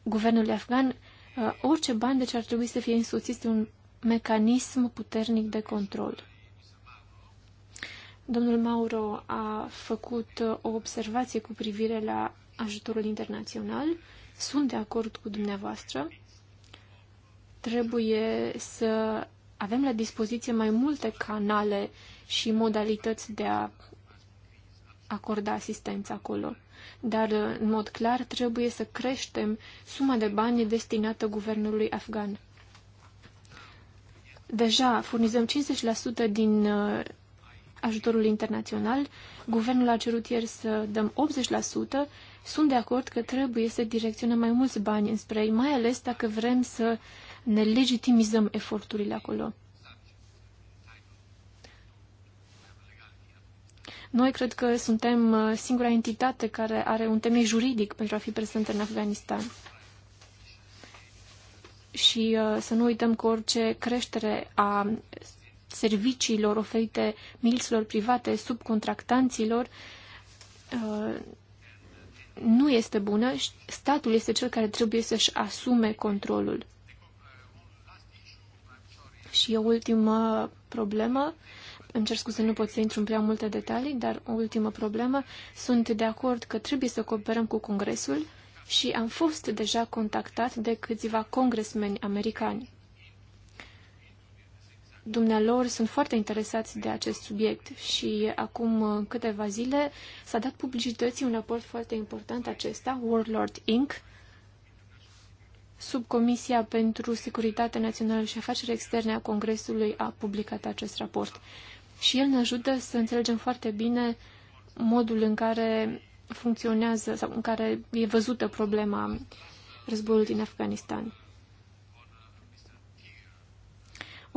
guvernului afgan, eh, orice bani deci ar trebui să fie însoțiți de un mecanism puternic de control. Domnul Mauro a făcut uh, o observație cu privire la ajutorul internațional. Sunt de acord cu dumneavoastră. Trebuie să avem la dispoziție mai multe canale și modalități de a acorda asistență acolo. Dar, uh, în mod clar, trebuie să creștem suma de bani destinată guvernului afgan. Deja furnizăm 50% din uh, ajutorul internațional. Guvernul a cerut ieri să dăm 80%. Sunt de acord că trebuie să direcționăm mai mulți bani înspre ei, mai ales dacă vrem să ne legitimizăm eforturile acolo. Noi cred că suntem uh, singura entitate care are un temei juridic pentru a fi prezent în Afganistan. Și uh, să nu uităm că orice creștere a serviciilor oferite milților private, subcontractanților, uh, nu este bună. Statul este cel care trebuie să-și asume controlul. Și o ultimă problemă, îmi cer scuze, nu pot să intru în prea multe detalii, dar o ultimă problemă, sunt de acord că trebuie să cooperăm cu Congresul și am fost deja contactat de câțiva congresmeni americani dumnealor sunt foarte interesați de acest subiect și acum câteva zile s-a dat publicității un raport foarte important acesta, Warlord Inc., Sub comisia pentru Securitate Națională și Afaceri Externe a Congresului a publicat acest raport. Și el ne ajută să înțelegem foarte bine modul în care funcționează sau în care e văzută problema războiului din Afganistan.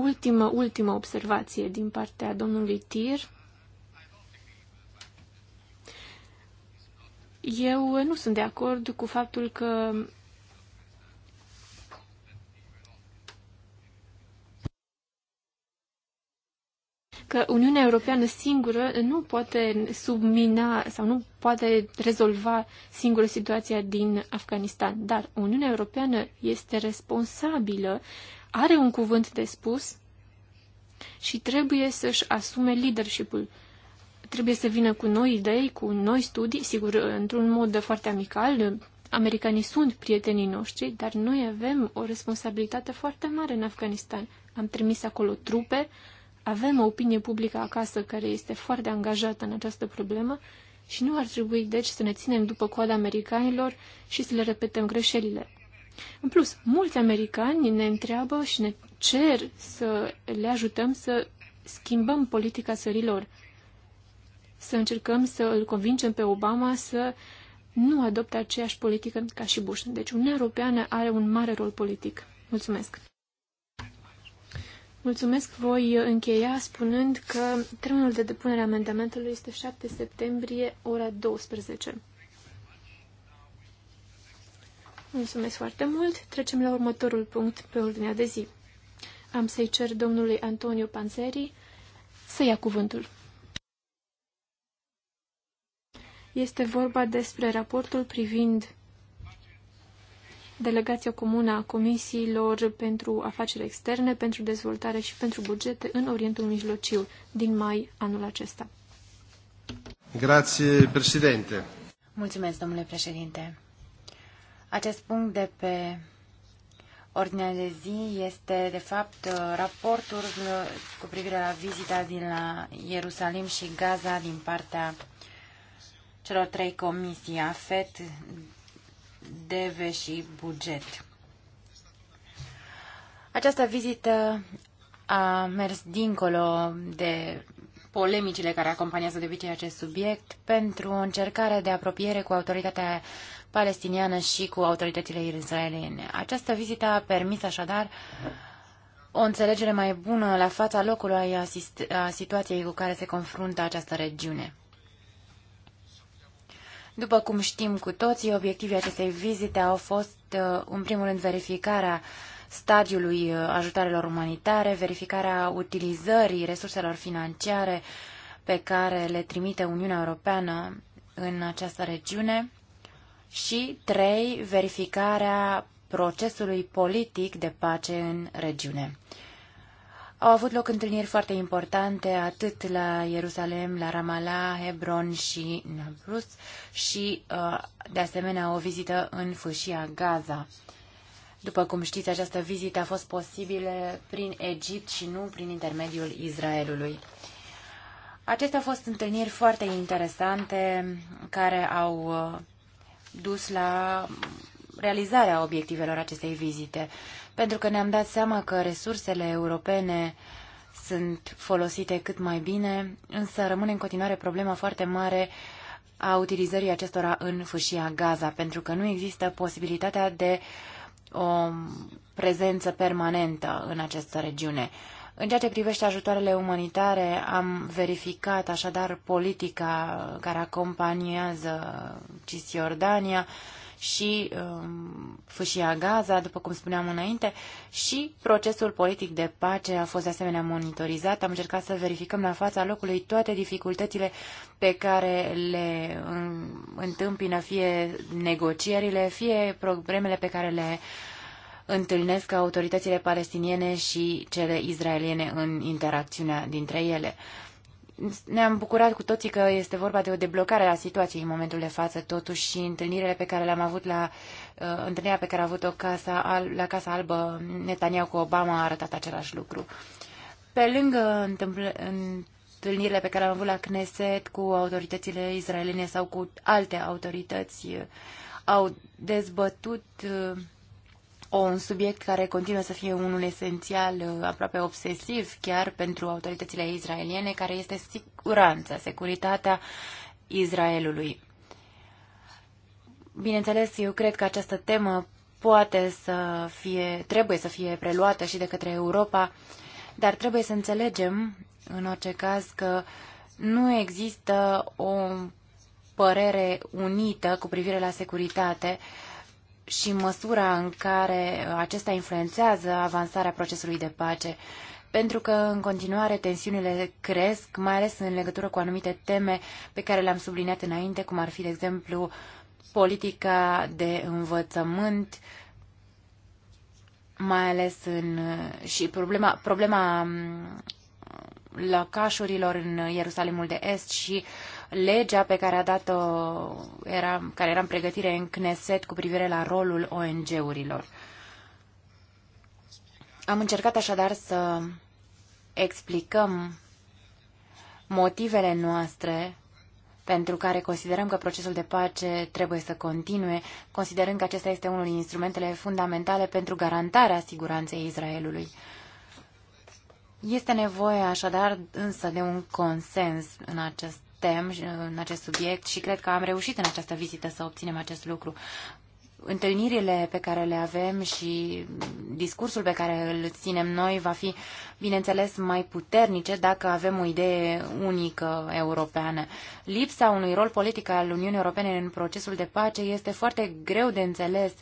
ultimă, ultimă observație din partea domnului Tir. Eu nu sunt de acord cu faptul că că Uniunea Europeană singură nu poate submina sau nu poate rezolva singură situația din Afganistan, dar Uniunea Europeană este responsabilă are un cuvânt de spus și trebuie să-și asume leadership-ul. Trebuie să vină cu noi idei, cu noi studii, sigur, într-un mod foarte amical. Americanii sunt prietenii noștri, dar noi avem o responsabilitate foarte mare în Afganistan. Am trimis acolo trupe, avem o opinie publică acasă care este foarte angajată în această problemă și nu ar trebui, deci, să ne ținem după coada americanilor și să le repetăm greșelile. În plus, mulți americani ne întreabă și ne cer să le ajutăm să schimbăm politica sărilor, să încercăm să îl convingem pe Obama să nu adopte aceeași politică ca și Bush. Deci Uniunea Europeană are un mare rol politic. Mulțumesc! Mulțumesc, voi încheia spunând că termenul de depunere a amendamentelor este 7 septembrie, ora 12. Mulțumesc foarte mult. Trecem la următorul punct pe ordinea de zi. Am să-i cer domnului Antonio Panzeri să ia cuvântul. Este vorba despre raportul privind delegația comună a comisiilor pentru afaceri externe, pentru dezvoltare și pentru bugete în Orientul Mijlociu din mai anul acesta. Grazie, președinte. Mulțumesc, domnule președinte. Acest punct de pe ordinea de zi este, de fapt, raportul cu privire la vizita din la Ierusalim și Gaza din partea celor trei comisii, AFET, DEVE și Buget. Această vizită a mers dincolo de polemicile care acompaniază de obicei acest subiect pentru o încercare de apropiere cu autoritatea palestiniană și cu autoritățile israeliene. Această vizită a permis așadar o înțelegere mai bună la fața locului a, situației cu care se confruntă această regiune. După cum știm cu toții, obiectivii acestei vizite au fost, uh, în primul rând, verificarea stadiului uh, ajutarelor umanitare, verificarea utilizării resurselor financiare pe care le trimite Uniunea Europeană în această regiune, și 3. Verificarea procesului politic de pace în regiune. Au avut loc întâlniri foarte importante atât la Ierusalem, la Ramallah, Hebron și Nablus și uh, de asemenea o vizită în fâșia Gaza. După cum știți, această vizită a fost posibilă prin Egipt și nu prin intermediul Israelului. Acestea au fost întâlniri foarte interesante care au uh, dus la realizarea obiectivelor acestei vizite, pentru că ne-am dat seama că resursele europene sunt folosite cât mai bine, însă rămâne în continuare problema foarte mare a utilizării acestora în fâșia Gaza, pentru că nu există posibilitatea de o prezență permanentă în această regiune. În ceea ce privește ajutoarele umanitare, am verificat așadar politica care acompaniază Cisjordania și um, fâșia Gaza, după cum spuneam înainte, și procesul politic de pace a fost de asemenea monitorizat. Am încercat să verificăm la fața locului toate dificultățile pe care le um, întâmpină fie negocierile, fie problemele pe care le uh, întâlnesc autoritățile palestiniene și cele izraeliene în interacțiunea dintre ele. Ne-am bucurat cu toții că este vorba de o deblocare a situației în momentul de față, totuși și întâlnirile pe care le-am avut la uh, întâlnirea pe care a avut-o casa, la Casa Albă Netanyahu cu Obama a arătat același lucru. Pe lângă întâmpl- întâlnirile pe care le-am avut la Knesset cu autoritățile izraeliene sau cu alte autorități, uh, au dezbătut uh, un subiect care continuă să fie unul esențial, uh, aproape obsesiv chiar pentru autoritățile israeliene, care este siguranța, securitatea Israelului. Bineînțeles, eu cred că această temă poate să fie, trebuie să fie preluată și de către Europa, dar trebuie să înțelegem, în orice caz, că nu există o părere unită cu privire la securitate. Uh, și măsura în care acesta influențează avansarea procesului de pace, pentru că în continuare tensiunile cresc, mai ales în legătură cu anumite teme pe care le-am subliniat înainte, cum ar fi, de exemplu, politica de învățământ, mai ales în, și problema, problema mm, lăcașurilor în Ierusalimul de Est și legea pe care a dat-o, era, care era în pregătire în Knesset cu privire la rolul ONG-urilor. Am încercat așadar să explicăm motivele noastre pentru care considerăm că procesul de pace trebuie să continue, considerând că acesta este unul din instrumentele fundamentale pentru garantarea siguranței Israelului. Este nevoie așadar însă de un consens în acest tem în acest subiect și cred că am reușit în această vizită să obținem acest lucru. Întâlnirile pe care le avem și discursul pe care îl ținem noi va fi, bineînțeles, mai puternice dacă avem o idee unică europeană. Lipsa unui rol politic al Uniunii Europene în procesul de pace este foarte greu de înțeles uh,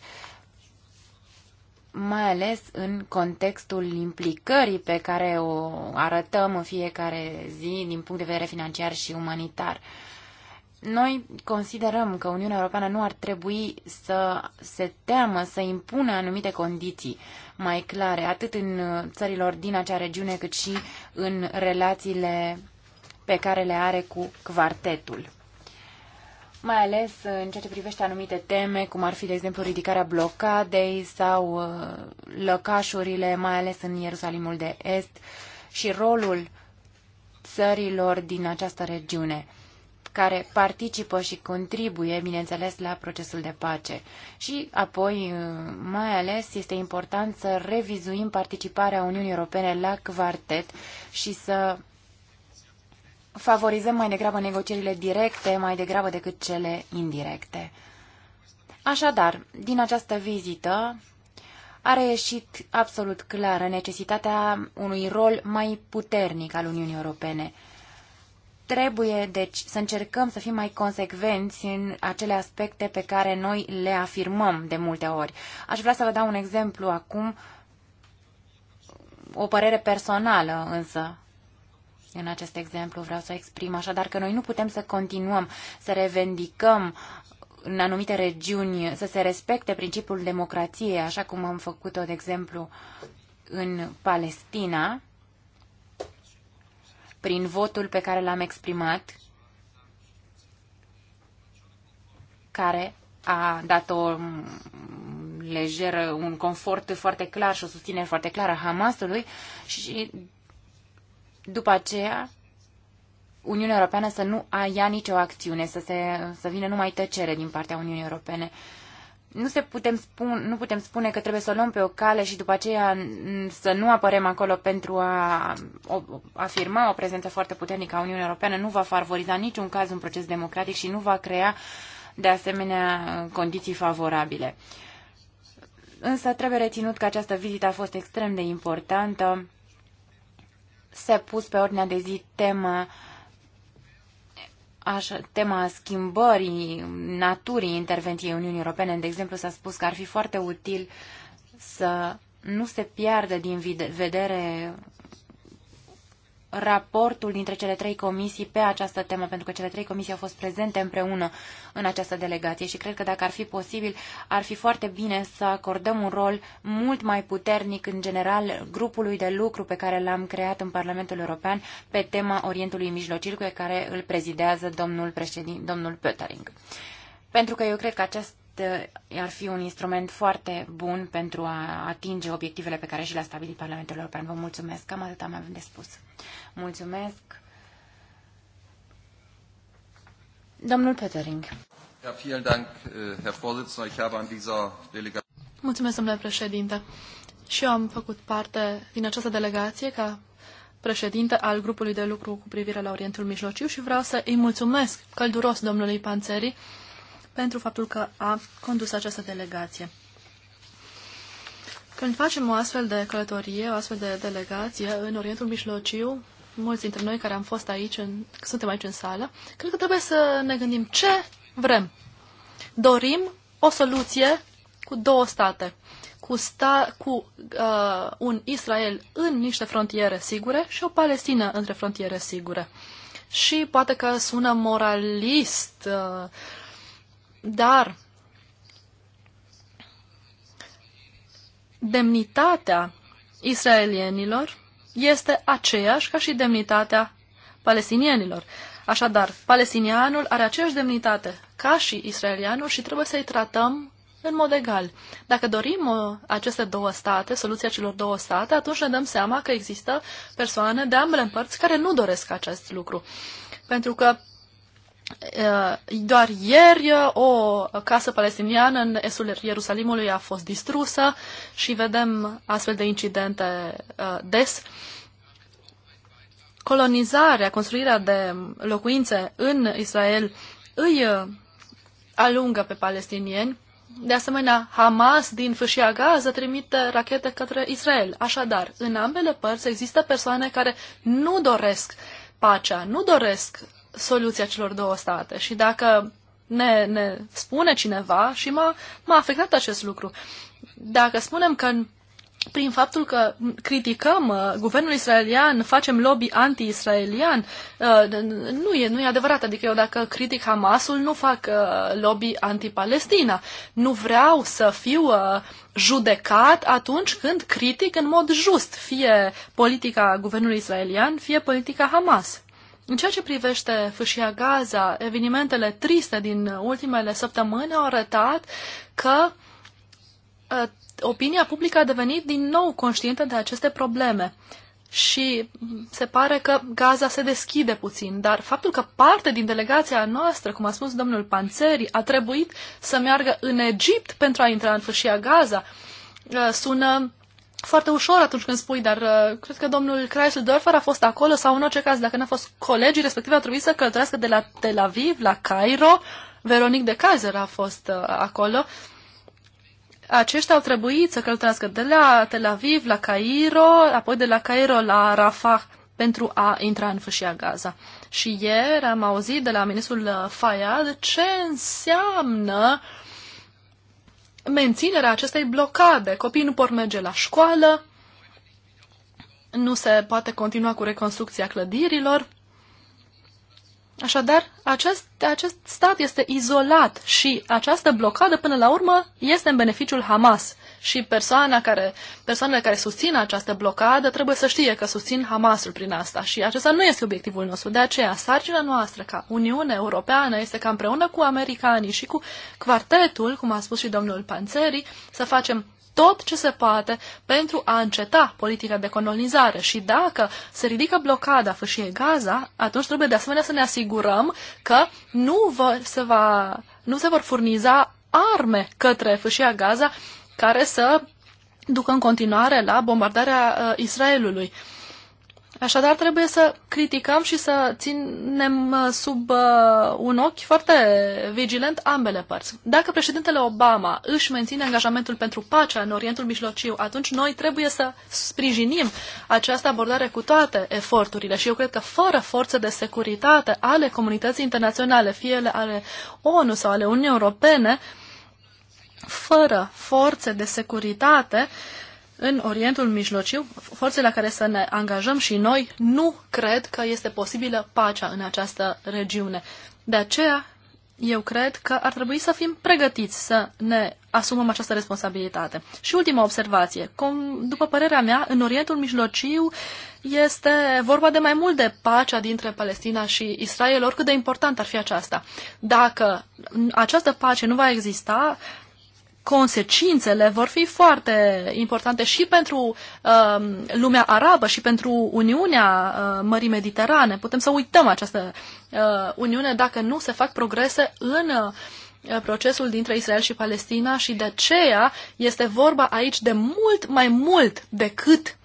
mai ales în contextul implicării pe care o arătăm în fiecare zi din punct de vedere financiar și umanitar. Noi considerăm că Uniunea Europeană nu ar trebui să se teamă să impună anumite condiții mai clare, atât în țărilor din acea regiune, cât și în relațiile pe care le are cu quartetul mai ales uh, în ceea ce privește anumite teme, cum ar fi, de exemplu, ridicarea blocadei sau uh, lăcașurile, mai ales în Ierusalimul de Est, și rolul țărilor din această regiune care participă și contribuie, bineînțeles, la procesul de pace. Și apoi, uh, mai ales, este important să revizuim participarea Uniunii Europene la quartet și să favorizăm mai degrabă negocierile directe, mai degrabă decât cele indirecte. Așadar, din această vizită a reieșit absolut clară necesitatea unui rol mai puternic al Uniunii Europene. Trebuie, deci, să încercăm să fim mai consecvenți în acele aspecte pe care noi le afirmăm de multe ori. Aș vrea să vă dau un exemplu acum, o părere personală însă, în acest exemplu vreau să exprim, așadar că noi nu putem să continuăm să revendicăm în anumite regiuni să se respecte principiul democrației, așa cum am făcut-o, de exemplu, în Palestina, prin votul pe care l-am exprimat, care a dat o lejeră, un confort foarte clar și o susținere foarte clară Hamasului și după aceea Uniunea Europeană să nu ia nicio acțiune, să, se, să vină numai tăcere din partea Uniunii Europene. Nu, se putem spun, nu putem spune că trebuie să o luăm pe o cale și după aceea mm, să nu apărem acolo pentru a o, afirma o prezență foarte puternică a Uniunii Europeană. Nu va favoriza niciun caz un proces democratic și nu va crea de asemenea condiții favorabile. Însă trebuie reținut că această vizită a fost extrem de importantă se pus pe ordinea de zi temă așa, tema schimbării naturii intervenției Uniunii Europene. De exemplu, s-a spus că ar fi foarte util să nu se piardă din vedere raportul dintre cele trei comisii pe această temă, pentru că cele trei comisii au fost prezente împreună în această delegație și cred că dacă ar fi posibil, ar fi foarte bine să acordăm un rol mult mai puternic în general grupului de lucru pe care l-am creat în Parlamentul European pe tema Orientului Mijlociu, pe care îl prezidează domnul, președinte domnul Pöttering. Pentru că eu cred că acest ar fi un instrument foarte bun pentru a atinge obiectivele pe care și le-a stabilit Parlamentul European. Vă mulțumesc. Cam atât am avut de spus. Mulțumesc. Domnul Petering. Äh, mulțumesc, domnule președinte. Și eu am făcut parte din această delegație ca președinte al grupului de lucru cu privire la Orientul Mijlociu și vreau să îi mulțumesc călduros domnului Panțeri pentru faptul că a condus această delegație. Când facem o astfel de călătorie, o astfel de delegație în Orientul Mijlociu, mulți dintre noi care am fost aici, în, suntem aici în sală, cred că trebuie să ne gândim ce vrem. Dorim o soluție cu două state, cu, sta, cu uh, un Israel în niște frontiere sigure și o Palestină între frontiere sigure. Și poate că sună moralist, uh, dar demnitatea israelienilor este aceeași ca și demnitatea palestinienilor. Așadar, palestinianul are aceeași demnitate ca și israelianul și trebuie să-i tratăm în mod egal. Dacă dorim uh, aceste două state, soluția celor două state, atunci ne dăm seama că există persoane de ambele părți care nu doresc acest lucru. Pentru că Uh, doar ieri uh, o casă palestiniană în estul Ierusalimului a fost distrusă și vedem astfel de incidente uh, des. Colonizarea, construirea de locuințe în Israel îi alungă pe palestinieni. De asemenea, Hamas din fâșia Gaza trimite rachete către Israel. Așadar, în ambele părți există persoane care nu doresc pacea, nu doresc soluția celor două state. Și dacă ne, ne spune cineva și m-a, m-a afectat acest lucru, dacă spunem că prin faptul că criticăm uh, guvernul israelian, facem lobby anti-israelian, uh, nu e, nu e adevărat. Adică eu dacă critic Hamasul, nu fac uh, lobby anti-Palestina. Nu vreau să fiu uh, judecat atunci când critic în mod just fie politica guvernului israelian, fie politica Hamas. În ceea ce privește fâșia Gaza, evenimentele triste din ultimele săptămâni au arătat că uh, opinia publică a devenit din nou conștientă de aceste probleme. Și se pare că Gaza se deschide puțin, dar faptul că parte din delegația noastră, cum a spus domnul Panțeri, a trebuit să meargă în Egipt pentru a intra în fâșia Gaza, ă, sună foarte ușor atunci când spui, dar uh, cred că domnul Kreisler dörfer a fost acolo sau în orice caz, dacă n-a fost colegii respectiv, a trebuit să călătorească de la Tel Aviv la Cairo. Veronic de Kaiser a fost uh, acolo. Aceștia au trebuit să călătorească de la Tel Aviv la Cairo, apoi de la Cairo la Rafah pentru a intra în fâșia Gaza. Și ieri am auzit de la ministrul uh, Fayad ce înseamnă uh, menținerea acestei blocade. Copiii nu pot merge la școală, nu se poate continua cu reconstrucția clădirilor. Așadar, acest, acest stat este izolat și această blocadă, până la urmă, este în beneficiul Hamas și persoana care, persoanele care susțin această blocadă trebuie să știe că susțin Hamasul prin asta și acesta nu este obiectivul nostru. De aceea, sarcina noastră ca Uniune Europeană este ca împreună cu americanii și cu quartetul, cum a spus și domnul Panțeri, să facem tot ce se poate pentru a înceta politica de colonizare și dacă se ridică blocada fâșiei Gaza, atunci trebuie de asemenea să ne asigurăm că nu, vă, se, va, nu se vor furniza arme către fâșia Gaza care să ducă în continuare la bombardarea uh, Israelului. Așadar, trebuie să criticăm și să ținem uh, sub uh, un ochi foarte vigilent ambele părți. Dacă președintele Obama își menține angajamentul pentru pacea în Orientul Mijlociu, atunci noi trebuie să sprijinim această abordare cu toate eforturile și eu cred că fără forțe de securitate ale comunității internaționale, fie ale ONU sau ale Uniunii Europene, uh, fără forțe de securitate în Orientul Mijlociu, forțele la care să ne angajăm și noi, nu cred că este posibilă pacea în această regiune. De aceea, eu cred că ar trebui să fim pregătiți să ne asumăm această responsabilitate. Și ultima observație. Cum, după părerea mea, în Orientul Mijlociu este vorba de mai mult de pacea dintre Palestina și Israel, oricât de important ar fi aceasta. Dacă această pace nu va exista, consecințele vor fi foarte importante și pentru uh, lumea arabă și pentru Uniunea uh, Mării Mediterane. Putem să uităm această uh, Uniune dacă nu se fac progrese în uh, procesul dintre Israel și Palestina și de aceea este vorba aici de mult mai mult decât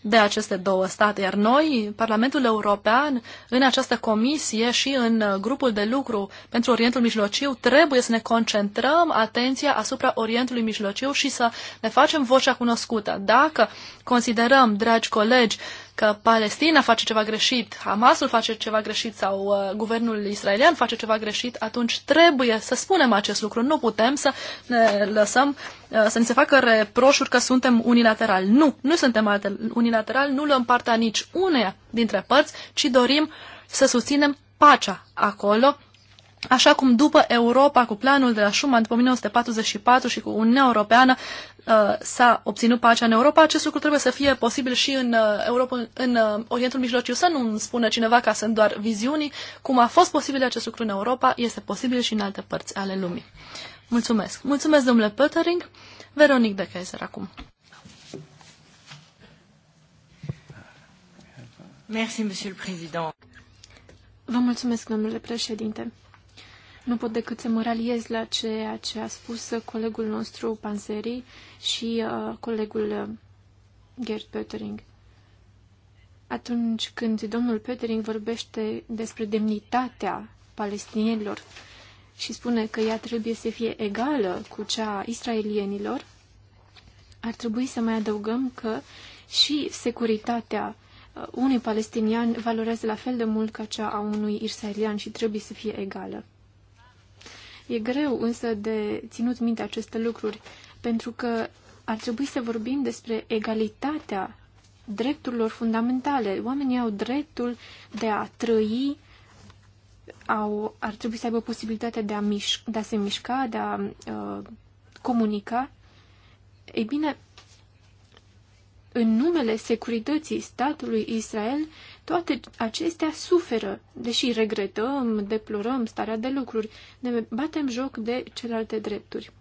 de aceste două state. Iar noi, Parlamentul European, în această comisie și în grupul de lucru pentru Orientul Mijlociu, trebuie să ne concentrăm atenția asupra Orientului Mijlociu și să ne facem vocea cunoscută. Dacă considerăm, dragi colegi, că Palestina face ceva greșit, Hamasul face ceva greșit sau uh, guvernul israelian face ceva greșit, atunci trebuie să spunem acest lucru. Nu putem să ne lăsăm, uh, să ni se facă reproșuri că suntem unilateral. Nu, nu suntem unilateral. nu luăm partea nici uneia dintre părți, ci dorim să susținem pacea acolo Așa cum după Europa, cu planul de la Schumann după 1944 și cu Uniunea Europeană uh, s-a obținut pacea în Europa, acest lucru trebuie să fie posibil și în uh, Europa, în uh, Orientul Mijlociu. Să nu spună cineva că sunt doar viziuni. Cum a fost posibil acest lucru în Europa, este posibil și în alte părți ale lumii. Mulțumesc. Mulțumesc, domnule Pöttering. Veronic de Kaiser acum. Merci, Vă mulțumesc, domnule președinte. Nu pot decât să mă raliez la ceea ce a spus colegul nostru Panzeri și uh, colegul uh, Gerd Pöttering. Atunci când domnul Pöttering vorbește despre demnitatea palestinienilor și spune că ea trebuie să fie egală cu cea a israelienilor, ar trebui să mai adăugăm că și securitatea uh, unui palestinian valorează la fel de mult ca cea a unui israelian și trebuie să fie egală. E greu însă de ținut minte aceste lucruri, pentru că ar trebui să vorbim despre egalitatea drepturilor fundamentale. Oamenii au dreptul de a trăi, au, ar trebui să aibă posibilitatea de a, miș- de a se mișca, de a uh, comunica. Ei bine, în numele securității statului Israel, toate acestea suferă, deși regretăm, deplorăm starea de lucruri, ne batem joc de celelalte drepturi.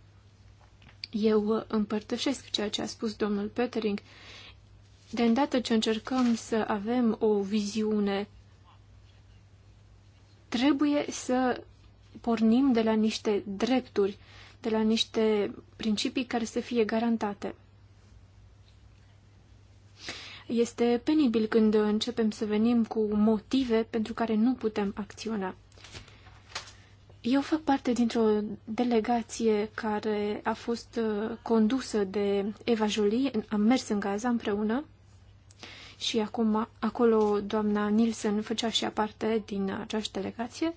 Eu uh, împărtășesc ceea ce a spus domnul Petering. De îndată ce încercăm să avem o viziune, trebuie să pornim de la niște drepturi, de la niște principii care să fie garantate. Este penibil când începem să venim cu motive pentru care nu putem acționa. Eu fac parte dintr-o delegație care a fost uh, condusă de Eva Jolie. Am mers în Gaza împreună și acum acolo doamna Nielsen făcea și aparte din această delegație.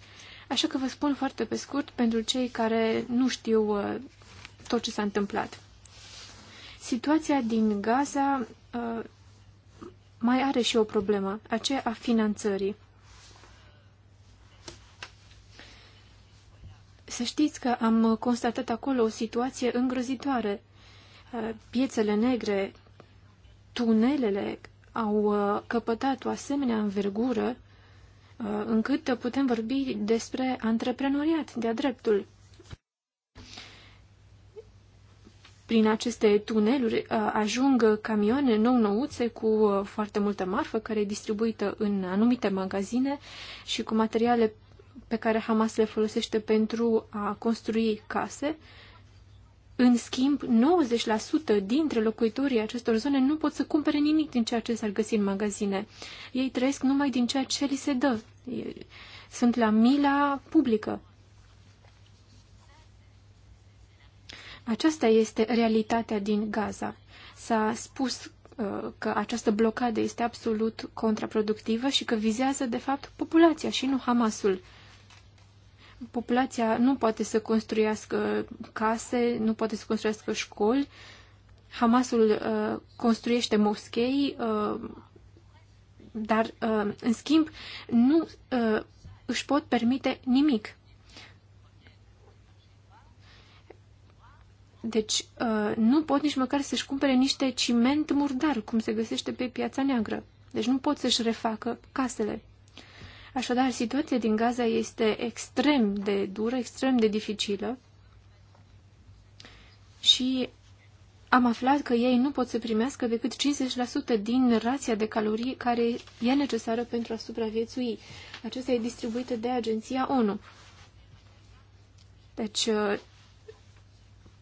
Așa că vă spun foarte pe scurt pentru cei care nu știu uh, tot ce s-a întâmplat. Situația din Gaza uh, mai are și o problemă, aceea a finanțării. Să știți că am constatat acolo o situație îngrozitoare. Uh, piețele negre, tunelele au uh, căpătat o asemenea învergură uh, încât putem vorbi despre antreprenoriat de-a dreptul. prin aceste tuneluri uh, ajung camioane nou-nouțe cu uh, foarte multă marfă care e distribuită în anumite magazine și cu materiale pe care Hamas le folosește pentru a construi case. În schimb, 90% dintre locuitorii acestor zone nu pot să cumpere nimic din ceea ce s-ar găsi în magazine. Ei trăiesc numai din ceea ce li se dă. Sunt la mila publică. Aceasta este realitatea din Gaza. S-a spus uh, că această blocadă este absolut contraproductivă și că vizează, de fapt, populația și nu Hamasul. Populația nu poate să construiască case, nu poate să construiască școli. Hamasul uh, construiește moschei, uh, dar, uh, în schimb, nu uh, își pot permite nimic. Deci uh, nu pot nici măcar să-și cumpere niște ciment murdar, cum se găsește pe piața neagră. Deci nu pot să-și refacă casele. Așadar, situația din Gaza este extrem de dură, extrem de dificilă și am aflat că ei nu pot să primească decât 50% din rația de calorii care e necesară pentru a supraviețui. Aceasta e distribuită de agenția ONU. Deci uh,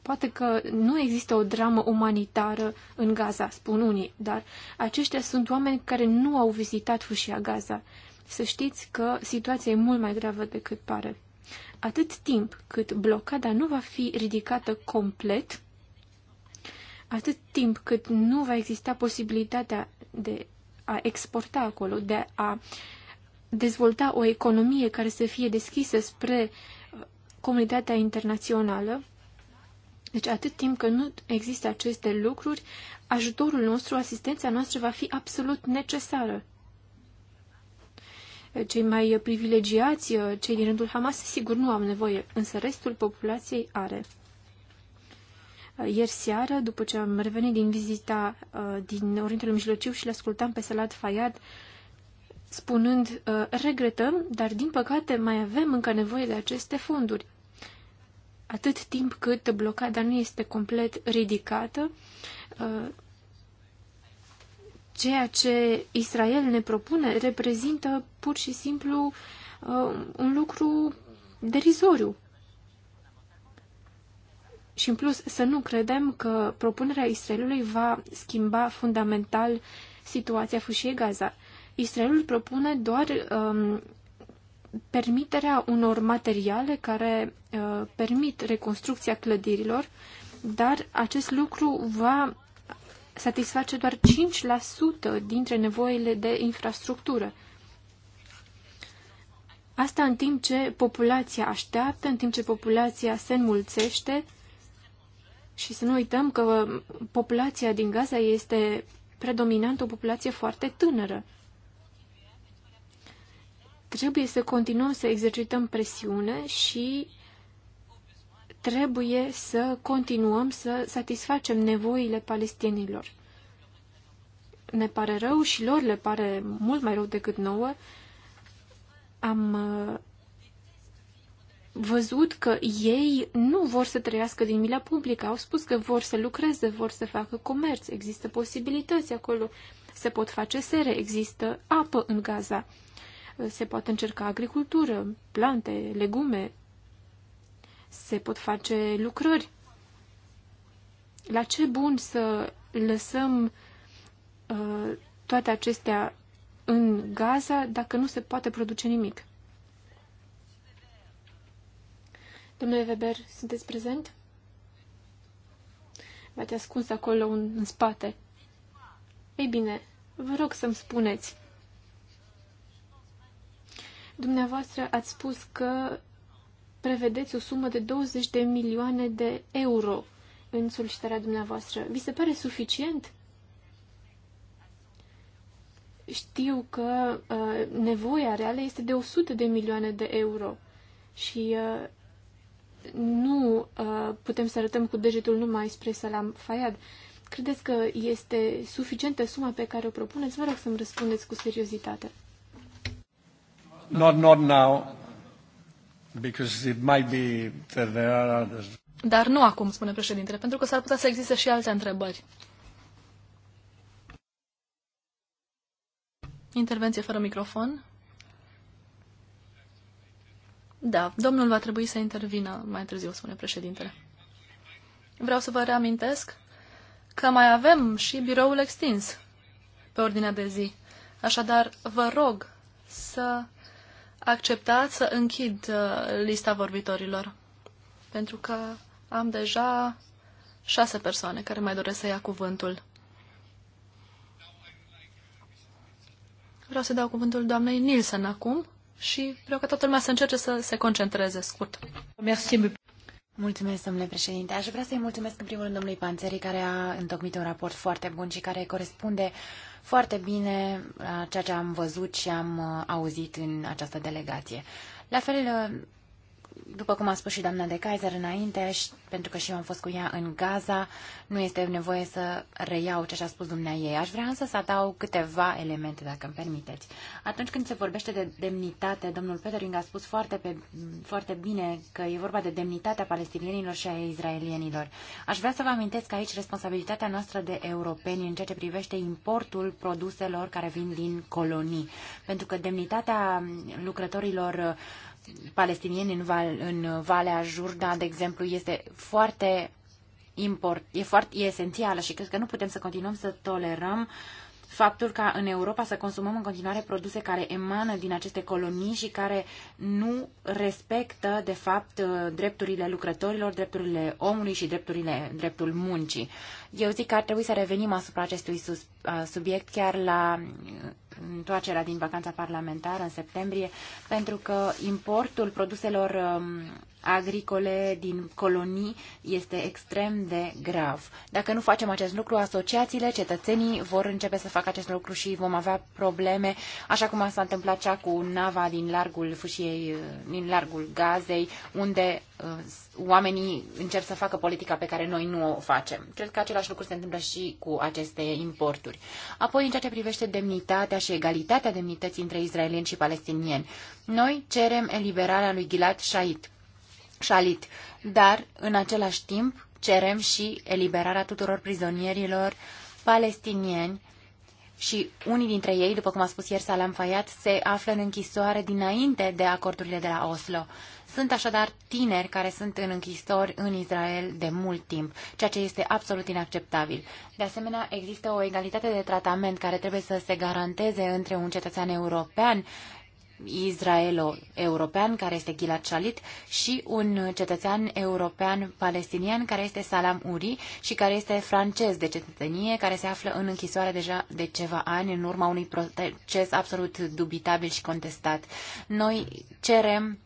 Poate că nu există o dramă umanitară în Gaza, spun unii, dar aceștia sunt oameni care nu au vizitat fâșia Gaza. Să știți că situația e mult mai gravă decât pare. Atât timp cât blocada nu va fi ridicată complet, atât timp cât nu va exista posibilitatea de a exporta acolo, de a dezvolta o economie care să fie deschisă spre uh, comunitatea internațională, deci atât timp că nu există aceste lucruri, ajutorul nostru, asistența noastră va fi absolut necesară. Cei mai privilegiați, cei din rândul Hamas, sigur nu au nevoie, însă restul populației are. Ieri seară, după ce am revenit din vizita uh, din Orientul Mijlociu și l-ascultam pe Salat Fayad, spunând, uh, regretăm, dar din păcate mai avem încă nevoie de aceste fonduri atât timp cât blocada nu este complet ridicată, uh, ceea ce Israel ne propune reprezintă pur și simplu uh, un lucru derizoriu. Și în plus să nu credem că propunerea Israelului va schimba fundamental situația fâșiei Gaza. Israelul propune doar um, permiterea unor materiale care uh, permit reconstrucția clădirilor, dar acest lucru va satisface doar 5% dintre nevoile de infrastructură. Asta în timp ce populația așteaptă, în timp ce populația se înmulțește și să nu uităm că populația din Gaza este predominant o populație foarte tânără. Trebuie să continuăm să exercităm presiune și trebuie să continuăm să satisfacem nevoile palestinilor. Ne pare rău și lor le pare mult mai rău decât nouă. Am uh, văzut că ei nu vor să trăiască din mila publică. Au spus că vor să lucreze, vor să facă comerț. Există posibilități acolo. Se pot face sere, există apă în Gaza. Se poate încerca agricultură, plante, legume. Se pot face lucrări. La ce bun să lăsăm uh, toate acestea în Gaza dacă nu se poate produce nimic? Domnule Weber, sunteți prezent? V-ați ascuns acolo în, în spate. Ei bine, vă rog să-mi spuneți, Dumneavoastră ați spus că prevedeți o sumă de 20 de milioane de euro în solicitarea dumneavoastră. Vi se pare suficient? Știu că uh, nevoia reală este de 100 de milioane de euro și uh, nu uh, putem să arătăm cu degetul numai spre Salam Fayad. Credeți că este suficientă suma pe care o propuneți? Vă rog să-mi răspundeți cu seriozitate. Not, not now, because it might be that there are others. Dar nu acum, spune președintele, pentru că s-ar putea să existe și alte întrebări. Intervenție fără microfon. Da, domnul va trebui să intervină mai târziu, spune președintele. Vreau să vă reamintesc că mai avem și biroul extins pe ordinea de zi. Așadar, vă rog să acceptat să închid uh, lista vorbitorilor, pentru că am deja șase persoane care mai doresc să ia cuvântul. Vreau să dau cuvântul doamnei Nielsen acum și vreau ca toată lumea să încerce să se concentreze scurt. Mulțumesc. Mulțumesc, domnule președinte. Aș vrea să-i mulțumesc în primul rând domnului Panțeri, care a întocmit un raport foarte bun și care corespunde foarte bine ceea ce am văzut și am uh, auzit în această delegație. La fel, uh, după cum a spus și doamna de Kaiser înainte, și pentru că și eu am fost cu ea în Gaza, nu este nevoie să reiau ce și-a spus dumnea ei. Aș vrea însă să adaug câteva elemente, dacă îmi permiteți. Atunci când se vorbește de demnitate, domnul Petering a spus foarte, pe, foarte bine că e vorba de demnitatea palestinienilor și a izraelienilor. Aș vrea să vă amintesc că aici responsabilitatea noastră de europeni în ceea ce privește importul produselor care vin din colonii. Pentru că demnitatea lucrătorilor uh, palestinieni în, val, în Valea Jordan, de exemplu, este foarte import, e foarte e esențială și cred că nu putem să continuăm să tolerăm faptul ca în Europa să consumăm în continuare produse care emană din aceste colonii și care nu respectă, de fapt, drepturile lucrătorilor, drepturile omului și drepturile, dreptul muncii. Eu zic că ar trebui să revenim asupra acestui subiect chiar la mm, întoarcerea din vacanța parlamentară în septembrie, pentru că importul produselor mm, agricole din colonii este extrem de grav. Dacă nu facem acest lucru, asociațiile, cetățenii vor începe să facă acest lucru și vom avea probleme, așa cum s-a întâmplat cea cu nava din largul fâșiei, din largul gazei, unde mm, oamenii încep să facă politica pe care noi nu o facem. Cred că același lucru se întâmplă și cu aceste importuri. Apoi, în ceea ce privește demnitatea și egalitatea demnității între israelieni și palestinieni, noi cerem eliberarea lui Gilad Shalit, Shalit dar, în același timp, cerem și eliberarea tuturor prizonierilor palestinieni și unii dintre ei, după cum a spus ieri Salam Fayad, se află în închisoare dinainte de acordurile de la Oslo. Sunt așadar tineri care sunt în închisori în Israel de mult timp, ceea ce este absolut inacceptabil. De asemenea, există o egalitate de tratament care trebuie să se garanteze între un cetățean european israelo-european, care este Gilad Shalit, și un cetățean european-palestinian, care este Salam Uri și care este francez de cetățenie, care se află în închisoare deja de ceva ani, în urma unui proces absolut dubitabil și contestat. Noi cerem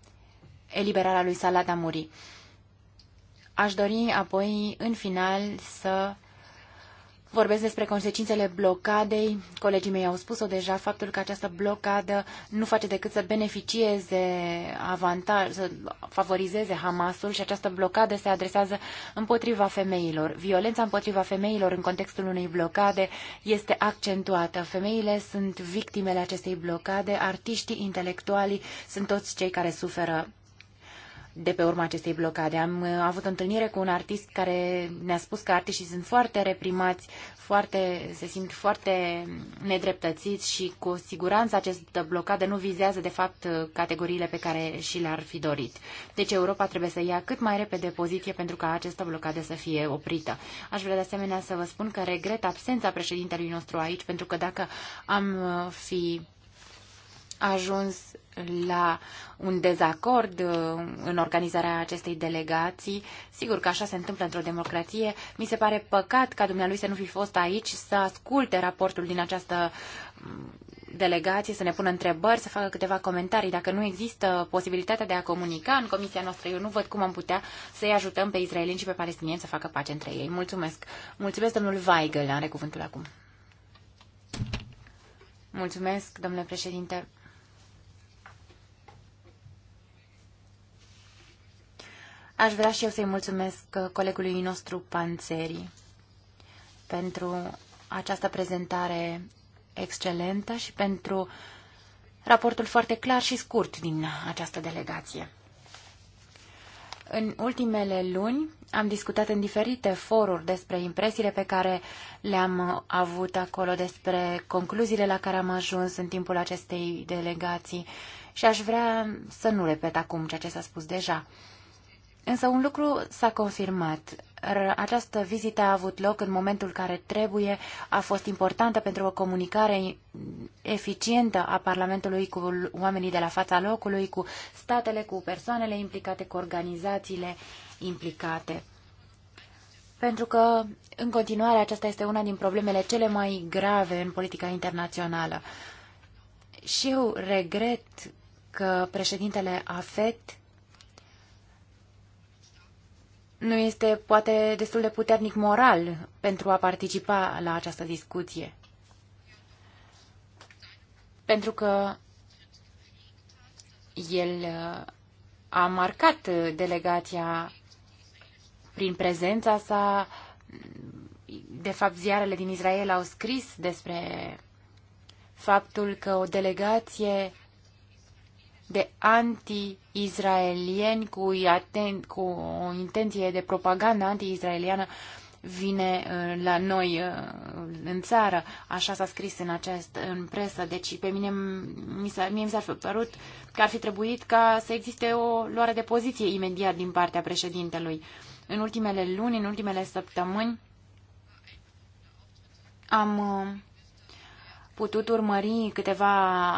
eliberarea lui Salat muri. Aș dori apoi, în final, să vorbesc despre consecințele blocadei. Colegii mei au spus-o deja, faptul că această blocadă nu face decât să beneficieze avantaj, să favorizeze Hamasul și această blocadă se adresează împotriva femeilor. Violența împotriva femeilor în contextul unei blocade este accentuată. Femeile sunt victimele acestei blocade, artiștii, intelectualii sunt toți cei care suferă de pe urma acestei blocade. Am uh, avut o întâlnire cu un artist care ne-a spus că artiștii sunt foarte reprimați, foarte, se simt foarte nedreptățiți și cu siguranță această blocadă nu vizează de fapt uh, categoriile pe care și le-ar fi dorit. Deci Europa trebuie să ia cât mai repede poziție pentru ca această blocadă să fie oprită. Aș vrea de asemenea să vă spun că regret absența președintelui nostru aici pentru că dacă am uh, fi ajuns la un dezacord uh, în organizarea acestei delegații. Sigur că așa se întâmplă într-o democrație. Mi se pare păcat ca dumnealui să nu fi fost aici, să asculte raportul din această mm, delegație, să ne pună întrebări, să facă câteva comentarii. Dacă nu există posibilitatea de a comunica în comisia noastră, eu nu văd cum am putea să-i ajutăm pe israelieni și pe palestinieni să facă pace între ei. Mulțumesc. Mulțumesc, domnul Weigel, are cuvântul acum. Mulțumesc, domnule președinte. Aș vrea și eu să-i mulțumesc uh, colegului nostru Panțeri pentru această prezentare excelentă și pentru raportul foarte clar și scurt din această delegație. În ultimele luni am discutat în diferite foruri despre impresiile pe care le-am uh, avut acolo, despre concluziile la care am ajuns în timpul acestei delegații și aș vrea să nu repet acum ceea ce s-a spus deja. Însă un lucru s-a confirmat. Această vizită a avut loc în momentul care trebuie, a fost importantă pentru o comunicare eficientă a Parlamentului cu oamenii de la fața locului, cu statele, cu persoanele implicate, cu organizațiile implicate. Pentru că, în continuare, aceasta este una din problemele cele mai grave în politica internațională. Și eu regret că președintele AFET nu este poate destul de puternic moral pentru a participa la această discuție. Pentru că el uh, a marcat uh, delegația prin prezența sa. De fapt, ziarele din Israel au scris despre faptul că o delegație de anti-izraelieni cu, atent, cu o intenție de propagandă anti-izraeliană vine uh, la noi uh, în țară. Așa s-a scris în, acest, în presă. Deci pe mine mi s-a, mie mi s părut că ar fi trebuit ca să existe o luare de poziție imediat din partea președintelui. În ultimele luni, în ultimele săptămâni, am uh, putut urmări câteva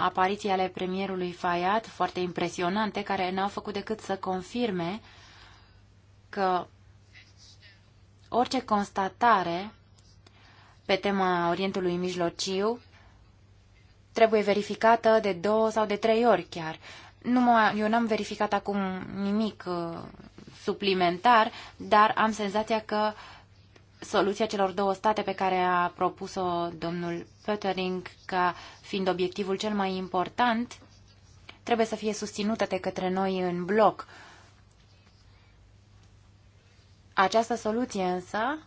apariții ale premierului Fayad, foarte impresionante, care n-au făcut decât să confirme că orice constatare pe tema Orientului Mijlociu trebuie verificată de două sau de trei ori chiar. Nu eu n-am verificat acum nimic uh, suplimentar, dar am senzația că soluția celor două state pe care a propus-o domnul Pöttering ca fiind obiectivul cel mai important trebuie să fie susținută de către noi în bloc. Această soluție însă,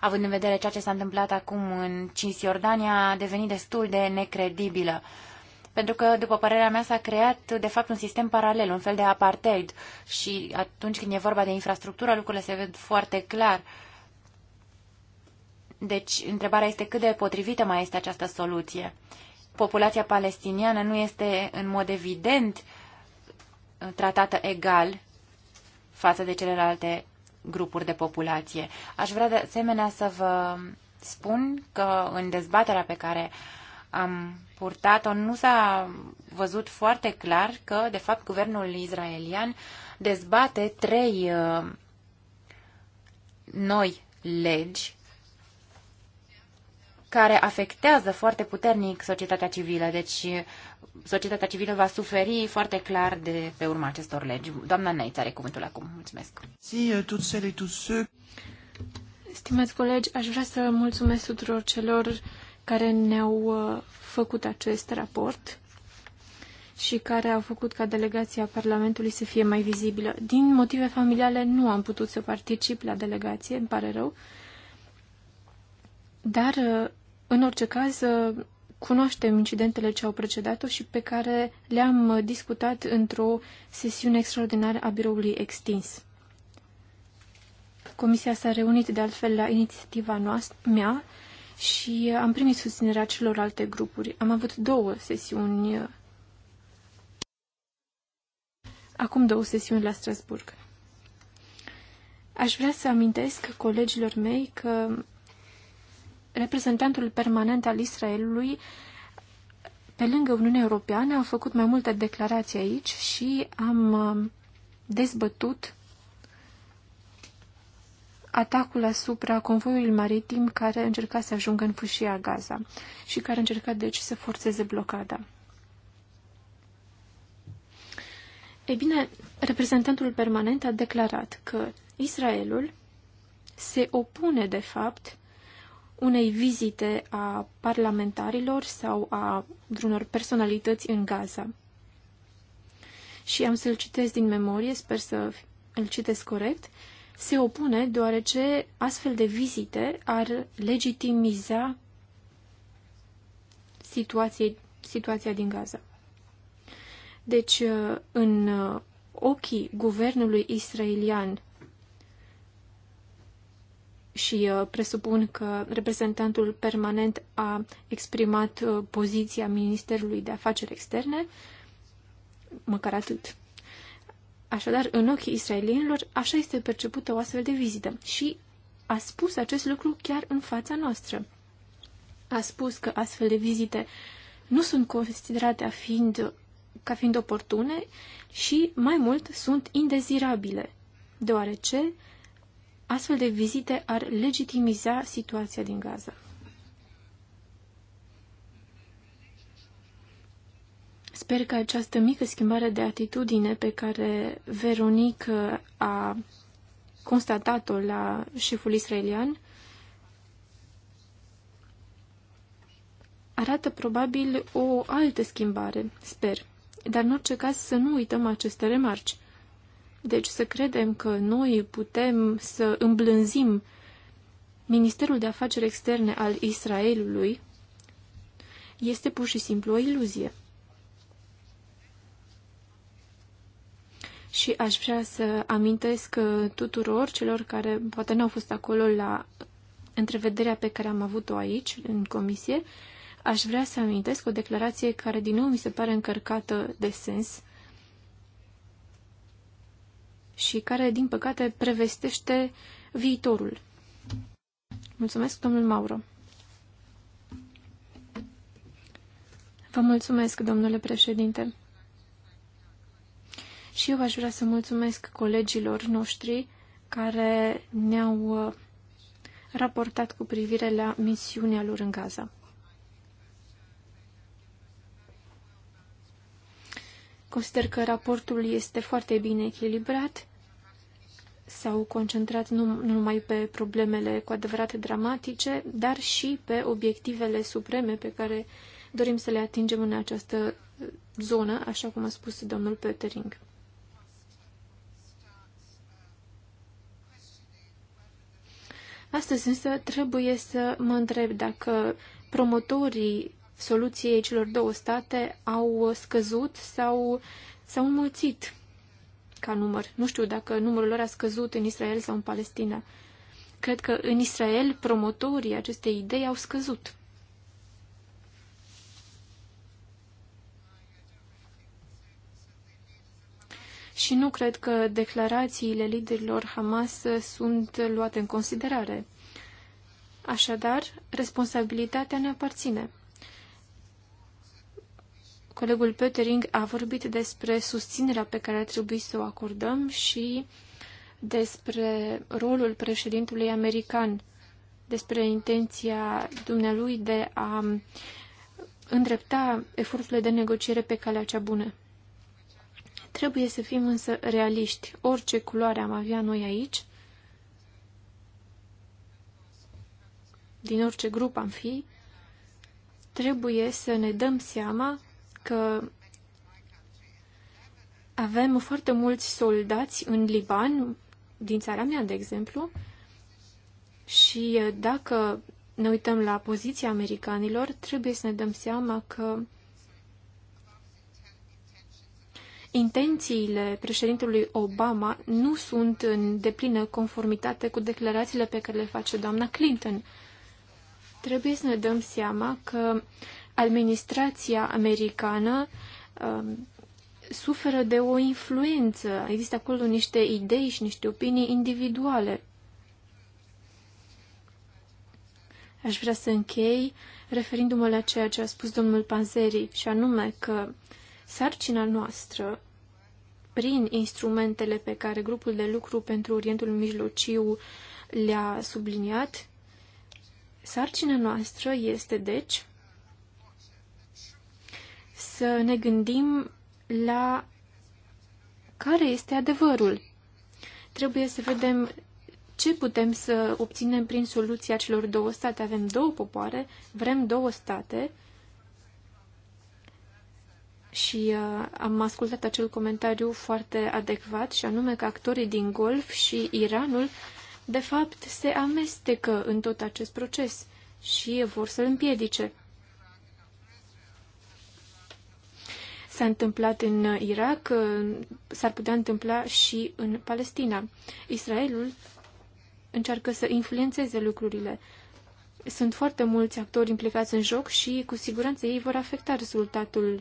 având în vedere ceea ce s-a întâmplat acum în Cisjordania, a devenit destul de necredibilă. Uh, pentru că, după părerea mea, s-a creat, de fapt, un sistem paralel, un fel de apartheid. Și atunci când e vorba de infrastructură, lucrurile se ved foarte clar. Deci, întrebarea este cât de potrivită mai este această soluție. Populația palestiniană nu este, în mod evident, tratată egal față de celelalte grupuri de populație. Aș vrea de asemenea să vă spun că în dezbaterea pe care am purtat-o, nu s-a văzut foarte clar că, de fapt, guvernul izraelian dezbate trei uh, noi legi care afectează foarte puternic societatea civilă. Deci, societatea civilă va suferi foarte clar de pe urma acestor legi. Doamna Neiț are cuvântul acum. Mulțumesc. Uh, Stimați colegi, aș vrea să mulțumesc tuturor celor care ne-au uh, făcut acest raport și care au făcut ca delegația Parlamentului să fie mai vizibilă. Din motive familiale nu am putut să particip la delegație, îmi pare rău, dar uh, în orice caz uh, cunoaștem incidentele ce au precedat-o și pe care le-am discutat într-o sesiune extraordinară a biroului extins. Comisia s-a reunit de altfel la inițiativa noastră, mea și am primit susținerea celorlalte grupuri. Am avut două sesiuni, acum două sesiuni la Strasburg. Aș vrea să amintesc colegilor mei că reprezentantul permanent al Israelului pe lângă Uniunea Europeană a făcut mai multe declarații aici și am uh, dezbătut atacul asupra convoiului maritim care încerca să ajungă în fâșia Gaza și care încerca deci să forțeze blocada. Ei bine, reprezentantul permanent a declarat că Israelul se opune, de fapt, unei vizite a parlamentarilor sau a vreunor personalități în Gaza. Și am să-l citesc din memorie, sper să îl citesc corect se opune deoarece astfel de vizite ar legitimiza situație, situația din Gaza. Deci, uh, în uh, ochii guvernului israelian și uh, presupun că reprezentantul permanent a exprimat poziția Ministerului de Afaceri Externe, măcar atât. Așadar, în ochii israelienilor, așa este percepută o astfel de vizită și a spus acest lucru chiar în fața noastră. A spus că astfel de vizite nu sunt considerate a fiind, ca fiind oportune și, mai mult, sunt indezirabile, deoarece astfel de vizite ar legitimiza situația din Gaza. Sper că această mică schimbare de atitudine pe care Veronic a constatat-o la șeful israelian arată probabil o altă schimbare, sper. Dar în orice caz să nu uităm aceste remarci. Deci să credem că noi putem să îmblânzim Ministerul de Afaceri Externe al Israelului este pur și simplu o iluzie. și aș vrea să amintesc uh, tuturor celor care poate nu au fost acolo la întrevederea pe care am avut-o aici, în comisie, aș vrea să amintesc o declarație care din nou mi se pare încărcată de sens și care, din păcate, prevestește viitorul. Mulțumesc, domnul Mauro. Vă mulțumesc, domnule președinte. Și eu aș vrea să mulțumesc colegilor noștri care ne-au uh, raportat cu privire la misiunea lor în Gaza. Consider că raportul este foarte bine echilibrat. S-au concentrat nu numai pe problemele cu adevărat dramatice, dar și pe obiectivele supreme pe care dorim să le atingem în această zonă, așa cum a spus domnul Petering. Astăzi însă trebuie să mă întreb dacă promotorii soluției celor două state au scăzut sau s-au înmulțit ca număr. Nu știu dacă numărul lor a scăzut în Israel sau în Palestina. Cred că în Israel promotorii acestei idei au scăzut. și nu cred că declarațiile liderilor Hamas sunt luate în considerare. Așadar, responsabilitatea ne aparține. Colegul Petering a vorbit despre susținerea pe care ar trebui să o acordăm și despre rolul președintului american, despre intenția dumnealui de a îndrepta eforturile de negociere pe calea cea bună. Trebuie să fim însă realiști. Orice culoare am avea noi aici, din orice grup am fi, trebuie să ne dăm seama că avem foarte mulți soldați în Liban, din țara mea, de exemplu, și dacă ne uităm la poziția americanilor, trebuie să ne dăm seama că intențiile președintelui Obama nu sunt în deplină conformitate cu declarațiile pe care le face doamna Clinton. Trebuie să ne dăm seama că administrația americană um, suferă de o influență. Există acolo niște idei și niște opinii individuale. Aș vrea să închei referindu-mă la ceea ce a spus domnul Panzeri, și anume că uh, Sarcina noastră, prin instrumentele pe care grupul de lucru pentru Orientul Mijlociu le-a subliniat, sarcina noastră este, deci, să ne gândim la care este adevărul. Trebuie să vedem ce putem să obținem prin soluția celor două state. Avem două popoare, vrem două state, și uh, am ascultat acel comentariu foarte adecvat și anume că actorii din Golf și Iranul de fapt se amestecă în tot acest proces și vor să-l împiedice. S-a întâmplat în Irak, uh, s-ar putea întâmpla și în Palestina. Israelul încearcă să influențeze lucrurile. Sunt foarte mulți actori implicați în joc și cu siguranță ei vor afecta rezultatul uh,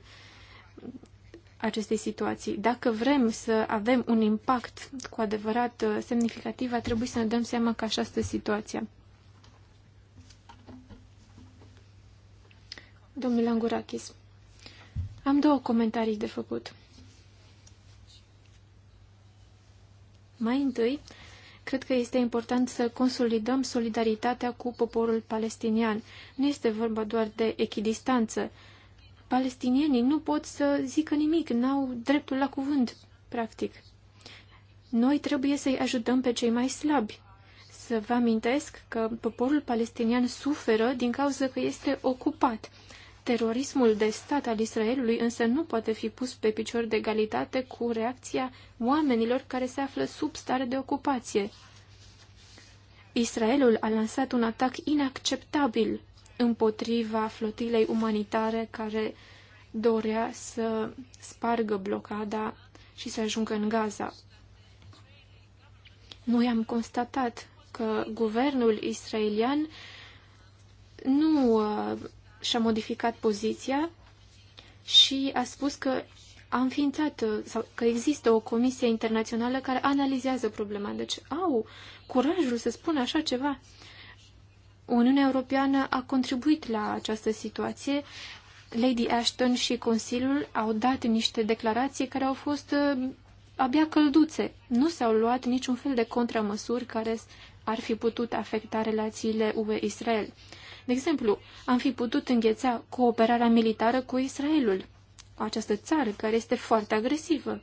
acestei situații. Dacă vrem să avem un impact cu adevărat uh, semnificativ, ar trebui să ne dăm seama că așa este situația. Domnule Angurakis, am două comentarii de făcut. Mai întâi, cred că este important să consolidăm solidaritatea cu poporul palestinian. Nu este vorba doar de echidistanță, palestinienii nu pot să zică nimic, n-au dreptul la cuvânt, practic. Noi trebuie să-i ajutăm pe cei mai slabi. Să vă amintesc că poporul palestinian suferă din cauza că este ocupat. Terorismul de stat al Israelului însă nu poate fi pus pe picior de egalitate cu reacția oamenilor care se află sub stare de ocupație. Israelul a lansat un atac inacceptabil împotriva flotilei umanitare care dorea să spargă blocada și să ajungă în Gaza. Noi am constatat că guvernul israelian nu uh, și-a modificat poziția și a spus că a înființat uh, sau că există o comisie internațională care analizează problema. Deci au curajul să spună așa ceva. Uniunea Europeană a contribuit la această situație. Lady Ashton și Consiliul au dat niște declarații care au fost uh, abia călduțe. Nu s-au luat niciun fel de contramăsuri care ar fi putut afecta relațiile UE-Israel. De exemplu, am fi putut îngheța cooperarea militară cu Israelul, această țară care este foarte agresivă.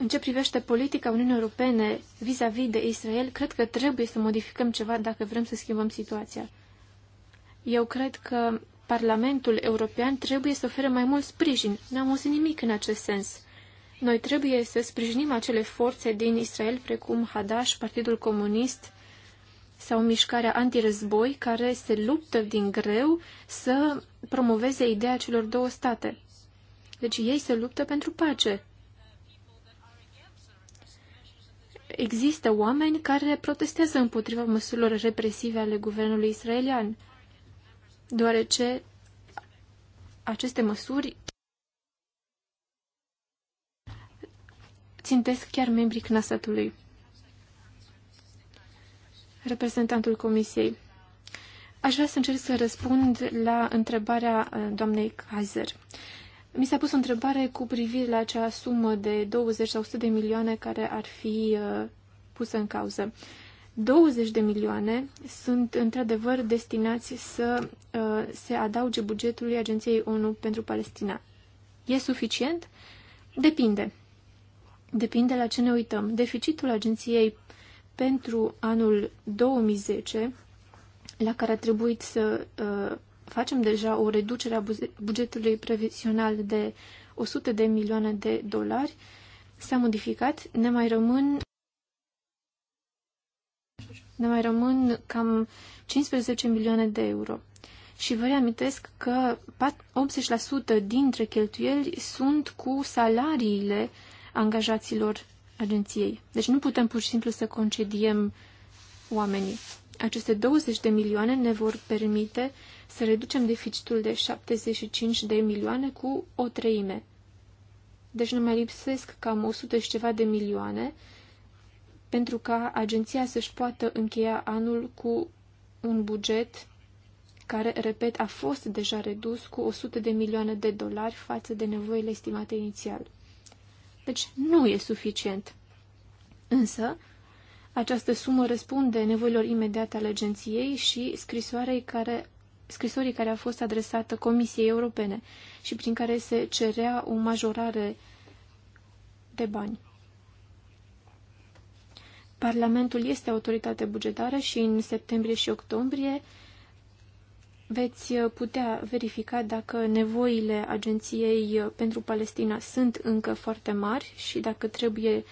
În ce privește politica Uniunii Europene vis-a-vis -vis de Israel, cred că trebuie să modificăm ceva dacă vrem să schimbăm situația. Eu cred că Parlamentul European trebuie să ofere mai mult sprijin. N-am auzit nimic în acest sens. Noi trebuie să sprijinim acele forțe din Israel, precum Hadash, Partidul Comunist sau mișcarea antirăzboi, care se luptă din greu să promoveze ideea celor două state. Deci ei se luptă pentru pace. există oameni care protestează împotriva măsurilor represive ale guvernului israelian, deoarece aceste măsuri țintesc chiar membrii Knasatului. Reprezentantul Comisiei. Aș vrea să încerc să răspund la întrebarea uh, doamnei Kaiser. Mi s-a pus o întrebare cu privire la acea sumă de 20 sau 100 de milioane care ar fi uh, pusă în cauză. 20 de milioane sunt într-adevăr destinați să uh, se adauge bugetului Agenției ONU pentru Palestina. E suficient? Depinde. Depinde la ce ne uităm. Deficitul Agenției pentru anul 2010, la care a trebuit să uh, facem deja o reducere a bugetului previzional de 100 de milioane de dolari. S-a modificat, ne mai rămân ne mai rămân cam 15 milioane de euro. Și vă reamintesc că 80% dintre cheltuieli sunt cu salariile angajaților agenției. Deci nu putem pur și simplu să concediem oamenii. Aceste 20 de milioane ne vor permite să reducem deficitul de 75 de milioane cu o treime. Deci ne mai lipsesc cam 100 și ceva de milioane pentru ca agenția să-și poată încheia anul cu un buget care, repet, a fost deja redus cu 100 de milioane de dolari față de nevoile estimate inițial. Deci nu e suficient. Însă, această sumă răspunde nevoilor imediate ale agenției și scrisoarei care, scrisorii care a fost adresată Comisiei Europene și prin care se cerea o majorare de bani. Parlamentul este autoritate bugetară și în septembrie și octombrie veți putea verifica dacă nevoile agenției pentru Palestina sunt încă foarte mari și dacă trebuie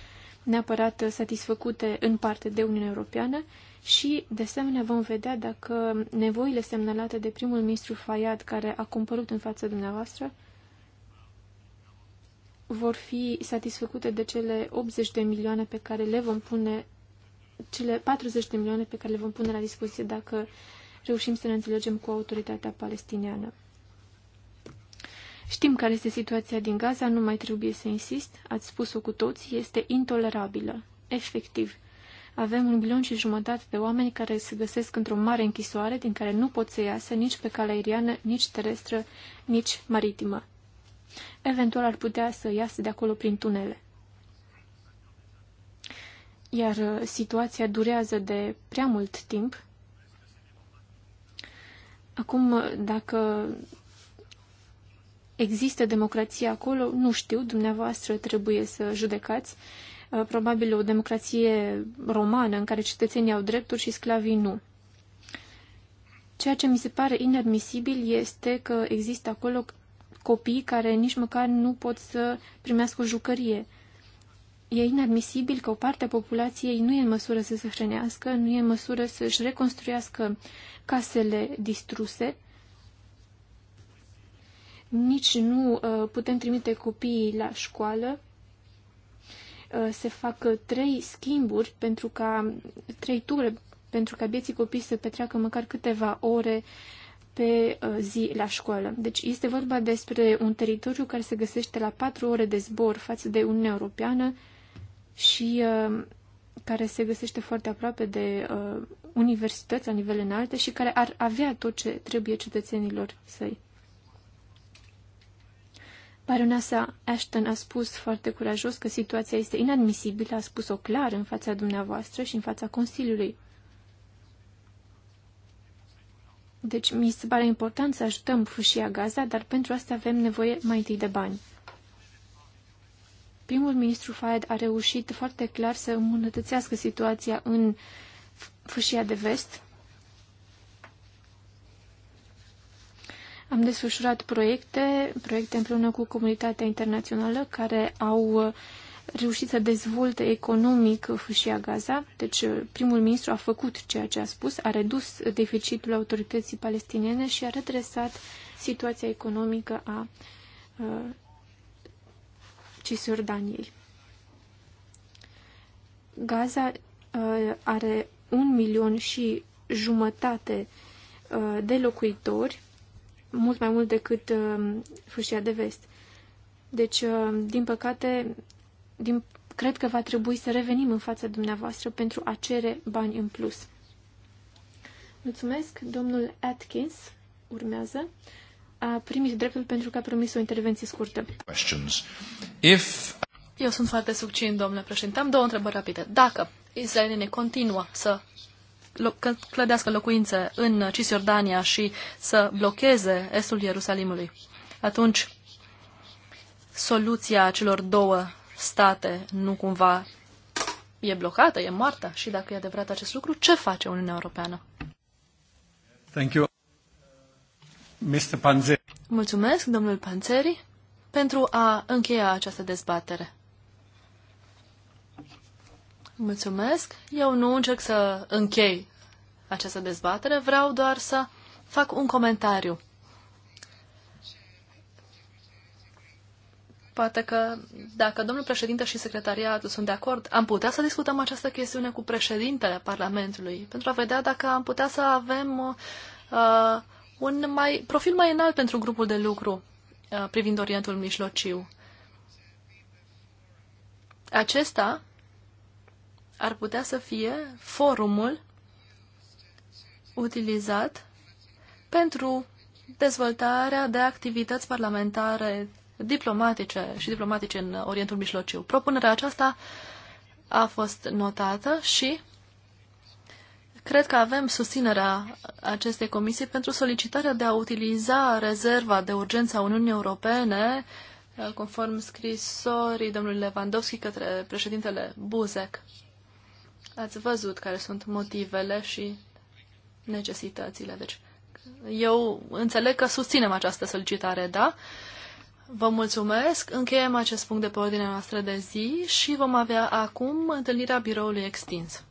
neapărat satisfăcute în parte de Uniunea Europeană și, de asemenea, vom vedea dacă nevoile semnalate de primul ministru Fayad, care a compărut în fața dumneavoastră, vor fi satisfăcute de cele 80 de milioane pe care le vom pune, cele 40 de milioane pe care le vom pune la dispoziție dacă reușim să ne înțelegem cu autoritatea palestiniană. Știm care este situația din Gaza, nu mai trebuie să insist, ați spus-o cu toți, este intolerabilă, efectiv. Avem un milion și jumătate de oameni care se găsesc într-o mare închisoare din care nu pot să iasă nici pe calea aeriană, nici terestră, nici maritimă. Eventual ar putea să iasă de acolo prin tunele. Iar uh, situația durează de prea mult timp. Acum, uh, dacă Există democrație acolo? Nu știu, dumneavoastră trebuie să judecați. Uh, probabil o democrație romană în care cetățenii au drepturi și sclavii nu. Ceea ce mi se pare inadmisibil este că există acolo copii care nici măcar nu pot să primească o jucărie. E inadmisibil că o parte a populației nu e în măsură să se hrănească, nu e în măsură să-și reconstruiască casele distruse nici nu uh, putem trimite copiii la școală. Uh, se fac uh, trei schimburi pentru ca trei ture pentru ca bieții copii să petreacă măcar câteva ore pe zi la școală. Deci este vorba despre un teritoriu care se găsește la patru ore de zbor față de Uniunea Europeană și care se găsește foarte aproape de uh, universități la nivel înalt și care ar avea tot ce trebuie cetățenilor săi. Baronasa Ashton a spus foarte curajos că situația este inadmisibilă, a spus-o clar în fața dumneavoastră și în fața Consiliului. Deci mi se pare important să ajutăm fâșia Gaza, dar pentru asta avem nevoie mai întâi de bani. Primul ministru Fayed a reușit foarte clar să îmbunătățească situația în fâșia de vest, Am desfășurat proiecte, proiecte împreună cu comunitatea internațională care au uh, reușit să dezvolte economic fâșia Gaza. Deci uh, primul ministru a făcut ceea ce a spus, a redus deficitul autorității palestiniene și a redresat situația economică a uh, Cisjordaniei. Gaza uh, are un milion și jumătate uh, de locuitori mult mai mult decât uh, fâșia de vest. Deci, uh, din păcate, din, cred că va trebui să revenim în fața dumneavoastră pentru a cere bani în plus. Mulțumesc, domnul Atkins urmează a primit dreptul pentru că a promis o intervenție scurtă. If... Eu sunt foarte succint, domnule președinte. Am două întrebări rapide. Dacă israelienii continuă să clădească locuințe în Cisjordania și să blocheze estul Ierusalimului, atunci soluția celor două state nu cumva e blocată, e moartă? Și dacă e adevărat acest lucru, ce face Uniunea Europeană? Thank you. Mr. Panzeri. Mulțumesc, domnul Panzeri, pentru a încheia această dezbatere. Mulțumesc. Eu nu încerc să închei această dezbatere, vreau doar să fac un comentariu. Poate că dacă domnul președinte și secretariatul sunt de acord, am putea să discutăm această chestiune cu președintele Parlamentului pentru a vedea dacă am putea să avem uh, un mai, profil mai înalt pentru grupul de lucru uh, privind Orientul Mijlociu. Acesta ar putea să fie forumul utilizat pentru dezvoltarea de activități parlamentare diplomatice și diplomatice în Orientul Mijlociu. Propunerea aceasta a fost notată și cred că avem susținerea acestei comisii pentru solicitarea de a utiliza rezerva de urgență a Uniunii Europene conform scrisorii domnului Lewandowski către președintele Buzek ați văzut care sunt motivele și necesitățile. Deci, eu înțeleg că susținem această solicitare, da? Vă mulțumesc, încheiem acest punct de pe ordinea noastră de zi și vom avea acum întâlnirea biroului extins.